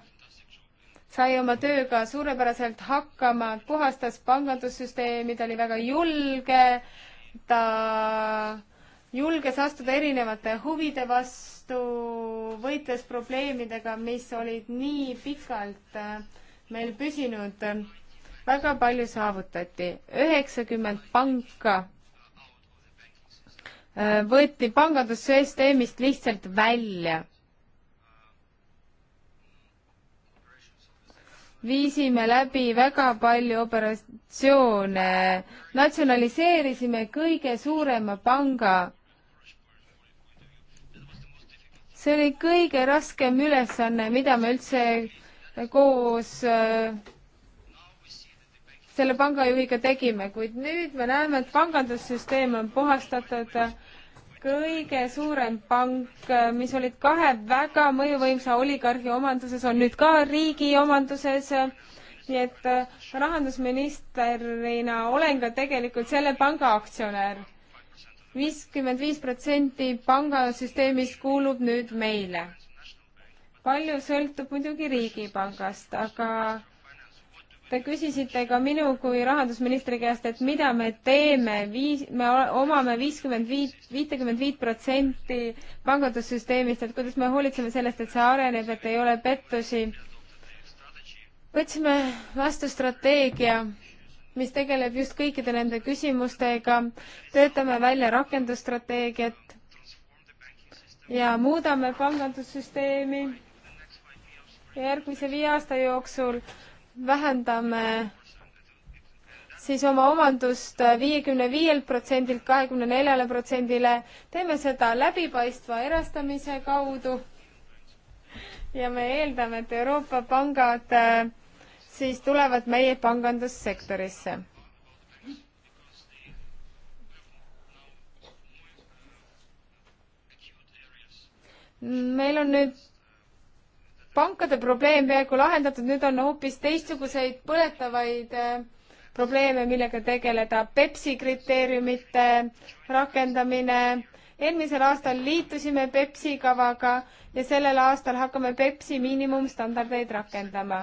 sai oma tööga suurepäraselt hakkama, puhastas pangandussüsteemi, ta oli väga julge, ta julges astuda erinevate huvide vastu, vastu võitles probleemidega, mis olid nii pikalt äh, meil püsinud. väga palju saavutati, üheksakümmend panka äh, võeti pangandussüsteemist lihtsalt välja. viisime läbi väga palju operatsioone, natsionaliseerisime kõige suurema panga see oli kõige raskem ülesanne, mida me üldse koos äh, selle pangajuhiga tegime, kuid nüüd me näeme, et pangandussüsteem on puhastatud. kõige suurem pank, mis olid kahe väga mõjuvõimsa oligarhi omanduses, on nüüd ka riigi omanduses. nii et äh, rahandusministrina olen ka tegelikult selle panga aktsionär viiskümmend viis protsenti pangasüsteemist kuulub nüüd meile. palju sõltub muidugi Riigipangast, aga te küsisite ka minu kui rahandusministri käest, et mida me teeme, viis, me omame viiskümmend viit, viitekümmet viit protsenti pangandussüsteemist, et kuidas me hoolitseme sellest, et see areneb, et ei ole pettusi. võtsime vastu strateegia mis tegeleb just kõikide nende küsimustega, töötame välja rakendusstrateegiat ja muudame pangandussüsteemi ja järgmise viie aasta jooksul vähendame siis oma omandust viiekümne viielt protsendilt kahekümne neljale protsendile, teeme seda läbipaistva erastamise kaudu ja me eeldame, et Euroopa pangad äh, siis tulevad meie pangandussektorisse. meil on nüüd pankade probleem peaaegu lahendatud, nüüd on hoopis teistsuguseid põletavaid äh, probleeme, millega tegeleda. Pepsi kriteeriumite rakendamine, eelmisel aastal liitusime Pepsi kavaga ja sellel aastal hakkame Pepsi miinimumstandardeid rakendama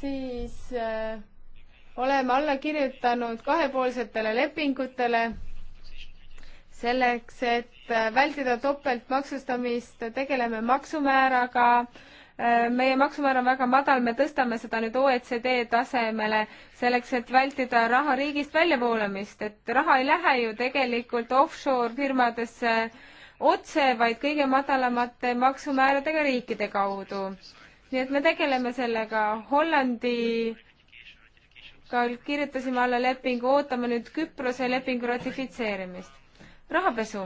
siis äh, oleme alla kirjutanud kahepoolsetele lepingutele selleks, et äh, vältida topeltmaksustamist, tegeleme maksumääraga. Äh, meie maksumäär on väga madal, me tõstame seda nüüd OECD tasemele selleks, et vältida raha riigist väljavoolamist, et raha ei lähe ju tegelikult offshore firmadesse otse, vaid kõige madalamate maksumääradega riikide kaudu nii et me tegeleme sellega. Hollandi ka kirjutasime alla lepingu, ootame nüüd Küprose lepingu ratifitseerimist. rahapesu.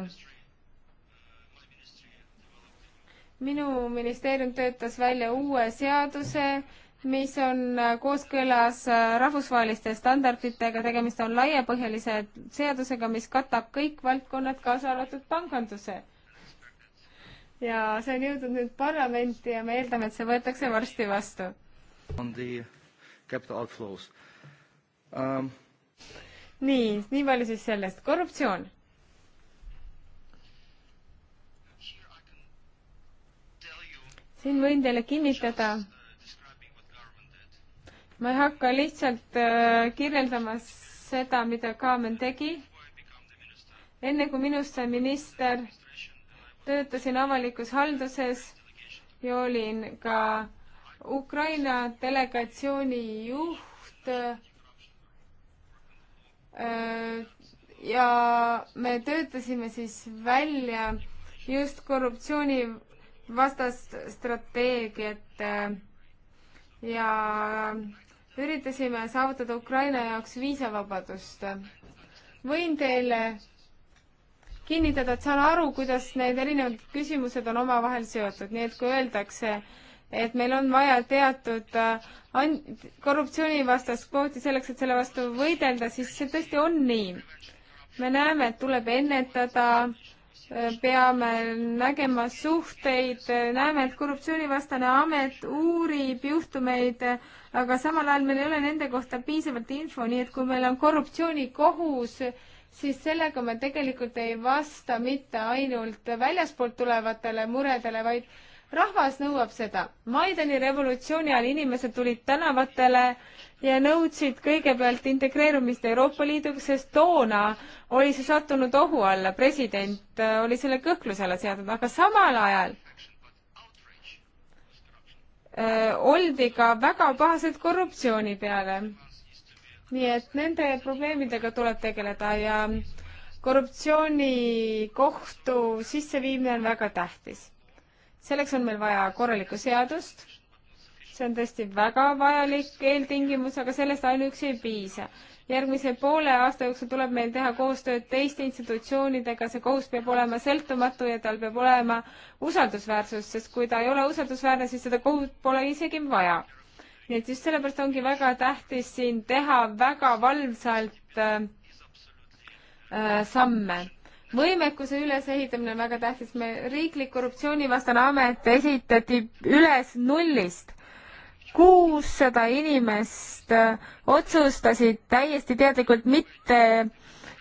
minu ministeerium töötas välja uue seaduse, mis on kooskõlas rahvusvaheliste standarditega, tegemist on laiapõhjalise seadusega, mis katab kõik valdkonnad, kaasa arvatud panganduse ja see on jõudnud nüüd parlamenti ja me eeldame, et see võetakse varsti vastu. on the capital outflows um.... nii, nii palju siis sellest, korruptsioon. siin võin teile kinnitada, ma ei hakka lihtsalt äh, kirjeldama seda, mida Kaamen tegi, enne kui minust sai minister töötasin avalikus halduses ja olin ka Ukraina delegatsiooni juht äh, ja me töötasime siis välja just korruptsioonivastast strateegiat äh, ja üritasime saavutada Ukraina jaoks viisavabadust. võin teile kinnitada, et saan aru, kuidas need erinevad küsimused on omavahel seotud, nii et kui öeldakse, et meil on vaja teatud äh, korruptsioonivastast kvooti selleks, et selle vastu võidelda, siis see tõesti on nii. me näeme, et tuleb ennetada, äh, peame nägema suhteid, äh, näeme, et korruptsioonivastane amet uurib juhtumeid, aga samal ajal meil ei ole nende kohta piisavalt info, nii et kui meil on korruptsioonikohus, siis sellega me tegelikult ei vasta mitte ainult väljaspoolt tulevatele muredele, vaid rahvas nõuab seda. Maidani revolutsiooni ajal inimesed tulid tänavatele ja nõudsid kõigepealt integreerumist Euroopa Liiduga, sest toona oli see sattunud ohu alla, president äh, oli selle kõhkluse alla seadnud, aga samal ajal öö, äh, oldi ka väga pahased korruptsiooni peale nii et nende probleemidega tuleb tegeleda ja korruptsioonikohtu sisseviimine on väga tähtis. selleks on meil vaja korralikku seadust, see on tõesti väga vajalik eeltingimus, aga sellest ainuüksi ei piisa. järgmise poole aasta jooksul tuleb meil teha koostööd teiste institutsioonidega, see kohus peab olema sõltumatu ja tal peab olema usaldusväärsus, sest kui ta ei ole usaldusväärne, siis seda kohut pole isegi vaja nii et just sellepärast ongi väga tähtis siin teha väga valvsalt äh, äh, samme. võimekuse ülesehitamine on väga tähtis, me riiklik korruptsioonivastane amet esitati üles nullist. kuussada inimest äh, otsustasid täiesti teadlikult mitte äh,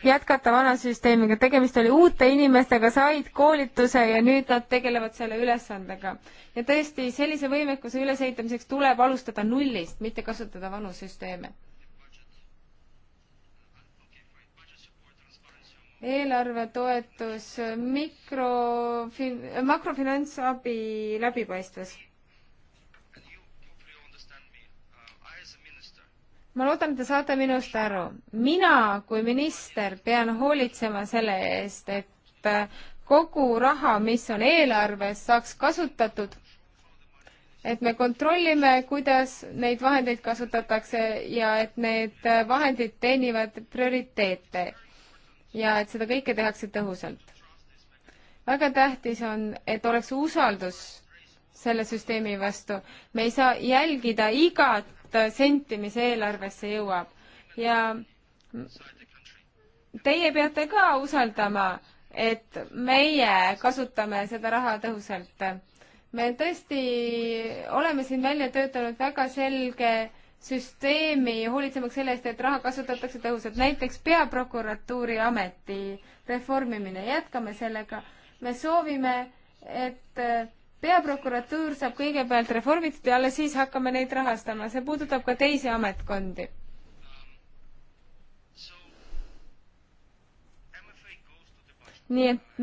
jätkata vana süsteemiga, tegemist oli uute inimestega, said koolituse ja nüüd nad tegelevad selle ülesandega. ja tõesti, sellise võimekuse ülesehitamiseks tuleb alustada nullist, mitte kasutada vanu süsteeme. eelarvetoetus, mikrofin-, makrofinantsabi läbipaistvus ma loodan, et te saate minust aru. mina kui minister pean hoolitsema selle eest, et kogu raha, mis on eelarves, saaks kasutatud. et me kontrollime, kuidas neid vahendeid kasutatakse ja et need vahendid teenivad prioriteete ja et seda kõike tehakse tõhusalt. väga tähtis on, et oleks usaldus selle süsteemi vastu. me ei saa jälgida igat tuhat äh, senti, mis eelarvesse jõuab. ja teie peate ka usaldama, et meie kasutame seda raha tõhusalt. me tõesti oleme siin välja töötanud väga selge süsteemi hoolitsemaks selle eest, et raha kasutatakse tõhusalt, näiteks peaprokuratuuri ameti reformimine, jätkame sellega. me soovime, et äh, peaprokuratuur saab kõigepealt reformitud ja alles siis hakkame neid rahastama, see puudutab ka teisi ametkondi. nii et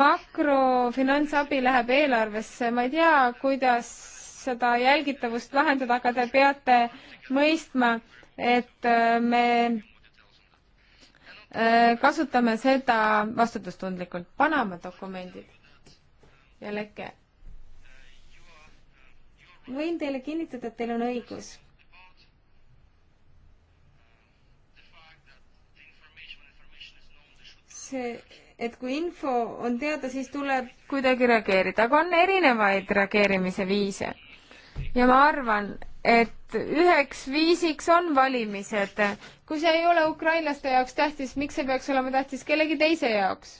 makrofinantsabi läheb eelarvesse, ma ei tea, kuidas seda jälgitavust lahendada, aga te peate mõistma, et äh, me äh, kasutame seda vastutustundlikult. Panama dokumendid ja leke võin teile kinnitada, et teil on õigus. see, et kui info on teada, siis tuleb kuidagi reageerida, aga on erinevaid reageerimise viise. ja ma arvan, et üheks viisiks on valimised. kui see ei ole ukrainlaste jaoks tähtis, miks see peaks olema tähtis kellegi teise jaoks?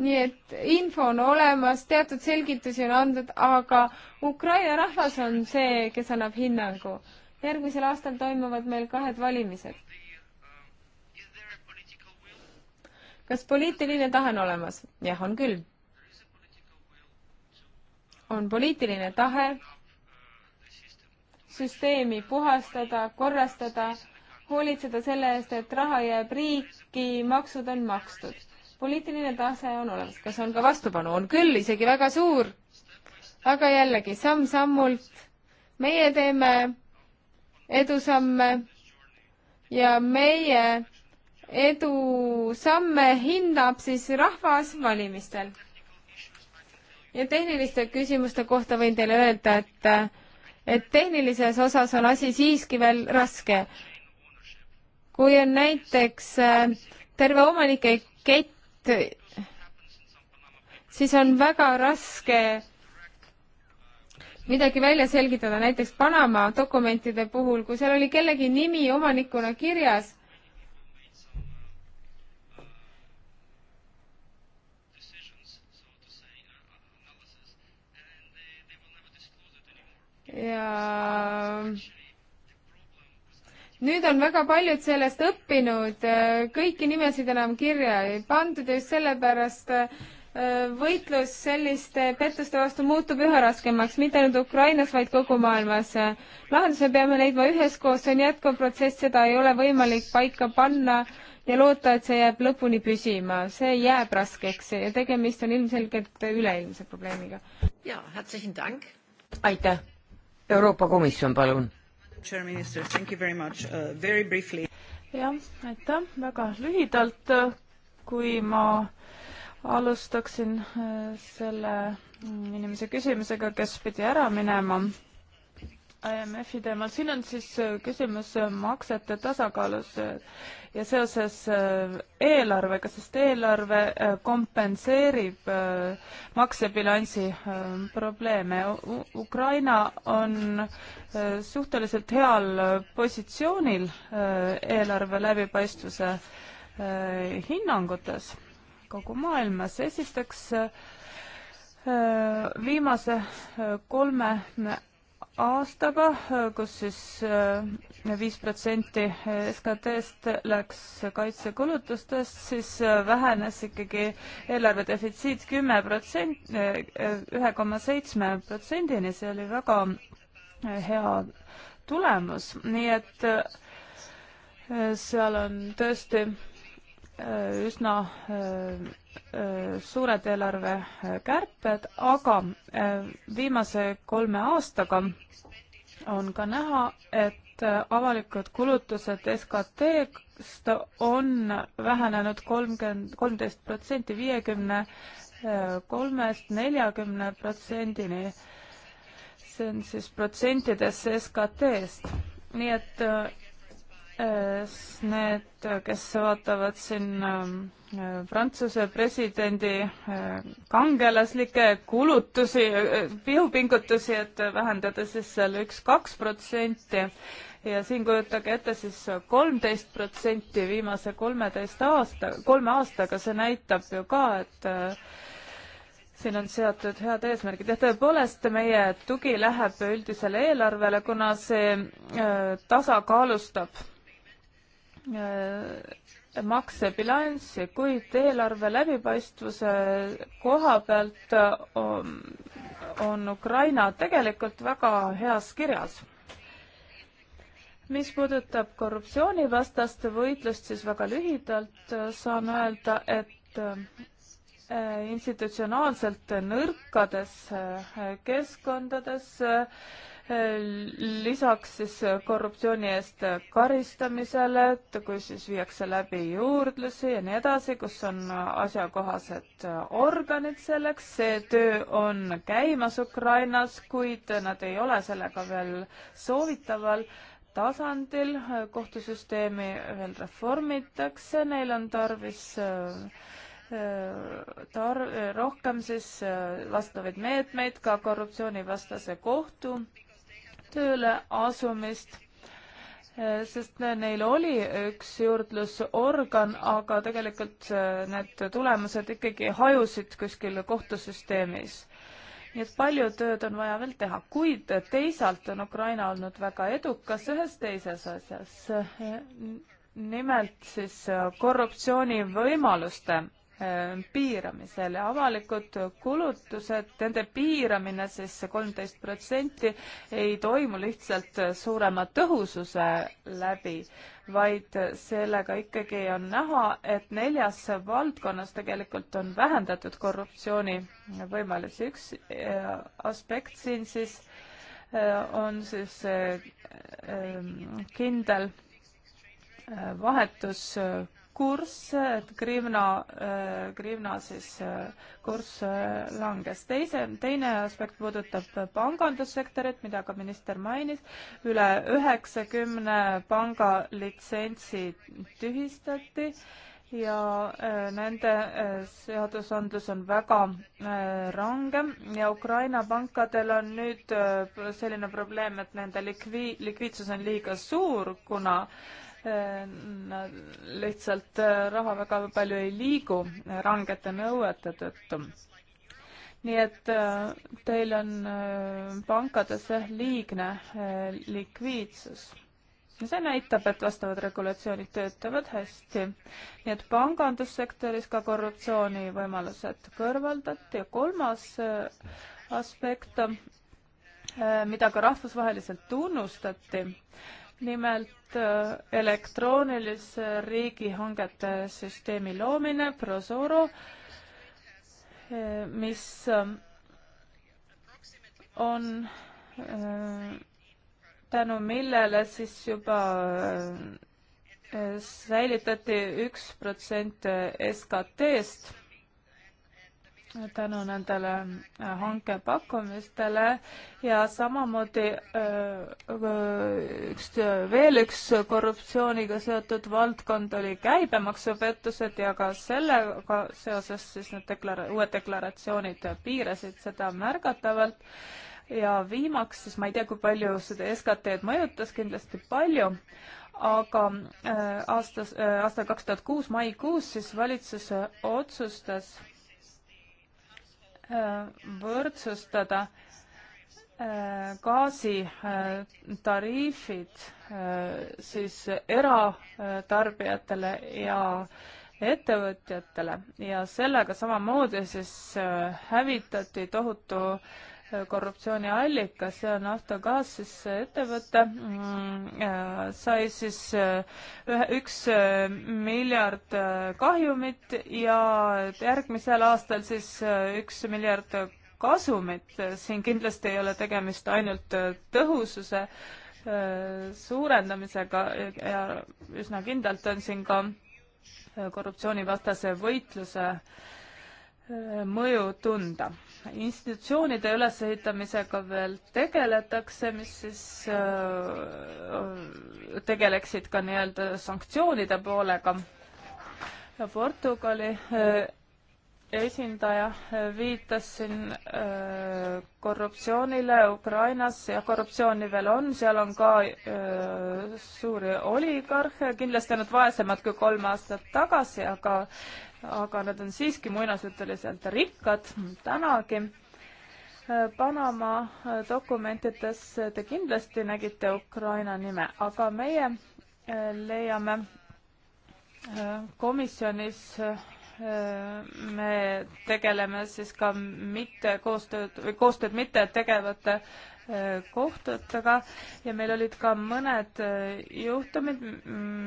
nii et info on olemas, teatud selgitusi on andnud, aga Ukraina rahvas on see, kes annab hinnangu. järgmisel aastal toimuvad meil kahed valimised. kas poliitiline tahe on olemas? jah, on küll. on poliitiline tahe süsteemi puhastada, korrastada, hoolitseda selle eest, et raha jääb riiki, maksud on makstud poliitiline tase on olemas, kas on ka vastupanu, on küll isegi väga suur, aga jällegi samm-sammult meie teeme edusamme ja meie edusamme hindab siis rahvas valimistel. ja tehniliste küsimuste kohta võin teile öelda, et, et tehnilises osas on asi siiski veel raske. kui on näiteks äh, terve omanike kett, et siis on väga raske midagi välja selgitada, näiteks Panama dokumentide puhul, kui seal oli kellegi nimi omanikuna kirjas, ja nüüd on väga paljud sellest õppinud, äh, kõiki nimesid enam kirja ei pandud ja just sellepärast äh, võitlus selliste pettuste vastu muutub üha raskemaks, mitte ainult Ukrainas, vaid kogu maailmas. lahenduse peame leidma üheskoos, see on jätkuv protsess, seda ei ole võimalik paika panna ja loota, et see jääb lõpuni püsima, see jääb raskeks ja tegemist on ilmselgelt üleilmse probleemiga. jaa, herzlichen Dank! aitäh! Euroopa Komisjon, palun Uh, jah, aitäh, väga lühidalt, kui ma alustaksin äh, selle mm, inimese küsimusega, kes pidi ära minema IMF-i teemal, siin on siis äh, küsimus äh, maksete tasakaalus äh, ja seoses eelarvega, sest eelarve kompenseerib maksebilansi probleeme. Ukraina on suhteliselt heal positsioonil eelarve läbipaistvuse hinnangutes kogu maailmas. esiteks viimase kolme aastaga kus siis äh, viis protsenti SKT-st läks kaitsekulutustest, siis äh, vähenes ikkagi eelarve defitsiit kümme protsent, äh, ühe koma seitsme protsendini, see oli väga hea tulemus, nii et seal on tõesti Äh, üsna äh, äh, suured eelarvekärped, aga viimase kolme aastaga on ka näha, et avalikud kulutused SKT-st on vähenenud kolmkümmend, kolmteist protsenti, viiekümne kolmest neljakümne protsendini. see on siis protsentides SKT-st nii et Äh, need, äh, kes vaatavad siin ähm, äh, Prantsuse presidendi kangelaslikke kulutusi, pihupingutusi, et vähendada siis seal üks-kaks protsenti ja siin kujutage ette siis kolmteist protsenti viimase kolmeteist aasta, kolme aastaga, see näitab ju ka, et siin on seatud head eesmärgid. jah, tõepoolest meie tugi läheb üldisele eelarvele, kuna see tasakaalustab Äh, maksebilanssi, kuid eelarve läbipaistvuse koha pealt äh, on, on Ukraina tegelikult väga heas kirjas mis puudutab korruptsioonivastast võitlust, siis väga lühidalt äh, saan öelda, et institutsionaalselt nõrkades keskkondades lisaks siis korruptsiooni eest karistamisele, et kui siis viiakse läbi juurdlusi ja nii edasi, kus on asjakohased organid selleks, see töö on käimas Ukrainas, kuid nad ei ole sellega veel soovitaval tasandil, kohtusüsteemi veel reformitakse, neil on tarvis äh, tar-, rohkem siis äh, vastavaid meetmeid ka korruptsioonivastase kohtu tööle asumist, eh, sest neil oli üks juurdlusorgan, aga tegelikult eh, need tulemused ikkagi hajusid kuskil kohtusüsteemis nii et palju tööd on vaja veel teha, kuid teisalt on Ukraina olnud väga edukas ühes teises asjas. Eh, nimelt siis korruptsioonivõimaluste Äh, piiramisel ja avalikud kulutused, nende piiramine siis see kolmteist protsenti ei toimu lihtsalt suurema tõhususe läbi, vaid sellega ikkagi on näha, et neljas valdkonnas tegelikult on vähendatud korruptsiooni võimalusi. üks äh, aspekt siin siis äh, on siis kindel vahetus kurss, et Krimna, äh, Krimna siis äh, kurss äh, langes. teise, teine aspekt puudutab pangandussektorit, mida ka minister mainis. üle üheksakümne panga litsentsi tühistati ja nende seadusandlus on väga range ja Ukraina pankadel on nüüd selline probleem, et nende likvi-, likviidsus on liiga suur, kuna äh, lihtsalt äh, raha väga palju ei liigu äh, rangete nõuete tõttu nii et äh, teil on pankades jah liigne likviidsus. ja see näitab, et vastavad regulatsioonid töötavad hästi. nii et pangandussektoris ka korruptsioonivõimalused kõrvaldati ja kolmas aspekt, mida ka rahvusvaheliselt tunnustati, nimelt äh, elektroonilise riigihangete süsteemi loomine, Prosoro, äh, mis ähm, on äh, tänu millele siis juba säilitati üks protsent SKT-st tänu nendele äh, hankepakkumistele ja samamoodi äh, äh, üks, veel üks korruptsiooniga seotud valdkond oli käibemaksupettused ja ka sellega seoses siis need deklara-, uued deklaratsioonid piirasid seda märgatavalt. ja viimaks siis ma ei tea, kui palju seda SKT-d mõjutas, kindlasti palju aga äh, aastas äh,, aastal kaks tuhat kuus maikuus siis valitsus otsustas äh, Äh, võrdsustada äh, gaasitariifid äh, siis eratarbijatele ja ettevõtjatele ja sellega samamoodi siis hävitati tohutu äh, korruptsiooni allikas, see on Naftogaz, siis ettevõte mm, sai siis äh, ühe, üks äh, miljard äh, kahjumit ja järgmisel aastal siis üks miljard kasumit. siin kindlasti ei ole tegemist ainult tõhususe suurendamisega ja üsna kindlalt on siin ka korruptsioonivastase võitluse mõju tunda institutsioonide ülesehitamisega veel tegeletakse, mis siis äh, tegeleksid ka nii-öelda sanktsioonide poolega. Portugali äh, esindaja äh, viitas siin äh, korruptsioonile Ukrainas ja korruptsiooni veel on, seal on ka äh, suuri oligarhe, kindlasti nad vaesemad kui kolm aastat tagasi, aga aga nad on siiski muinasjuteliselt rikkad tänagi. Äh, Panama äh, dokumentides äh, te kindlasti nägite Ukraina nime, aga meie leiame komisjonis me tegeleme siis ka mitte koostööd või koostööd mitte tegevate kohtutega ja meil olid ka mõned äh, juhtumid,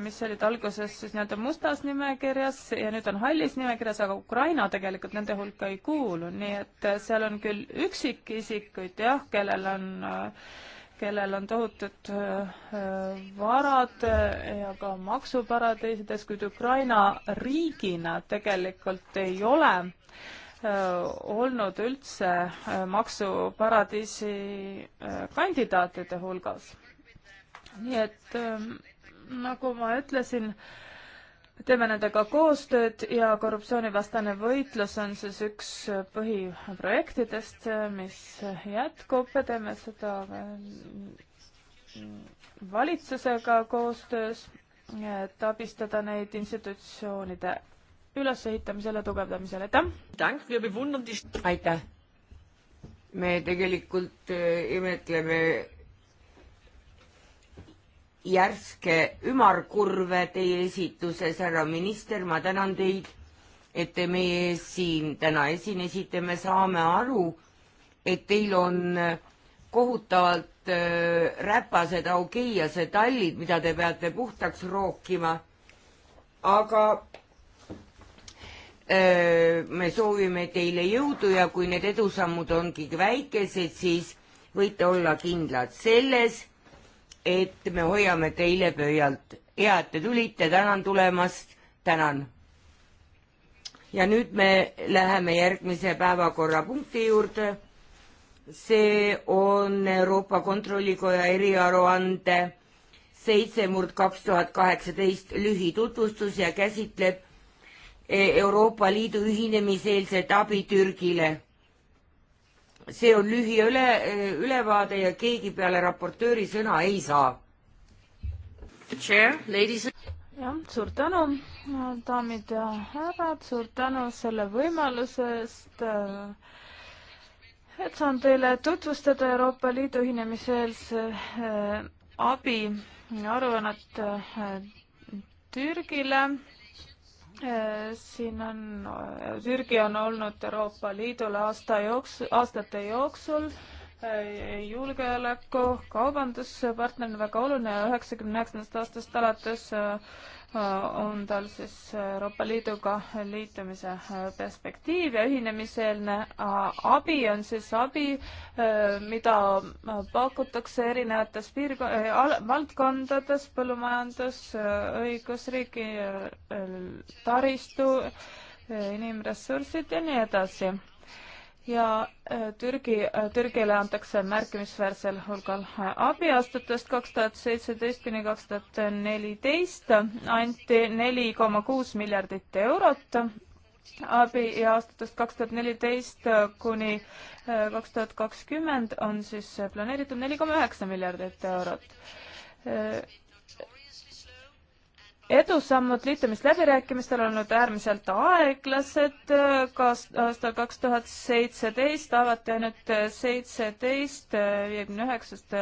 mis olid alguses siis nii-öelda mustas nimekirjas ja nüüd on hallis nimekirjas, aga Ukraina tegelikult nende hulka ei kuulu, nii et äh, seal on küll üksikisikuid jah, kellel on äh, kellel on tohutud varad ja ka maksuparadiisides, kuid Ukraina riigina tegelikult ei ole Äh, olnud üldse äh, maksuparadiisi äh, kandidaatide hulgas. nii et ähm, nagu ma ütlesin, teeme nendega koostööd ja korruptsioonivastane võitlus on siis üks põhiprojektidest, mis jätkub ja teeme seda valitsusega koostöös, et abistada neid institutsioonide ülesehitamisele, tugevdamisele, aitäh! aitäh! me tegelikult äh, imetleme järske ümarkurve teie esituses, härra minister, ma tänan teid, et te meie ees siin täna esinesite, me saame aru, et teil on äh, kohutavalt äh, räpased augeiase tallid, mida te peate puhtaks rookima, aga Äh, me soovime teile jõudu ja kui need edusammud ongi väikesed, siis võite olla kindlad selles, et me hoiame teile pöialt. hea, et te tulite, tänan tulemast, tänan. ja nüüd me läheme järgmise päevakorrapunkti juurde. see on Euroopa Kontrollikoja eriaruande seitse murd kaks tuhat kaheksateist lühitutvustus ja käsitleb Euroopa Liidu ühinemiseelset abi Türgile. see on lühiüle, ülevaade ja keegi peale raportööri sõna ei saa. jah, suur tänu, daamid ja härrad, suur tänu selle võimaluse eest et saan teile tutvustada Euroopa Liidu ühinemiseelse eh, abi aruannet eh, Türgile Äh, siin on, äh, Türgi on olnud Euroopa Liidule aasta jooksul, aastate jooksul äh, julgeoleku, kaubanduspartner on väga oluline ja üheksakümne üheksandast aastast alates on tal siis Euroopa Liiduga liitumise äh, perspektiiv ja ühinemiseelne äh, abi on siis abi, äh, mida pakutakse erinevates piirko-, valdkondades, põllumajandus, õigusriigi taristu, inimressursid ja nii edasi ja äh, Türgi, äh, Türgile antakse märkimisväärsel hulgal äh, abi. aastatest kaks tuhat seitseteist kuni kaks tuhat neliteist anti neli koma kuus miljardit eurot abi ja aastatest kaks tuhat neliteist kuni kaks tuhat kakskümmend on siis planeeritud neli koma üheksa miljardit eurot edusammud liitumisläbirääkimistel olnud äärmiselt aeglased, ka aastal kaks tuhat seitseteist avati ainult seitseteist viiekümne üheksast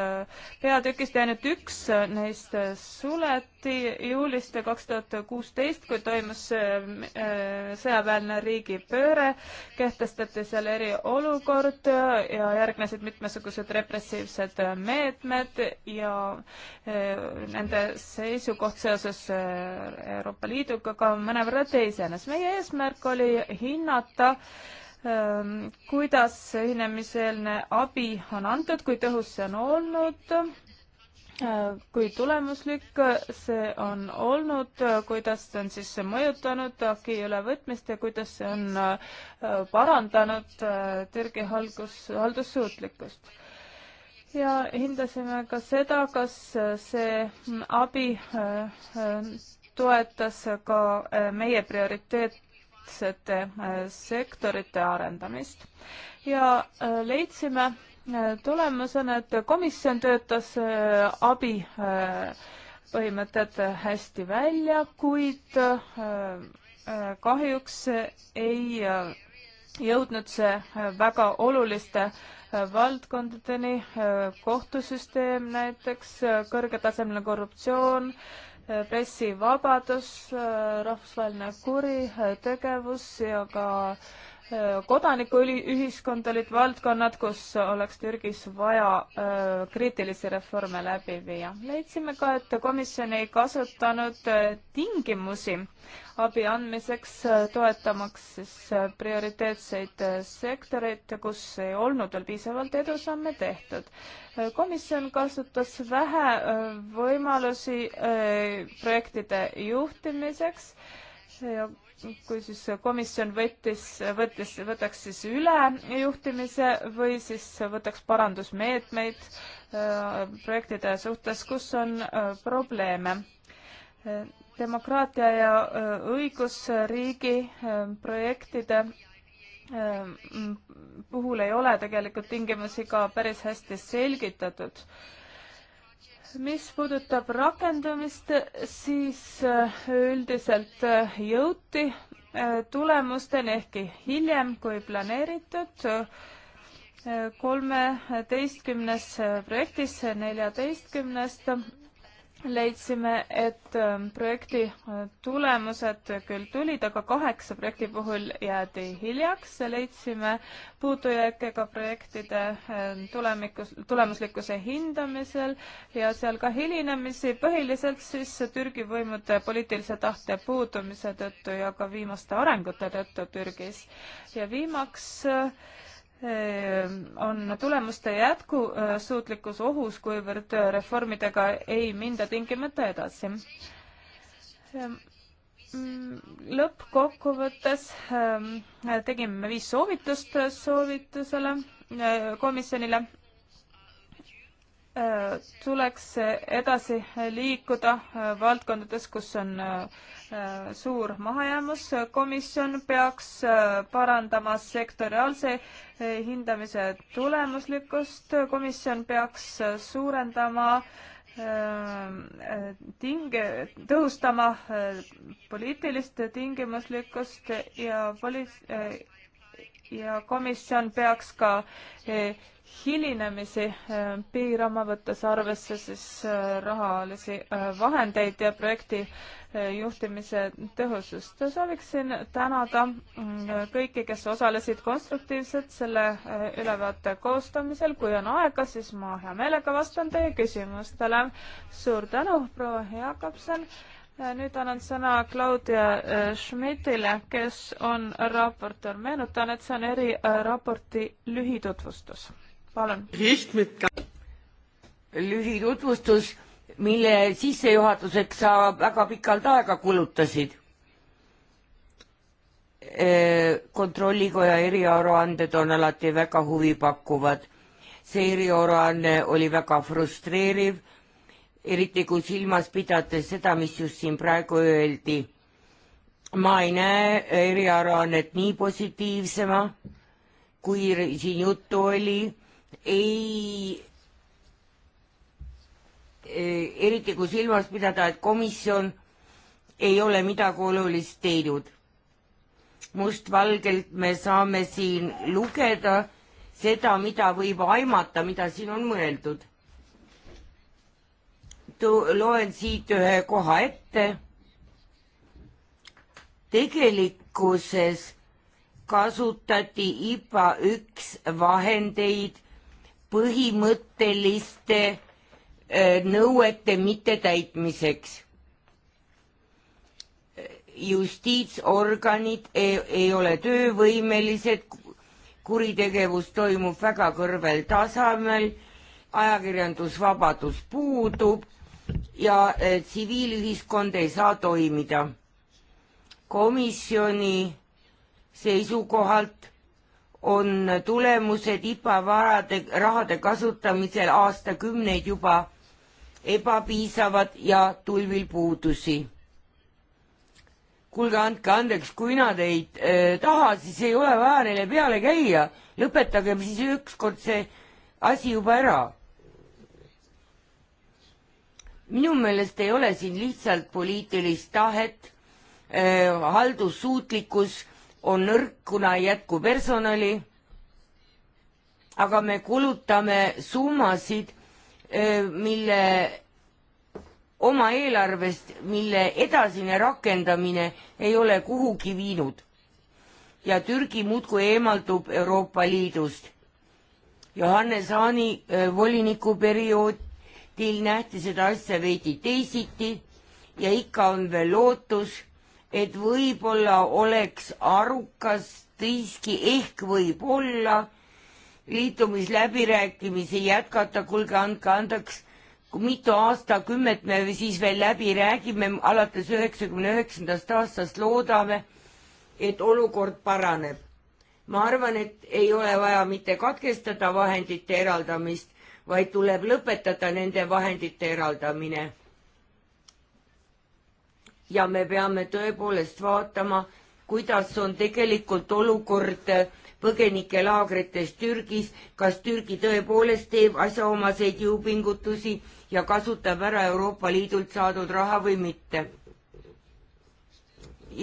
peatükist ja ainult üks neist sulet-, samuti juulist kaks tuhat kuusteist, kui toimus äh, sõjaväeline riigipööre, kehtestati seal eriolukord ja järgnesid mitmesugused repressiivsed meetmed ja äh, nende seisukoht seoses äh, Euroopa Liiduga ka mõnevõrra teisenes. meie eesmärk oli hinnata ähm, kuidas ühinemiseelne abi on antud, kui tõhus see on olnud kui tulemuslik see on olnud, kuidas see on siis mõjutanud AKI ülevõtmist ja kuidas see on äh, parandanud äh, Türgi haldus, haldussuutlikkust? ja hindasime ka seda, kas see abi äh, toetas ka meie prioriteetsete sektorite arendamist ja leidsime, Äh, tulemusena, et komisjon töötas äh, abi äh, põhimõtted hästi välja, kuid kahjuks ei jõudnud see väga oluliste valdkondadeni, kohtusüsteem näiteks, kõrgetasemeline korruptsioon, pressivabadus, rahvusvaheline kuritegevus ja ka äh, kodanikuühiskond olid valdkonnad, kus oleks Türgis vaja öö, kriitilisi reforme läbi viia. leidsime ka, et komisjon ei kasutanud tingimusi abi andmiseks, toetamaks siis prioriteetseid sektoreid, kus ei olnud veel piisavalt edusamme tehtud. komisjon kasutas vähe öö, võimalusi öö, projektide juhtimiseks ja kui siis komisjon võttis, võttis, võtaks siis üle juhtimise või siis võtaks parandusmeetmeid äh, projektide suhtes, kus on äh, probleeme. demokraatia ja äh, õigusriigi projektide puhul ei ole tegelikult tingimusi ka päris hästi selgitatud mis puudutab rakendamist, siis äh, üldiselt äh, jõuti äh, tulemusteni ehkki hiljem kui planeeritud. kolmeteistkümnes projektis neljateistkümnest leidsime, et ähm, projekti äh, tulemused küll tulid, aga kaheksa projekti puhul jäädi hiljaks, leidsime puudujääke ka projektide ähm, tulemikus, tulemuslikkuse hindamisel ja seal ka hilinemisi, põhiliselt siis Türgi võimude poliitilise tahte puudumise tõttu ja ka viimaste arengute tõttu Türgis. ja viimaks äh, Ehm, on tulemuste jätkusuutlikkus ohus, kuivõrd reformidega ei minda tingimata edasi. Ehm, mm, lõppkokkuvõttes ehm, tegime viis soovitust soovitusele, eh, komisjonile. Eh, tuleks edasi liikuda eh, valdkondades, kus on Äh, suur mahajäämus, komisjon peaks äh, parandama sektoriaalse äh, hindamise tulemuslikkust, komisjon peaks suurendama tinge-, tõhustama poliitilist tingimuslikkust ja poli-, ja komisjon peaks ka hilinemisi äh, piirama, võttes arvesse siis äh, rahalisi äh, vahendeid ja projekti juhtimise tõhusust. sooviksin tänada mm, kõiki, kes osalesid konstruktiivselt selle ülevaate koostamisel. kui on aega, siis ma hea meelega vastan teie küsimustele. suur tänu, proua Jakobson nüüd annan sõna Claudia Schmidtile, kes on raportöör. meenutan, et see on eriraporti lühitutvustus palun. lühitutvustus, mille sissejuhatuseks sa väga pikalt aega kulutasid. Äh, kontrollikoja eriaruanded on alati väga huvipakkuvad. see eriaruanne oli väga frustreeriv, eriti kui silmas pidades seda, mis just siin praegu öeldi ma ei näe eriaruannet nii positiivsema, kui siin juttu oli ei e, eriti kui silmas pidada, et komisjon ei ole midagi olulist teinud. mustvalgelt me saame siin lugeda seda, mida võib aimata, mida siin on mõeldud. loen siit ühe koha ette. tegelikkuses kasutati IPA üks vahendeid põhimõtteliste äh, nõuete mittetäitmiseks. justiitsorganid ei, ei ole töövõimelised, kuritegevus toimub väga kõrvel tasemel, ajakirjandusvabadus puudub ja äh, tsiviilühiskond ei saa toimida. komisjoni seisukohalt on tulemused IPA varade, rahade kasutamisel aastakümneid juba ebapiisavad ja tulvil puudusi. kuulge, andke andeks, kui nad ei äh, taha, siis ei ole vaja neile peale käia, lõpetagem siis ükskord see asi juba ära. minu meelest ei ole siin lihtsalt poliitilist tahet äh,, haldussuutlikkus on nõrk, kuna ei jätku personali, aga me kulutame summasid, mille oma eelarvest, mille edasine rakendamine ei ole kuhugi viinud. ja Türgi muudkui eemaldub Euroopa Liidust. Johannes Haani volinikuperioodil nähti seda asja veidi teisiti ja ikka on veel lootus et võib-olla oleks arukas siiski ehk võib-olla liitumisläbirääkimisi jätkata, kuulge, andke andeks, mitu aastakümmet me siis veel läbi räägime, alates üheksakümne üheksandast aastast loodame, et olukord paraneb. ma arvan, et ei ole vaja mitte katkestada vahendite eraldamist, vaid tuleb lõpetada nende vahendite eraldamine ja me peame tõepoolest vaatama, kuidas on tegelikult olukord põgenikelaagrites Türgis, kas Türgi tõepoolest teeb asjaomaseid jõupingutusi ja kasutab ära Euroopa Liidult saadud raha või mitte.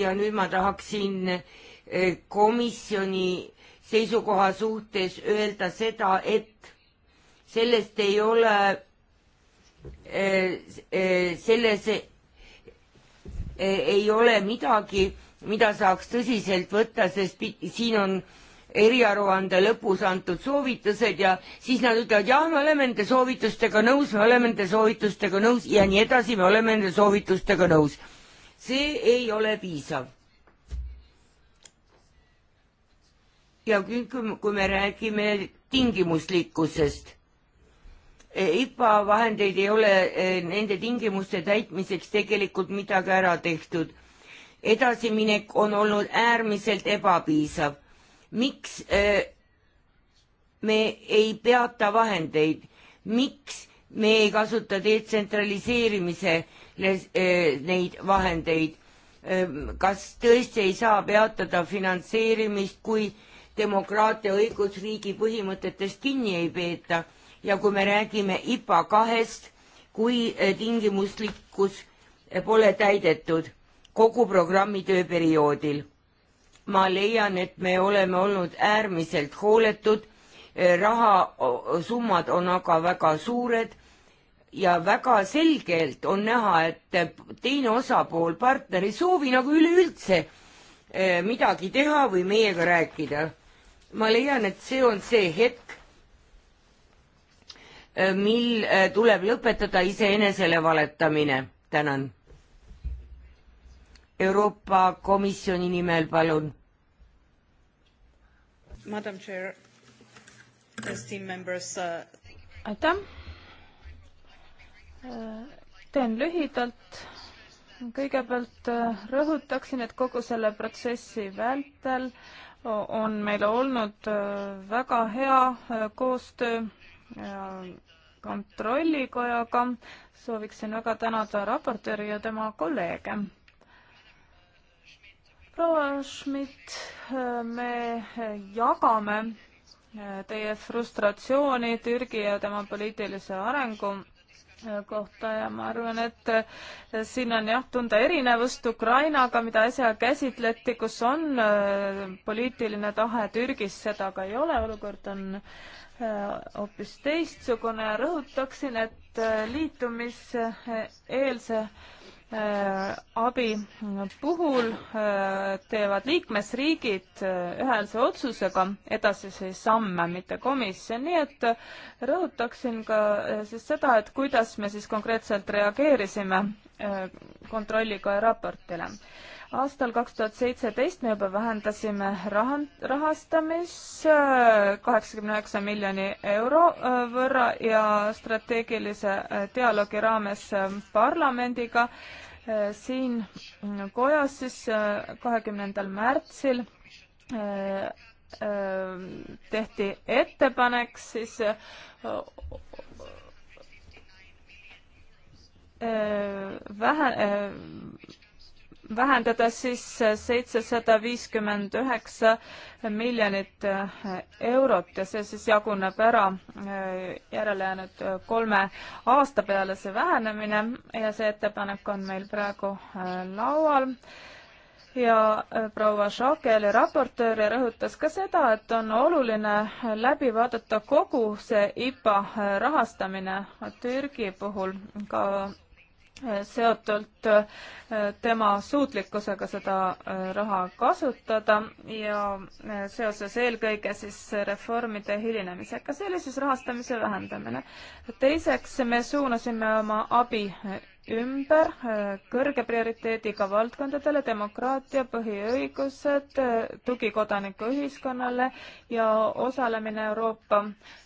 ja nüüd ma tahaksin eh, komisjoni seisukoha suhtes öelda seda, et sellest ei ole eh, eh, selles Eh, ei ole midagi, mida saaks tõsiselt võtta, sest siin on eriaruande lõpus antud soovitused ja siis nad ütlevad, jah, me oleme nende soovitustega nõus, me oleme nende soovitustega nõus ja nii edasi, me oleme nende soovitustega nõus. see ei ole piisav. ja kui, kui me räägime tingimuslikkusest IPA vahendeid ei ole eh, nende tingimuste täitmiseks tegelikult midagi ära tehtud. edasiminek on olnud äärmiselt ebapiisav. miks eh, me ei peata vahendeid, miks me ei kasuta detsentraliseerimisele eh, neid vahendeid? kas tõesti ei saa peatada finantseerimist, kui demokraatia õigusriigi põhimõtetest kinni ei peeta? ja kui me räägime IPA kahest, kui eh, tingimuslikkus eh, pole täidetud kogu programmi tööperioodil. ma leian, et me oleme olnud äärmiselt hooletud, eh, rahasummad on aga väga suured ja väga selgelt on näha, et teine osapool, partner ei soovi nagu üleüldse midagi teha või meiega rääkida. ma leian, et see on see hetk, Äh, mil äh, tuleb lõpetada iseenesele valetamine. tänan. Euroopa Komisjoni nimel, palun. Madam Chair, esteemed members uh.... aitäh. Äh, teen lühidalt kõigepealt rõhutaksin, et kogu selle protsessi vältel on meil olnud väga hea koostöö kontrollikojaga. sooviksin väga tänada raportööri ja tema kolleege. proua Schmidt, me jagame teie frustratsiooni Türgi ja tema poliitilise arengu kohta ja ma arvan, et siin on jah tunda erinevust Ukrainaga, mida äsja käsitleti, kus on poliitiline tahe, Türgis seda ka ei ole, olukord on Äh, hoopis teistsugune ja rõhutaksin, et äh, liitumiseelse äh, abi puhul teevad liikmesriigid ühehäälse otsusega edasisi samme, mitte komisjon, nii et rõhutaksin ka siis seda, et kuidas me siis konkreetselt reageerisime kontrollikoja raportile aastal kaks tuhat seitseteist me juba vähendasime raha, rahastamist kaheksakümne üheksa miljoni euro äh, võrra ja strateegilise äh, dialoogi raames äh, parlamendiga siin mm, kojas siis kahekümnendal märtsil tehti ettepanek siis vähe, vähendada siis seitsesada viiskümmend üheksa miljonit eh, eurot ja see siis jaguneb ära eh, järelejäänud eh, kolme aasta peale, see vähenemine ja see ettepanek on meil praegu laual ja proua Šake oli raportöör ja rõhutas ka seda, et on oluline läbi vaadata kogu see IPA rahastamine Türgi puhul, ka seotult äh, tema suutlikkusega seda äh, raha kasutada ja äh, seoses eelkõige siis reformide hilinemisega, see oli siis rahastamise vähendamine. teiseks me suunasime oma abi ümber äh, kõrge prioriteediga valdkondadele, demokraatia, põhiõigused, äh, tugi kodanikuühiskonnale ja osalemine Euroopa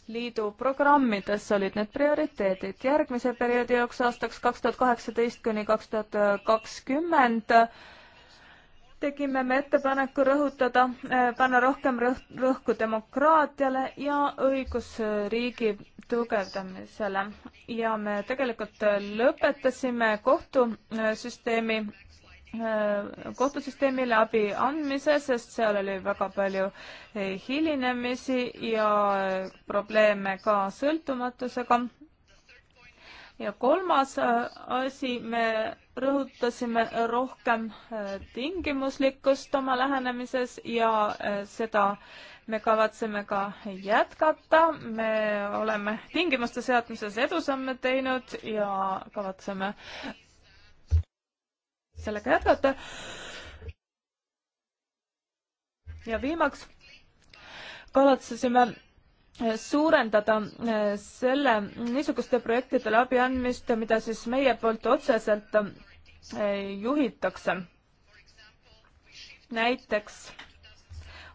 Liidu programmides olid need prioriteedid. järgmise perioodi jaoks aastaks kaks tuhat kaheksateist kuni kaks tuhat kakskümmend tegime me ettepaneku rõhutada, eh, panna rohkem rõhku demokraatiale ja õigusriigi tugevdamisele ja me tegelikult eh, lõpetasime kohtusüsteemi, eh, kohtusüsteemile abi andmise, sest seal oli väga palju hilinemisi ja probleeme ka sõltumatusega ja kolmas äh, asi, me rõhutasime rohkem äh, tingimuslikkust oma lähenemises ja äh, seda me kavatseme ka jätkata. me oleme tingimuste seadmises edusamme teinud ja kavatseme sellega jätkata. ja viimaks kavatsesime suurendada äh, selle, niisuguste projektide läbi andmist, mida siis meie poolt otseselt äh, juhitakse. näiteks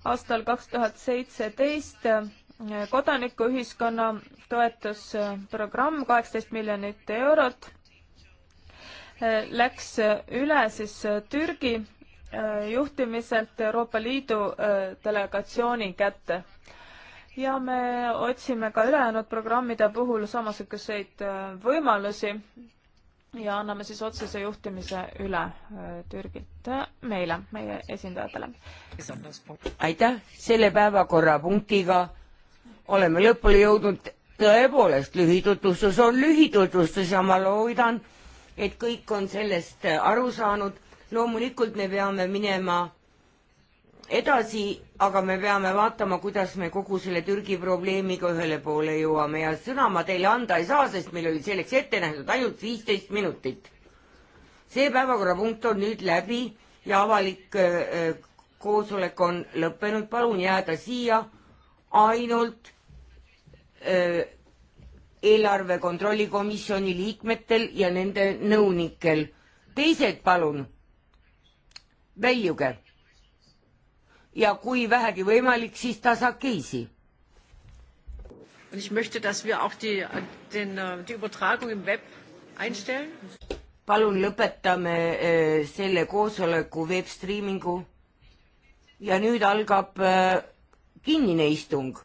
aastal kaks tuhat seitseteist äh, kodanikuühiskonna toetusprogramm, kaheksateist miljonit eurot, läks üle siis Türgi juhtimiselt Euroopa Liidu delegatsiooni kätte ja me otsime ka ülejäänud programmide puhul samasuguseid äh, võimalusi ja anname siis otsese juhtimise üle äh, Türgilt äh, meile, meie esindajatele. aitäh, selle päevakorrapunktiga oleme lõpule jõudnud. tõepoolest, lühitutvustus on lühitutvustus ja ma loodan, et kõik on sellest aru saanud. loomulikult me peame minema edasi aga me peame vaatama, kuidas me kogu selle Türgi probleemiga ühele poole jõuame ja sõna ma teile anda ei saa, sest meil oli selleks ette nähtud ainult viisteist minutit. see päevakorrapunkt on nüüd läbi ja avalik öö, äh, äh, koosolek on lõppenud, palun jääda siia ainult öö, äh, eelarve kontrolli komisjoni liikmetel ja nende nõunikel. teised palun väljuge ja kui vähegi võimalik, siis tasakesi Und ich möchte, dass wir auch die, den, äh, die Übertragung im Web einstellen. Palun lõpetame äh, selle koosoleku webstreamingu ja nüüd algab äh, kinnine istung.